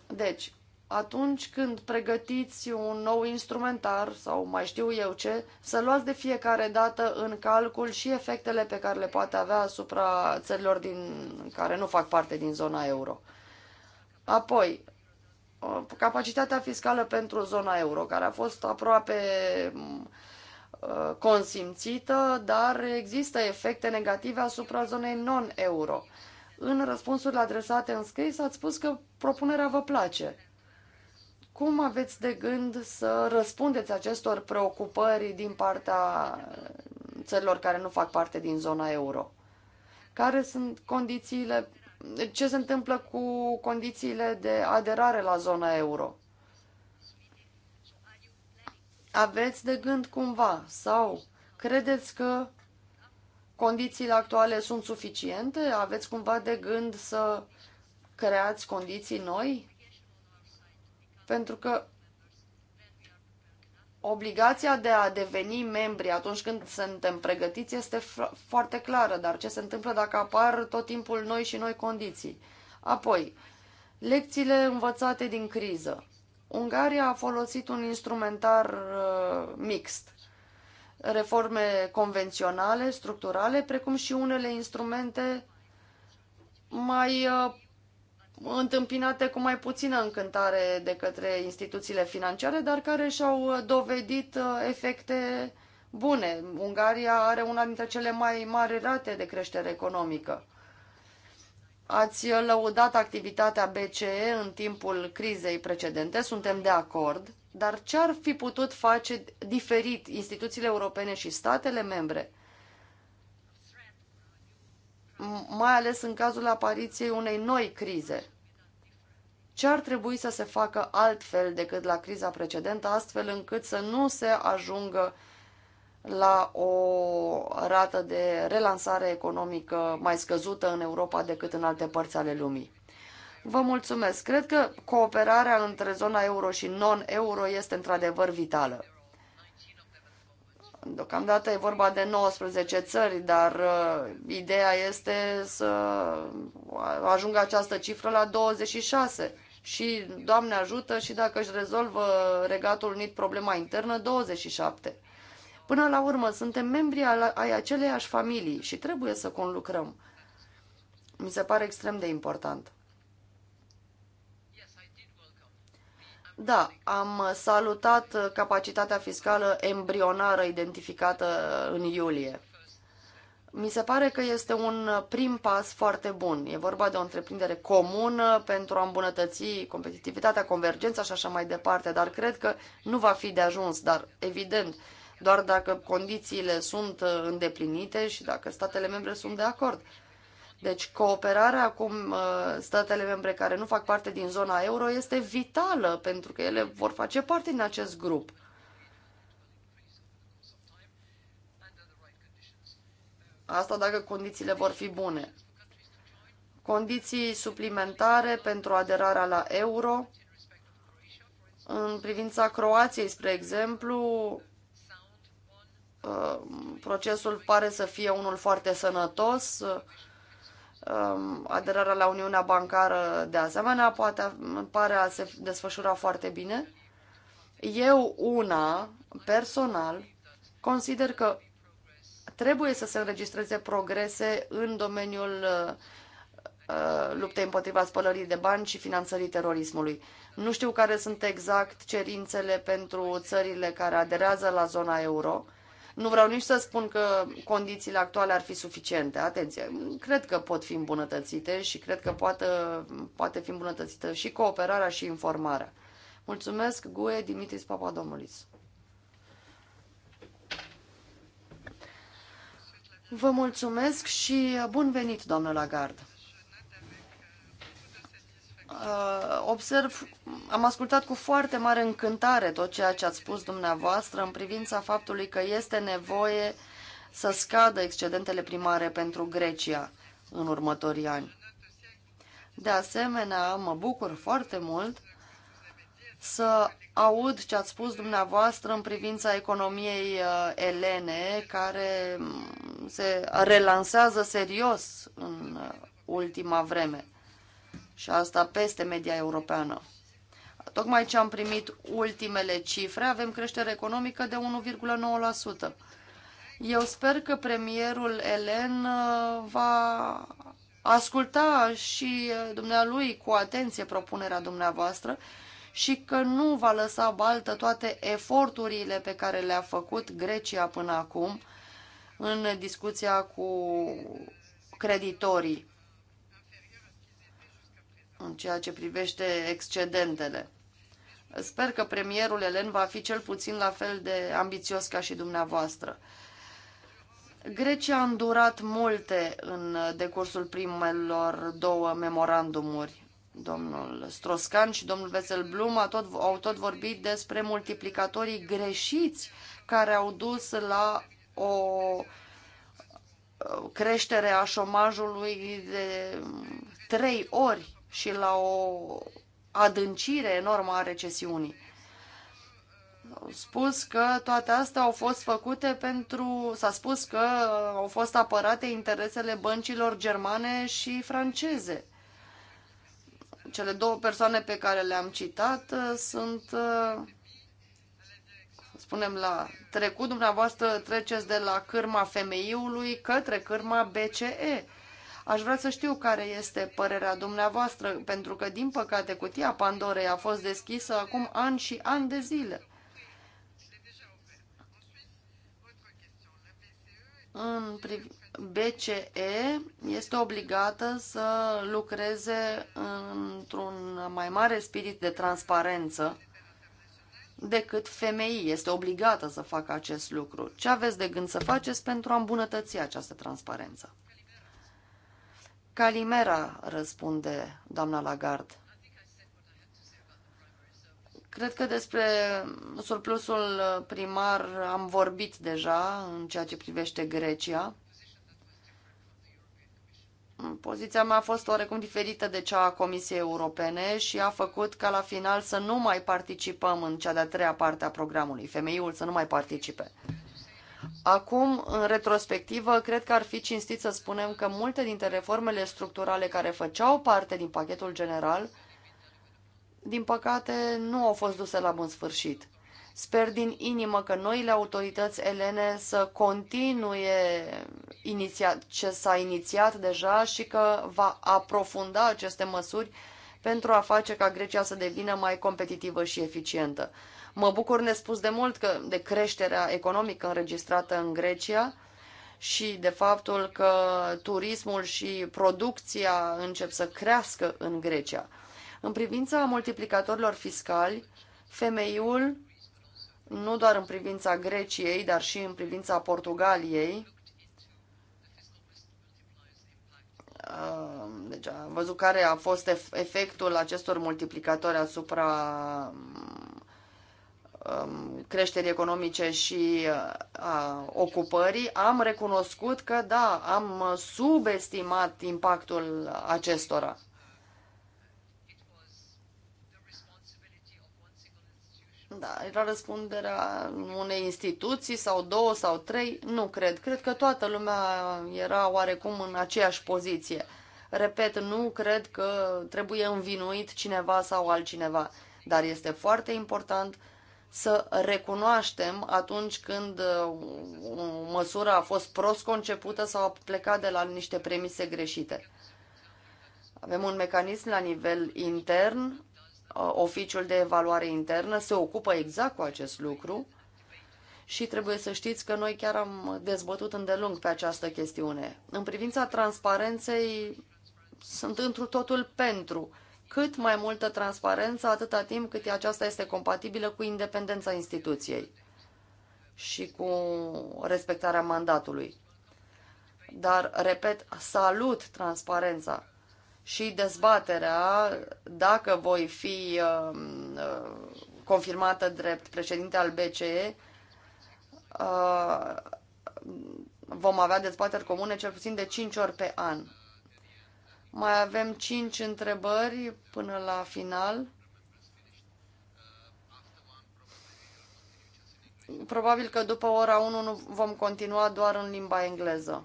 Deci, atunci când pregătiți un nou instrumentar sau mai știu eu ce, să luați de fiecare dată în calcul și efectele pe care le poate avea asupra țărilor din, care nu fac parte din zona euro. Apoi, capacitatea fiscală pentru zona euro, care a fost aproape mm, ă, consimțită, dar există efecte negative asupra zonei non-euro. În răspunsurile adresate în scris ați spus că propunerea vă place. Cum aveți de gând să răspundeți acestor preocupări din partea țărilor care nu fac parte din zona euro? Care sunt condițiile, ce se întâmplă cu condițiile de aderare la zona euro? Aveți de gând cumva sau credeți că condițiile actuale sunt suficiente? Aveți cumva de gând să creați condiții noi? Pentru că obligația de a deveni membri atunci când suntem pregătiți este foarte clară, dar ce se întâmplă dacă apar tot timpul noi și noi condiții? Apoi, lecțiile învățate din criză. Ungaria a folosit un instrumentar uh, mixt, reforme convenționale, structurale, precum și unele instrumente mai uh, întâmpinate cu mai puțină încântare de către instituțiile financiare, dar care și-au uh, dovedit uh, efecte bune. Ungaria are una dintre cele mai mari rate de creștere economică. Ați uh, lăudat activitatea BCE în timpul crizei precedente, suntem de acord, dar ce ar fi putut face diferit instituțiile europene și statele membre mai ales în cazul apariției unei noi crize. Ce ar trebui să se facă altfel decât la criza precedentă, astfel încât să nu se ajungă la o rată de relansare economică mai scăzută în Europa decât în alte părți ale lumii. Vă mulțumesc. Cred că cooperarea între zona euro și non-euro este într-adevăr vitală. Deocamdată e vorba de 19 țări, dar uh, ideea este să ajungă această cifră la 26. Și, Doamne ajută, și dacă își rezolvă Regatul Unit problema internă, 27. Până la urmă, suntem membri ai aceleiași familii și trebuie să conlucrăm. Mi se pare extrem de important. Da, am salutat capacitatea fiscală embrionară identificată în iulie. Mi se pare că este un prim pas foarte bun. E vorba de o întreprindere comună pentru a îmbunătăți competitivitatea, convergența și așa mai departe, dar cred că nu va fi de ajuns, dar evident, doar dacă condițiile sunt îndeplinite și dacă statele membre sunt de acord. Deci cooperarea acum uh, statele membre care nu fac parte din zona euro este vitală pentru că ele vor face parte din acest grup. Asta dacă condițiile vor fi bune. Condiții suplimentare pentru aderarea la euro. În privința Croației, spre exemplu, uh, procesul pare să fie unul foarte sănătos. Um, aderarea la Uniunea Bancară de asemenea poate pare a se desfășura foarte bine. Eu una, personal, consider că trebuie să se înregistreze progrese în domeniul uh, uh, luptei împotriva spălării de bani și finanțării terorismului. Nu știu care sunt exact cerințele pentru țările care aderează la zona euro, nu vreau nici să spun că condițiile actuale ar fi suficiente. Atenție, cred că pot fi îmbunătățite și cred că poate, poate fi îmbunătățită și cooperarea și informarea. Mulțumesc, Gue Dimitris Papadomulis. Vă mulțumesc și bun venit, doamnă Lagarde. Uh, observ, am ascultat cu foarte mare încântare tot ceea ce ați spus dumneavoastră în privința faptului că este nevoie să scadă excedentele primare pentru Grecia în următorii ani. De asemenea, mă bucur foarte mult să aud ce ați spus dumneavoastră în privința economiei uh, elene, care mm, se relansează serios în uh, ultima vreme și asta peste media europeană. Tocmai ce am primit ultimele cifre, avem creștere economică de 1,9%. Eu sper că premierul Elen uh, va asculta și uh, dumnealui cu atenție propunerea dumneavoastră și că nu va lăsa baltă toate eforturile pe care le-a făcut Grecia până acum în discuția cu creditorii în ceea ce privește excedentele. Sper că premierul Elen va fi cel puțin la fel de ambițios ca și dumneavoastră. Grecia a îndurat multe în decursul primelor două memorandumuri. Domnul Stroscan și domnul Veselblum au tot, au tot vorbit despre multiplicatorii greșiți care au dus la o uh, creștere a șomajului de trei ori și la o adâncire enormă a recesiunii. Au spus că toate astea au fost făcute pentru, s-a spus că au fost apărate interesele băncilor germane și franceze. Cele două persoane pe care le-am citat uh, sunt, uh, spunem, la trecut, dumneavoastră treceți de la cârma femeiului către cârma BCE Aș vrea să știu care este părerea dumneavoastră, pentru că, din păcate, cutia Pandorei a fost deschisă acum ani și ani de zile. În priv... BCE este obligată să lucreze într-un mai mare spirit de transparență decât femeii. Este obligată să facă acest lucru. Ce aveți de gând să faceți pentru a îmbunătăți această transparență? Calimera, răspunde doamna Lagarde. Cred că despre surplusul primar am vorbit deja în ceea ce privește Grecia. Poziția mea a fost oarecum diferită de cea a Comisiei Europene și a făcut ca la final să nu mai participăm în cea de-a treia parte a programului, femeiul să nu mai participe. Acum, în retrospectivă, cred că ar fi cinstit să spunem că multe dintre reformele structurale care făceau parte din pachetul general, din păcate, nu au fost duse la bun sfârșit. Sper din inimă că noile autorități elene să continue iniția- ce s-a inițiat deja și că va aprofunda aceste măsuri pentru a face ca Grecia să devină mai competitivă și eficientă. Mă bucur nespus de mult că, de creșterea economică înregistrată în Grecia și de faptul că turismul și producția încep să crească în Grecia. În privința multiplicatorilor fiscali, femeiul, nu doar în privința Greciei, dar și în privința Portugaliei, uh, deci am văzut care a fost efectul acestor multiplicatori asupra Um, creșterii economice și a uh, uh, ocupării, am recunoscut că, da, am subestimat impactul acestora. Da, era răspunderea unei instituții sau două sau trei, nu cred. Cred că toată lumea era oarecum în aceeași poziție. Repet, nu cred că trebuie învinuit cineva sau altcineva, dar este foarte important să recunoaștem atunci când uh, o măsură a fost prost concepută sau a plecat de la niște premise greșite. Avem un mecanism la nivel intern, uh, oficiul de evaluare internă se ocupă exact cu acest lucru și trebuie să știți că noi chiar am dezbătut îndelung pe această chestiune. În privința transparenței, sunt întru totul pentru cât mai multă transparență atâta timp cât aceasta este compatibilă cu independența instituției și cu respectarea mandatului. Dar, repet, salut transparența și dezbaterea dacă voi fi um, uh, confirmată drept președinte al BCE. Uh, vom avea dezbateri comune cel puțin de 5 ori pe an. Mai avem cinci întrebări până la final. Probabil că după ora 1 nu vom continua doar în limba engleză.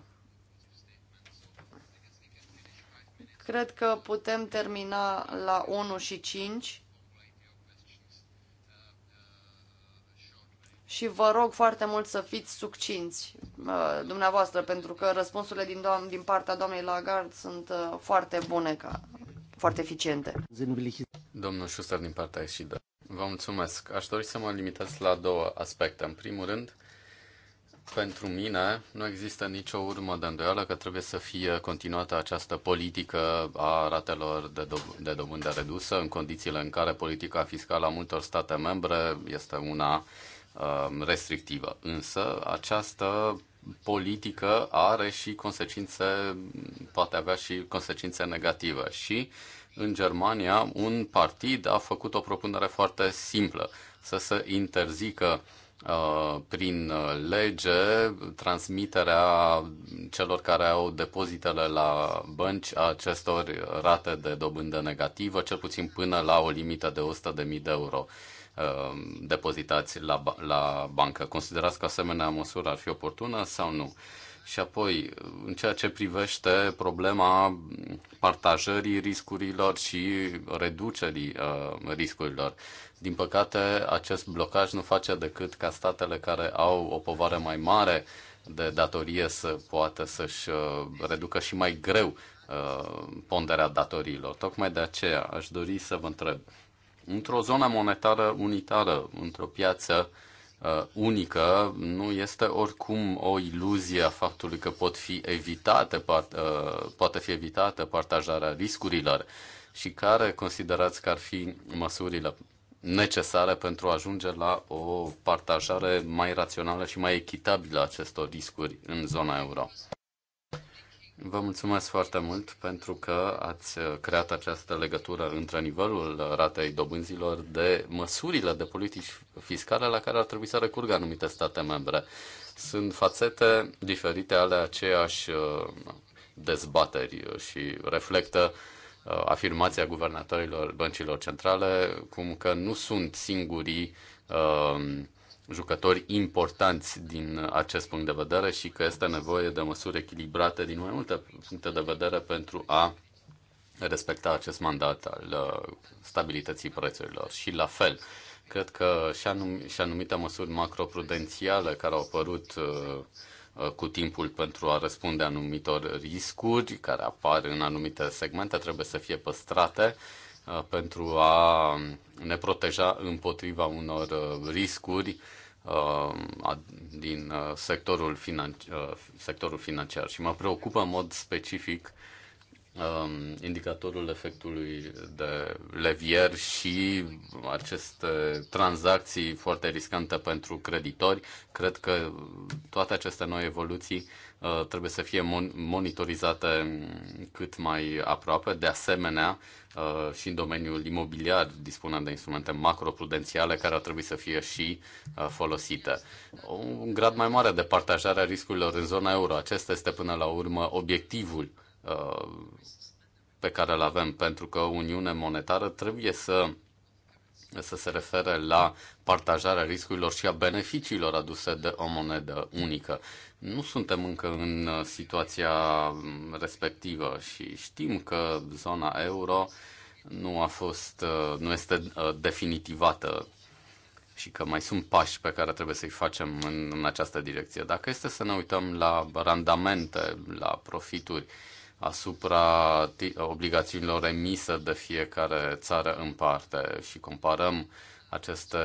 Cred că putem termina la 1 și 5. și vă rog foarte mult să fiți succinți uh, dumneavoastră, pentru că răspunsurile din, doam- din partea doamnei Lagarde sunt uh, foarte bune, ca, foarte eficiente. Domnul Schuster din partea Eșidă, vă mulțumesc. Aș dori să mă limitez la două aspecte. În primul rând, pentru mine nu există nicio urmă de îndoială că trebuie să fie continuată această politică a ratelor de, do- de dobândă redusă în condițiile în care politica fiscală a multor state membre este una uh, Um, restrictivă. Însă această politică are și consecințe, poate avea și consecințe negative. Și în Germania un partid a făcut o propunere foarte simplă, să se interzică uh, prin lege transmiterea celor care au depozitele la bănci a acestor rate de dobândă negativă, cel puțin până la o limită de 100.000 de euro. Um, depozitați la, la bancă. Considerați că asemenea măsură ar fi oportună sau nu? Și apoi, în ceea ce privește problema partajării riscurilor și reducerii uh, riscurilor, din păcate, acest blocaj nu face decât ca statele care au o povară mai mare de datorie să poată să-și uh, reducă și mai greu uh, ponderea datoriilor. Tocmai de aceea aș dori să vă întreb într-o zonă monetară unitară, într-o piață uh, unică, nu este oricum o iluzie a faptului că pot fi evitate, part, uh, poate fi evitată partajarea riscurilor și care considerați că ar fi măsurile necesare pentru a ajunge la o partajare mai rațională și mai echitabilă a acestor riscuri în zona euro. Vă mulțumesc foarte mult pentru că ați uh, creat această legătură între nivelul uh, ratei dobânzilor de măsurile de politici fiscale la care ar trebui să recurgă anumite state membre. Sunt fațete diferite ale aceeași uh, dezbateri și reflectă afirmația guvernatorilor băncilor centrale cum că nu sunt singurii uh, jucători importanți din acest punct de vedere și că este nevoie de măsuri echilibrate din mai multe puncte de vedere pentru a respecta acest mandat al uh, stabilității prețurilor. Și la fel, cred că și, anumite măsuri macroprudențiale care au apărut uh, uh, cu timpul pentru a răspunde anumitor riscuri care apar în anumite segmente trebuie să fie păstrate pentru a ne proteja împotriva unor riscuri Uh, din uh, sectorul, financi- uh, sectorul financiar și mă preocupă în mod specific Um, indicatorul efectului de levier și aceste tranzacții foarte riscante pentru creditori. Cred că toate aceste noi evoluții uh, trebuie să fie monitorizate cât mai aproape. De asemenea, uh, și în domeniul imobiliar dispunem de instrumente macroprudențiale care ar trebui să fie și uh, folosite. Un grad mai mare de partajare a riscurilor în zona euro. Acesta este până la urmă obiectivul uh, Uh, pe care îl avem, pentru că Uniune Monetară trebuie să să se refere la partajarea riscurilor și a beneficiilor aduse de o monedă unică. Nu suntem încă în situația respectivă și știm că zona euro nu a fost, uh, nu este uh, definitivată și că mai sunt pași pe care trebuie să-i facem în, în această direcție. Dacă este să ne uităm la randamente, la profituri, uh, asupra obligațiunilor emise de fiecare țară în parte și comparăm aceste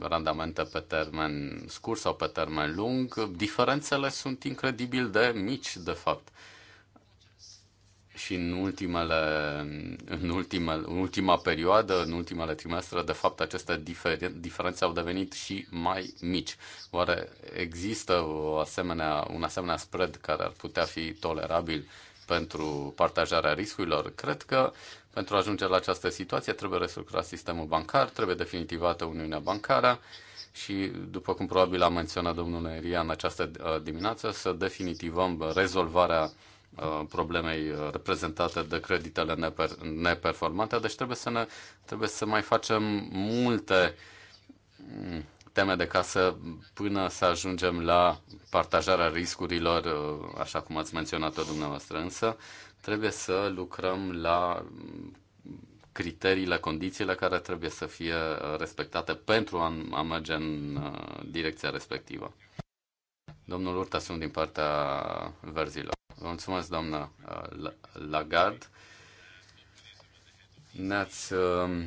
randamente pe termen scurt sau pe termen lung, diferențele sunt incredibil de mici, de fapt. Și în, ultimele, în, ultimele, în ultima perioadă, în ultimele trimestre, de fapt, aceste diferențe au devenit și mai mici. Oare există o asemenea, un asemenea spread care ar putea fi tolerabil pentru partajarea riscurilor. Cred că pentru a ajunge la această situație trebuie restructurat sistemul bancar, trebuie definitivată Uniunea Bancară și, după cum probabil a menționat domnul Neria în această uh, dimineață, să definitivăm rezolvarea uh, problemei uh, reprezentate de creditele neper- neperformante, deci trebuie să, ne, trebuie să mai facem multe mm, teme de casă până să ajungem la partajarea riscurilor, uh, așa cum ați menționat-o dumneavoastră, însă trebuie să lucrăm la criteriile, condițiile care trebuie să fie uh, respectate pentru a, merge în uh, direcția respectivă. Domnul Urta, sunt din partea verzilor. Vă mulțumesc, doamna Lagard. Ne-ați um,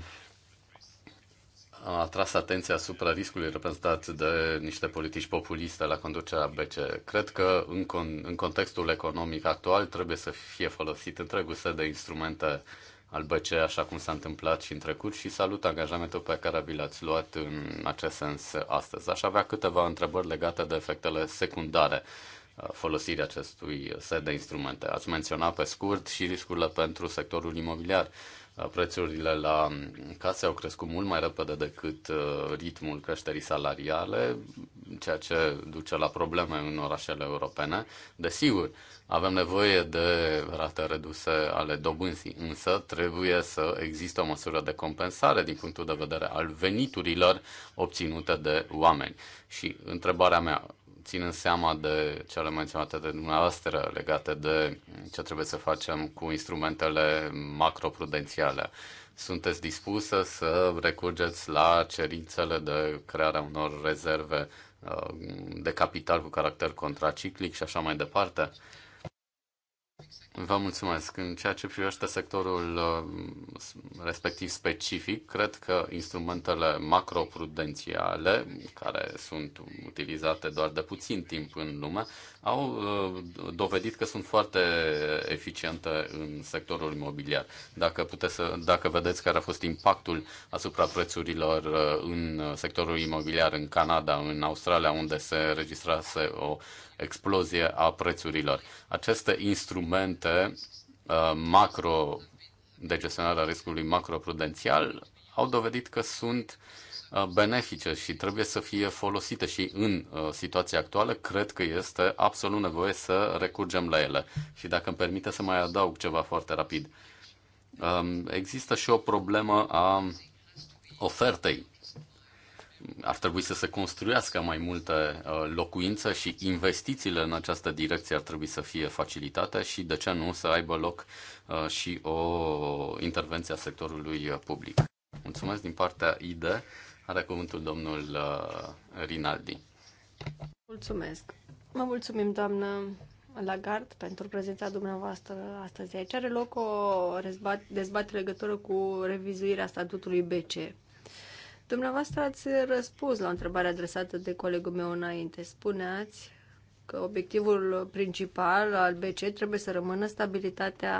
a atras atenția asupra riscului reprezentat de niște politici populiste la conducerea BCE. Cred că în, con- în contextul economic actual trebuie să fie folosit întregul set de instrumente al BCE, așa cum s-a întâmplat și în trecut, și salut angajamentul pe care vi l-ați luat în acest sens astăzi. Aș avea câteva întrebări legate de efectele secundare uh, folosirii acestui set de instrumente. Ați menționat pe scurt și riscurile pentru sectorul imobiliar prețurile la case au crescut mult mai repede decât uh, ritmul creșterii salariale, ceea ce duce la probleme în orașele europene. Desigur, avem nevoie de rate reduse ale dobânzii, însă trebuie să existe o măsură de compensare din punctul de vedere al veniturilor obținute de oameni. Și întrebarea mea, ținând seama de cele menționate de dumneavoastră legate de ce trebuie să facem cu instrumentele macroprudențiale. Sunteți dispusă să recurgeți la cerințele de crearea unor rezerve uh, de capital cu caracter contraciclic și așa mai departe? Vă mulțumesc. În ceea ce privește sectorul uh, respectiv specific, cred că instrumentele macroprudențiale, care sunt utilizate doar de puțin timp în lume, au uh, dovedit că sunt foarte eficiente în sectorul imobiliar. Dacă, puteți să, dacă vedeți care a fost impactul asupra prețurilor uh, în sectorul imobiliar în Canada, în Australia, unde se registrase o explozie a prețurilor. Aceste instrumente uh, macro de gestionare a riscului macroprudențial au dovedit că sunt uh, benefice și trebuie să fie folosite și în uh, situația actuală cred că este absolut nevoie să recurgem la ele. Și dacă îmi permite să mai adaug ceva foarte rapid, um, există și o problemă a ofertei ar trebui să se construiască mai multe uh, locuințe și investițiile în această direcție ar trebui să fie facilitate și, de ce nu, să aibă loc uh, și o intervenție a sectorului uh, public. Mulțumesc din partea IDE. Are cuvântul domnul Rinaldi. Mulțumesc. Mă mulțumim, doamnă Lagard, pentru prezența dumneavoastră astăzi aici. Are loc o dezbatere legătură cu revizuirea statutului BCE. Dumneavoastră ați răspuns la întrebarea adresată de colegul meu înainte. Spuneați că obiectivul principal al BCE trebuie să rămână stabilitatea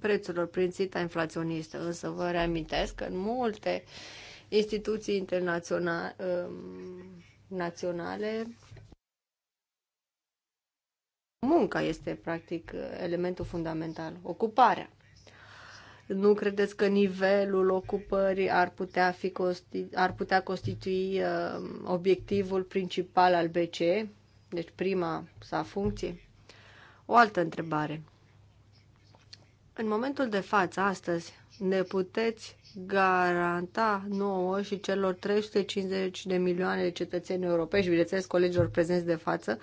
prețurilor prin țita inflaționistă. Însă vă reamintesc că în multe instituții internaționale um, naționale munca este practic elementul fundamental, ocuparea. Nu credeți că nivelul ocupării ar putea, fi costi, ar putea constitui uh, obiectivul principal al BCE? Deci prima sa funcție? O altă întrebare. În momentul de față, astăzi, ne puteți garanta nouă și celor 350 de milioane de cetățeni europeni și, bineînțeles, colegilor prezenți de față,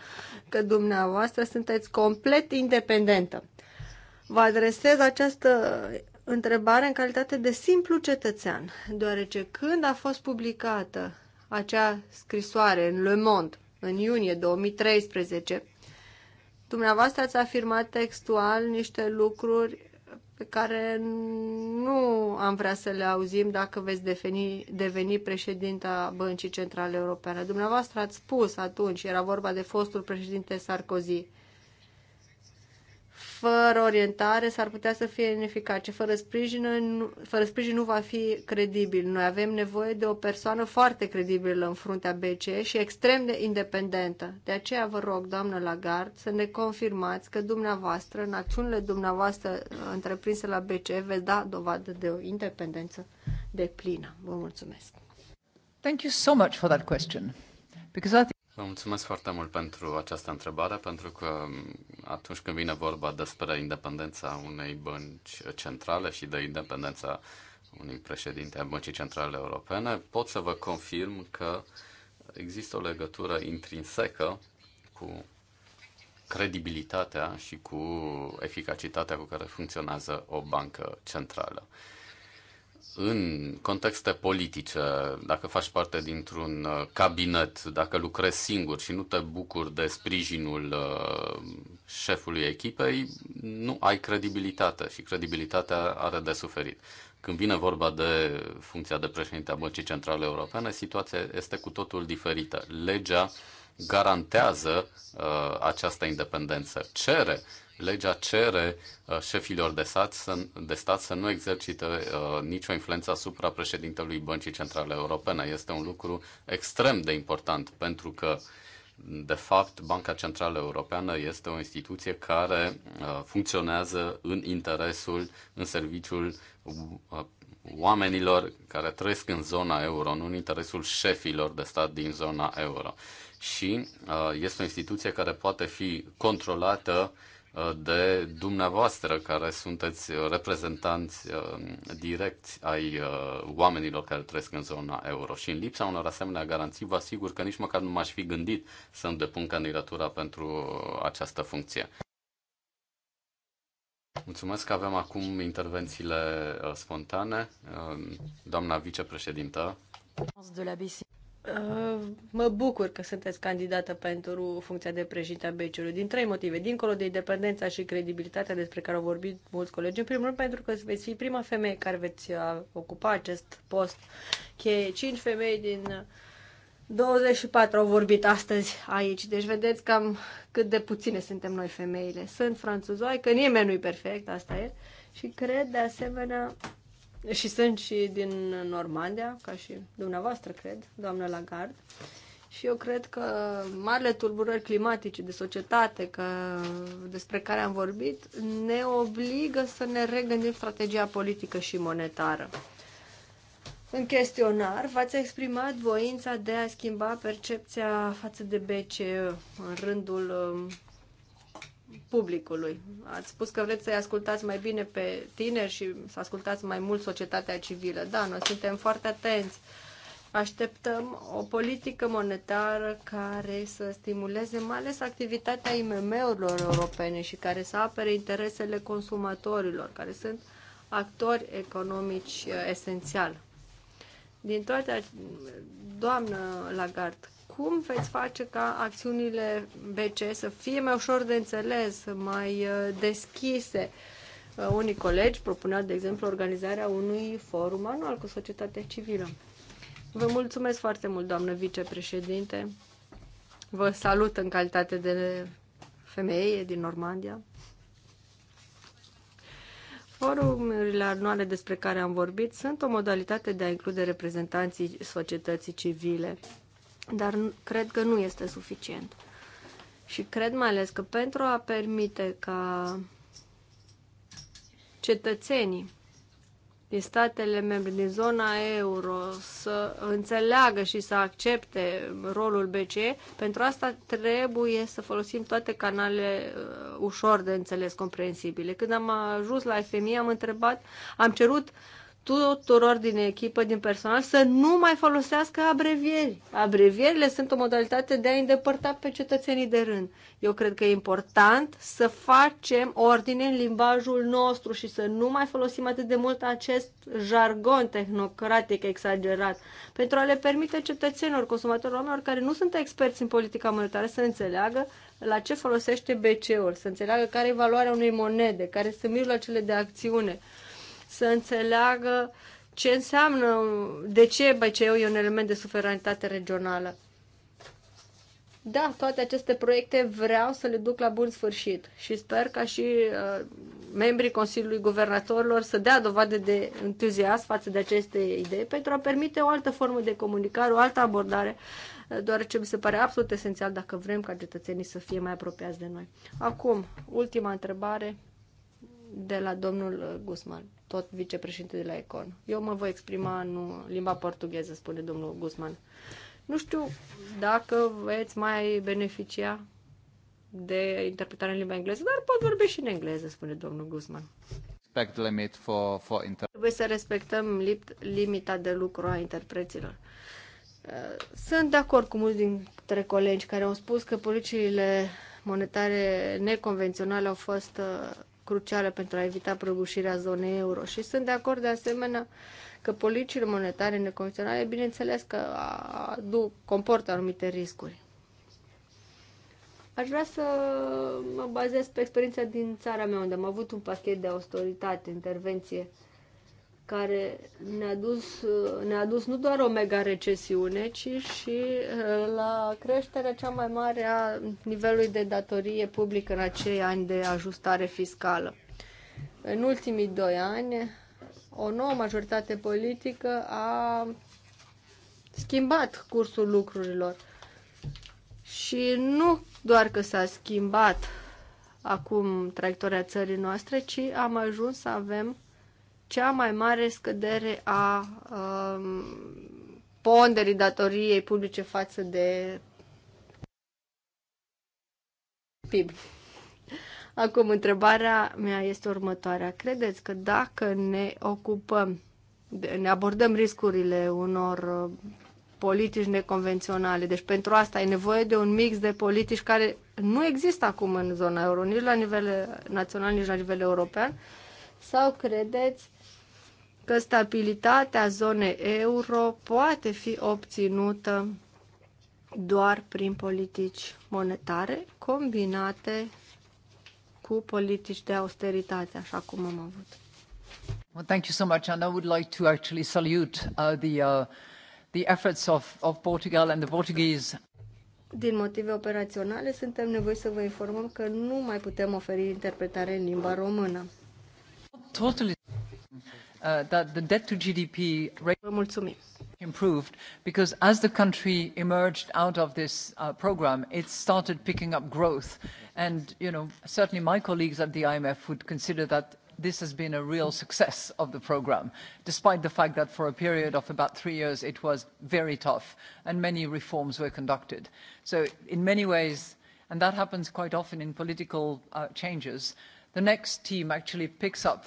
că dumneavoastră sunteți complet independentă. Vă adresez această întrebare în calitate de simplu cetățean, deoarece când a fost publicată acea scrisoare în Le Monde, în iunie 2013, dumneavoastră ați afirmat textual niște lucruri pe care nu am vrea să le auzim dacă veți deveni, deveni președinta Băncii Centrale Europene. Dumneavoastră ați spus atunci, era vorba de fostul președinte Sarkozy, fără orientare s-ar putea să fie ineficace. Fără sprijin, nu, fără sprijin nu va fi credibil. Noi avem nevoie de o persoană foarte credibilă în fruntea BCE și extrem de independentă. De aceea vă rog, doamnă Lagarde, să ne confirmați că dumneavoastră, în acțiunile dumneavoastră uh, întreprinse la BCE, veți da dovadă de o independență de plină. Vă mulțumesc. Thank you so much for that question. Because I think Vă mulțumesc foarte mult pentru această întrebare, pentru că mm, atunci când vine vorba despre independența unei bănci centrale și de independența unui președinte al Băncii Centrale Europene, pot să vă confirm că există o legătură intrinsecă cu credibilitatea și cu eficacitatea cu care funcționează o bancă centrală în contexte politice, dacă faci parte dintr-un uh, cabinet, dacă lucrezi singur și nu te bucuri de sprijinul uh, șefului echipei, nu ai credibilitate și credibilitatea are de suferit. Când vine vorba de funcția de președinte a Băncii Centrale Europene, situația este cu totul diferită. Legea garantează uh, această independență, cere uh, legea cere uh, șefilor de stat să, de stat să nu exercite uh, nicio influență asupra președintelui Băncii Centrale Europene. Este un lucru extrem de important pentru că de fapt, Banca Centrală Europeană este o instituție care uh, funcționează în interesul, în serviciul uh, oamenilor care trăiesc în zona euro, nu în interesul șefilor de stat din zona euro. Și uh, este o instituție care poate fi controlată uh, de dumneavoastră, care sunteți uh, reprezentanți uh, direcți ai uh, oamenilor care trăiesc în zona euro. Și în lipsa unor asemenea garanții, vă asigur că nici măcar nu m-aș fi gândit să îmi depun candidatura pentru această funcție. Mulțumesc că avem acum intervențiile spontane. Doamna vicepreședintă. Uh, mă bucur că sunteți candidată pentru funcția de președinte a BCR din trei motive. Dincolo de independența și credibilitatea despre care au vorbit mulți colegi, în primul rând pentru că veți fi prima femeie care veți uh, ocupa acest post. Cheie, cinci femei din 24 au vorbit astăzi aici, deci vedeți cam cât de puține suntem noi femeile. Sunt că nimeni nu-i perfect, asta e. Și cred de asemenea și sunt și din Normandia, ca și dumneavoastră, cred, doamnă Lagarde. Și eu cred că marile tulburări climatice de societate că, despre care am vorbit ne obligă să ne regândim strategia politică și monetară. În chestionar v-ați exprimat voința de a schimba percepția față de BCE în rândul um, publicului. Ați spus că vreți să-i ascultați mai bine pe tineri și să ascultați mai mult societatea civilă. Da, noi suntem foarte atenți. Așteptăm o politică monetară care să stimuleze mai ales activitatea IMM-urilor europene și care să apere interesele consumatorilor, care sunt actori economici eh, esențiali. Din toate, doamnă Lagarde, cum veți face ca acțiunile BC să fie mai ușor de înțeles, mai uh, deschise? Uh, unii colegi propunea, de exemplu, organizarea unui forum anual cu societatea civilă. Vă mulțumesc foarte mult, doamnă vicepreședinte. Vă salut în calitate de femeie din Normandia. Forumurile anuale despre care am vorbit sunt o modalitate de a include reprezentanții societății civile dar cred că nu este suficient. Și cred mai ales că pentru a permite ca cetățenii din statele membre, din zona euro, să înțeleagă și să accepte rolul BCE, pentru asta trebuie să folosim toate canalele uh, ușor de înțeles, comprensibile. Când am ajuns la FMI, am întrebat, am cerut uh, tuturor din echipă, din personal, să nu mai folosească abrevieri. Abrevierile sunt o modalitate de a îndepărta pe cetățenii de rând. Eu cred că e important să facem ordine în limbajul nostru și să nu mai folosim atât de mult acest jargon tehnocratic exagerat, pentru a le permite cetățenilor, consumatorilor, oamenilor care nu sunt experți în politica monetară să înțeleagă la ce folosește bc ul să înțeleagă care e valoarea unei monede, care sunt mijloacele de acțiune, să înțeleagă ce înseamnă, de ce BCE-ul e un element de suveranitate regională. Da, toate aceste proiecte vreau să le duc la bun sfârșit și sper ca și uh, membrii Consiliului Guvernatorilor să dea dovadă de entuziasm față de aceste idei pentru a permite o altă formă de comunicare, o altă abordare, uh, doar ce mi se pare absolut esențial dacă vrem ca cetățenii să fie mai apropiați de noi. Acum, ultima întrebare de la domnul Guzman, tot vicepreședinte de la Econ. Eu mă voi exprima în limba portugheză, spune domnul Guzman. Nu știu dacă veți mai beneficia de interpretare în limba engleză, dar pot vorbi și în engleză, spune domnul Guzman. limit for, for inter- Trebuie să respectăm limit, limita de lucru a interpreților. Uh, sunt de acord cu mulți dintre colegi care au spus că politicile monetare neconvenționale au fost uh, crucială pentru a evita prăbușirea zonei euro. Și sunt de acord de asemenea că politicile monetare necondiționale, bineînțeles că aduc, comportă anumite riscuri. Aș vrea să mă bazez pe experiența din țara mea, unde am avut un pachet de austeritate, intervenție uh, care ne-a dus, ne-a dus nu doar o mega recesiune, ci și uh, la creșterea cea mai mare a nivelului de datorie publică în acei ani de ajustare fiscală. În ultimii doi ani, o nouă majoritate politică a schimbat cursul lucrurilor. Și nu doar că s-a schimbat acum traiectoria țării noastre, ci am ajuns să avem cea mai mare scădere a um, ponderii datoriei publice față de PIB. Acum, întrebarea mea este următoarea. Credeți că dacă ne ocupăm, ne abordăm riscurile unor uh, politici neconvenționale, deci pentru asta e nevoie de un mix de politici care nu există acum în zona euro, nici la nivel național, nici la nivel european, sau credeți că stabilitatea zonei euro poate fi obținută doar prin politici monetare combinate cu politici de austeritate, așa cum am avut. Well, thank you so much, and I would like to actually salute uh, the uh, the efforts of of Portugal and the Portuguese. Din motive operaționale, suntem nevoiți să vă informăm că nu mai putem oferi interpretare în limba română. Totally. Uh, that the debt to GDP rate improved because as the country emerged out of this uh, program, it started picking up growth. And, you know, certainly my colleagues at the IMF would consider that this has been a real success of the program, despite the fact that for a period of about three years it was very tough and many reforms were conducted. So in many ways, and that happens quite often in political uh, changes, the next team actually picks up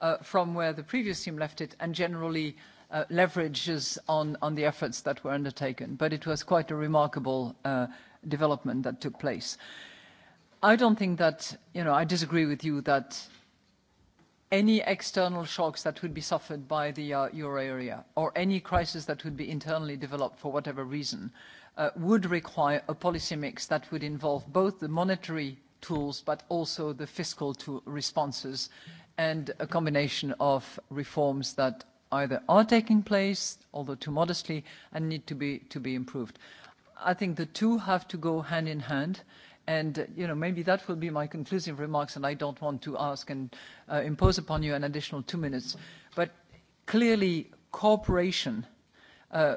Uh, from where the previous team left it and generally uh, leverages on, the efforts that were undertaken. But it was quite a remarkable uh, development that took place. I don't think that, you know, I disagree with you that any external shocks that would be suffered by the uh, euro area or any crisis that would be internally developed for whatever reason uh, would require a policy mix that would involve both the monetary tools but also the fiscal responses and a combination of reforms that either are taking place, although too modestly, and need to be, to be improved. I think the two have to go hand in hand, and you know maybe that will be my conclusive remarks, and I don't want to ask and uh, impose upon you an additional two minutes. But clearly, cooperation uh,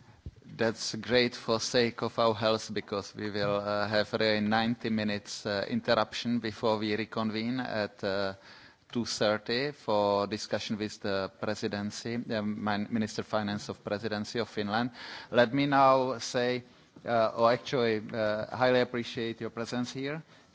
that's great for sake of our health because we will uh, have a 90 minutes uh, interruption before we reconvene at uh, 2.30 for discussion with the presidency, the um, Minister of Finance of Presidency of Finland. Let me now say, uh, or actually uh, highly appreciate your presence here